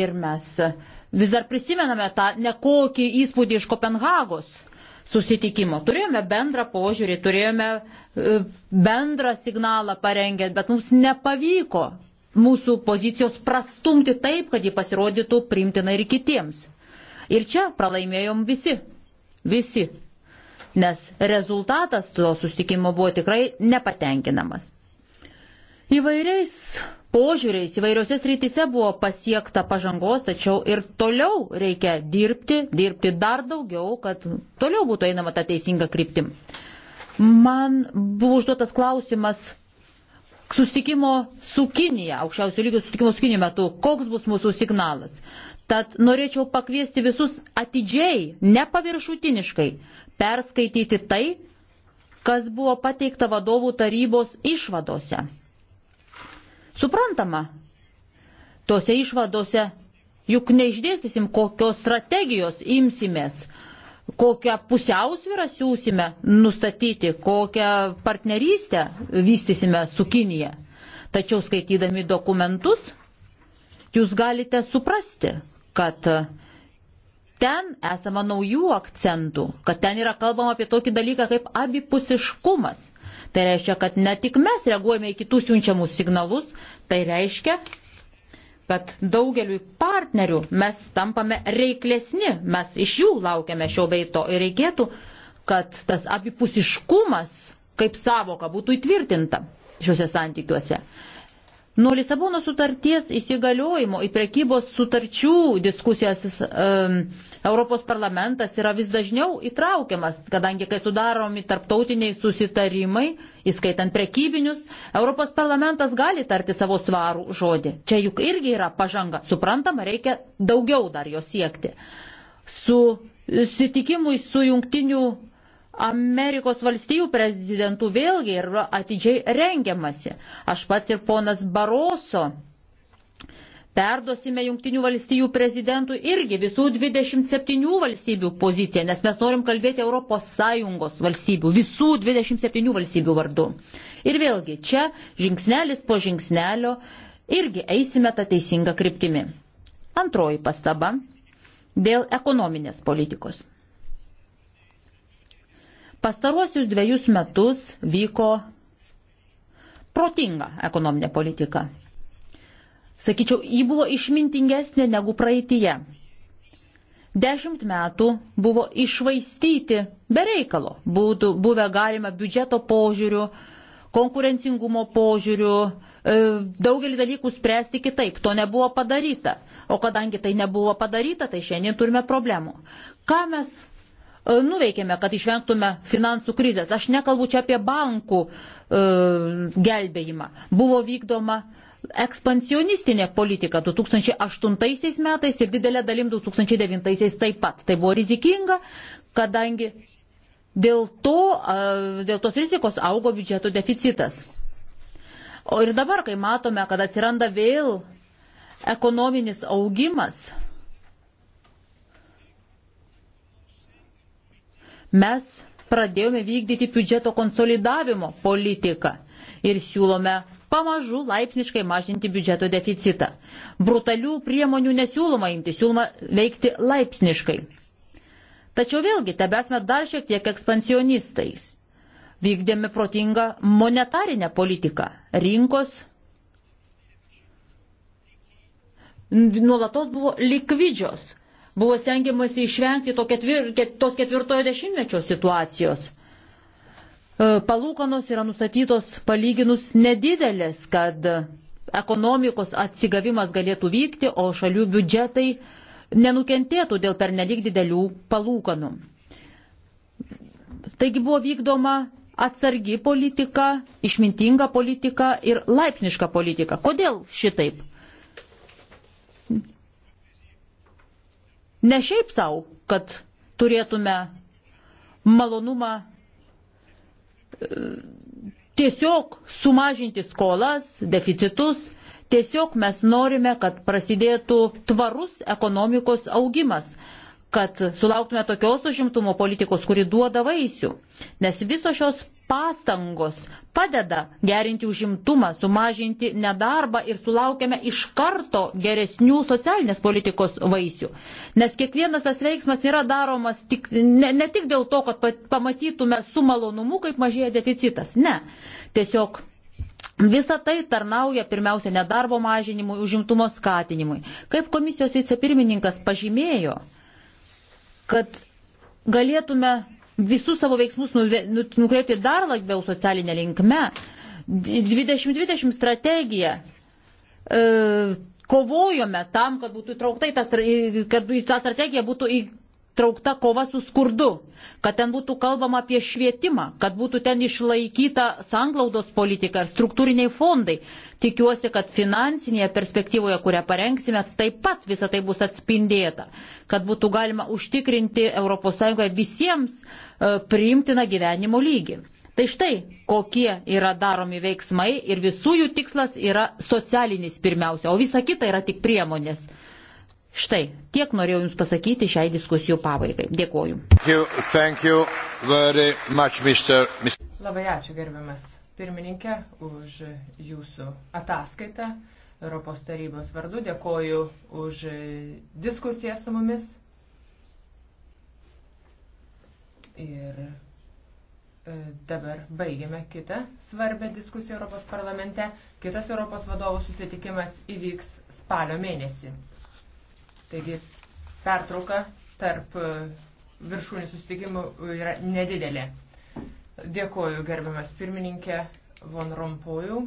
Ir mes vis dar prisimename tą nekokį įspūdį iš Kopenhagos susitikimo. Turėjome bendrą požiūrį, turėjome e, bendrą signalą parengę, bet mums nepavyko mūsų pozicijos prastumti taip, kad ji pasirodytų primtina ir kitiems. Ir čia pralaimėjom visi. Visi. Nes rezultatas to sustikimo buvo tikrai nepatenkinamas. Įvairiais požiūriais, įvairiose srityse buvo pasiekta pažangos, tačiau ir toliau reikia dirbti, dirbti dar daugiau, kad toliau būtų einama ta teisinga kryptim. Man buvo užduotas klausimas sustikimo su Kinija, aukščiausių lygių sustikimo su Kinija metu, koks bus mūsų signalas. Tad norėčiau pakviesti visus atidžiai, nepaviršutiniškai perskaityti tai, kas buvo pateikta vadovų tarybos išvadose. Suprantama, tose išvadose juk neišdėstysim, kokios strategijos imsimės, kokią pusiausvyrą siūsime nustatyti, kokią partnerystę vystysime su Kinija. Tačiau skaitydami dokumentus, jūs galite suprasti, kad ten esama naujų akcentų, kad ten yra kalbama apie tokį dalyką kaip abipusiškumas. Tai reiškia, kad ne tik mes reaguojame į kitų siunčiamus signalus, tai reiškia, kad daugeliu partnerių mes tampame reiklesni, mes iš jų laukiame šio beito ir reikėtų, kad tas abipusiškumas kaip savoka būtų įtvirtinta šiuose santykiuose. Nuo Lisabono sutarties įsigaliojimo į prekybos sutarčių diskusijas um, Europos parlamentas yra vis dažniau įtraukiamas, kadangi kai sudaromi tarptautiniai susitarimai, įskaitant prekybinius, Europos parlamentas gali tarti savo svarų žodį. Čia juk irgi yra pažanga. Suprantama, reikia daugiau dar jo siekti. Su sitikimui su jungtiniu Amerikos valstijų prezidentų vėlgi ir atidžiai rengiamasi. Aš pats ir ponas Baroso perdosime jungtinių valstijų prezidentui irgi visų 27 valstybių poziciją, nes mes norim kalbėti ES valstybių, visų 27 valstybių vardu. Ir vėlgi, čia žingsnelis po žingsnelio irgi eisime tą teisingą kryptimį. Antroji pastaba dėl ekonominės politikos. Pastaruosius dviejus metus vyko protinga ekonominė politika. Sakyčiau, ji buvo išmintingesnė negu praeitie. Dešimt metų buvo išvaistyti be reikalo. Būtų buvę galima biudžeto požiūrių, konkurencingumo požiūrių, e, daugelį dalykų spręsti kitaip. To nebuvo padaryta. O kadangi tai nebuvo padaryta, tai šiandien turime problemų. Ką mes E, nuveikėme, kad išvengtume finansų krizės. Aš nekalbu čia apie bankų e, gelbėjimą. Buvo vykdoma ekspansionistinė politika 2008 metais ir didelė dalim 2009 taip pat. Tai buvo rizikinga, kadangi dėl, to, e, dėl tos rizikos augo biudžeto deficitas. O ir dabar, kai matome, kad atsiranda vėl ekonominis augimas, Mes pradėjome vykdyti biudžeto konsolidavimo politiką ir siūlome pamažu laipsniškai mažinti biudžeto deficitą. Brutalių priemonių nesiūloma imti, siūloma veikti laipsniškai. Tačiau vėlgi tebesme dar šiek tiek ekspansionistais. Vykdėme protingą monetarinę politiką. Rinkos nuolatos buvo likvidžios Buvo stengiamasi išvengti to ketvir, ket, tos ketvirtojo dešimtmečio situacijos. E, palūkanos yra nustatytos palyginus nedidelės, kad ekonomikos atsigavimas galėtų vykti, o šalių biudžetai nenukentėtų dėl pernelyg didelių palūkanų. Taigi buvo vykdoma atsargi politika, išmintinga politika ir laipsniška politika. Kodėl šitaip? Ne šiaip savo, kad turėtume malonumą e, tiesiog sumažinti skolas, deficitus, tiesiog mes norime, kad prasidėtų tvarus ekonomikos augimas kad sulauktume tokios užimtumo politikos, kuri duoda vaisių. Nes visos šios pastangos padeda gerinti užimtumą, sumažinti nedarbą ir sulaukiame iš karto geresnių socialinės politikos vaisių. Nes kiekvienas tas veiksmas nėra daromas tik, ne, ne tik dėl to, kad pamatytume su malonumu, kaip mažėja deficitas. Ne. Tiesiog Visa tai tarnauja pirmiausia nedarbo mažinimui, užimtumo skatinimui. Kaip komisijos vicepirmininkas pažymėjo, kad galėtume visus savo veiksmus nu, nukreipti dar labiau socialinę linkme. 2020 strategija. E, kovojome tam, kad būtų įtraukta į tą, kad į tą strategiją būtų įtraukta kova su skurdu, kad ten būtų kalbama apie švietimą, kad būtų ten išlaikyta sanglaudos politika ir struktūriniai fondai. Tikiuosi, kad finansinėje perspektyvoje, kurią parengsime, taip pat visa tai bus atspindėta, kad būtų galima užtikrinti ES visiems e, priimtiną gyvenimo lygį. Tai štai, kokie yra daromi veiksmai ir visų jų tikslas yra socialinis pirmiausia, o visa kita yra tik priemonės. Štai tiek norėjau Jums pasakyti šiai diskusijų pabaigai. Dėkoju. Thank you, thank you much, Mr. Mr. Labai ačiū gerbiamas pirmininkė už Jūsų ataskaitą Europos tarybos vardu. Dėkoju už diskusiją su mumis. Ir e, dabar baigiame kitą svarbę diskusiją Europos parlamente. Kitas Europos vadovų susitikimas įvyks spalio mėnesį. Taigi pertrauka tarp e, viršūnių susitikimų yra nedidelė. Dėkuoju gerbiamas pirmininkė Von Rompojų.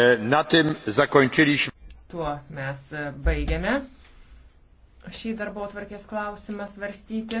E, na tym zakończyliśmy. Tuo mes e, baigiame šį darbo atvarkės klausimą svarstyti.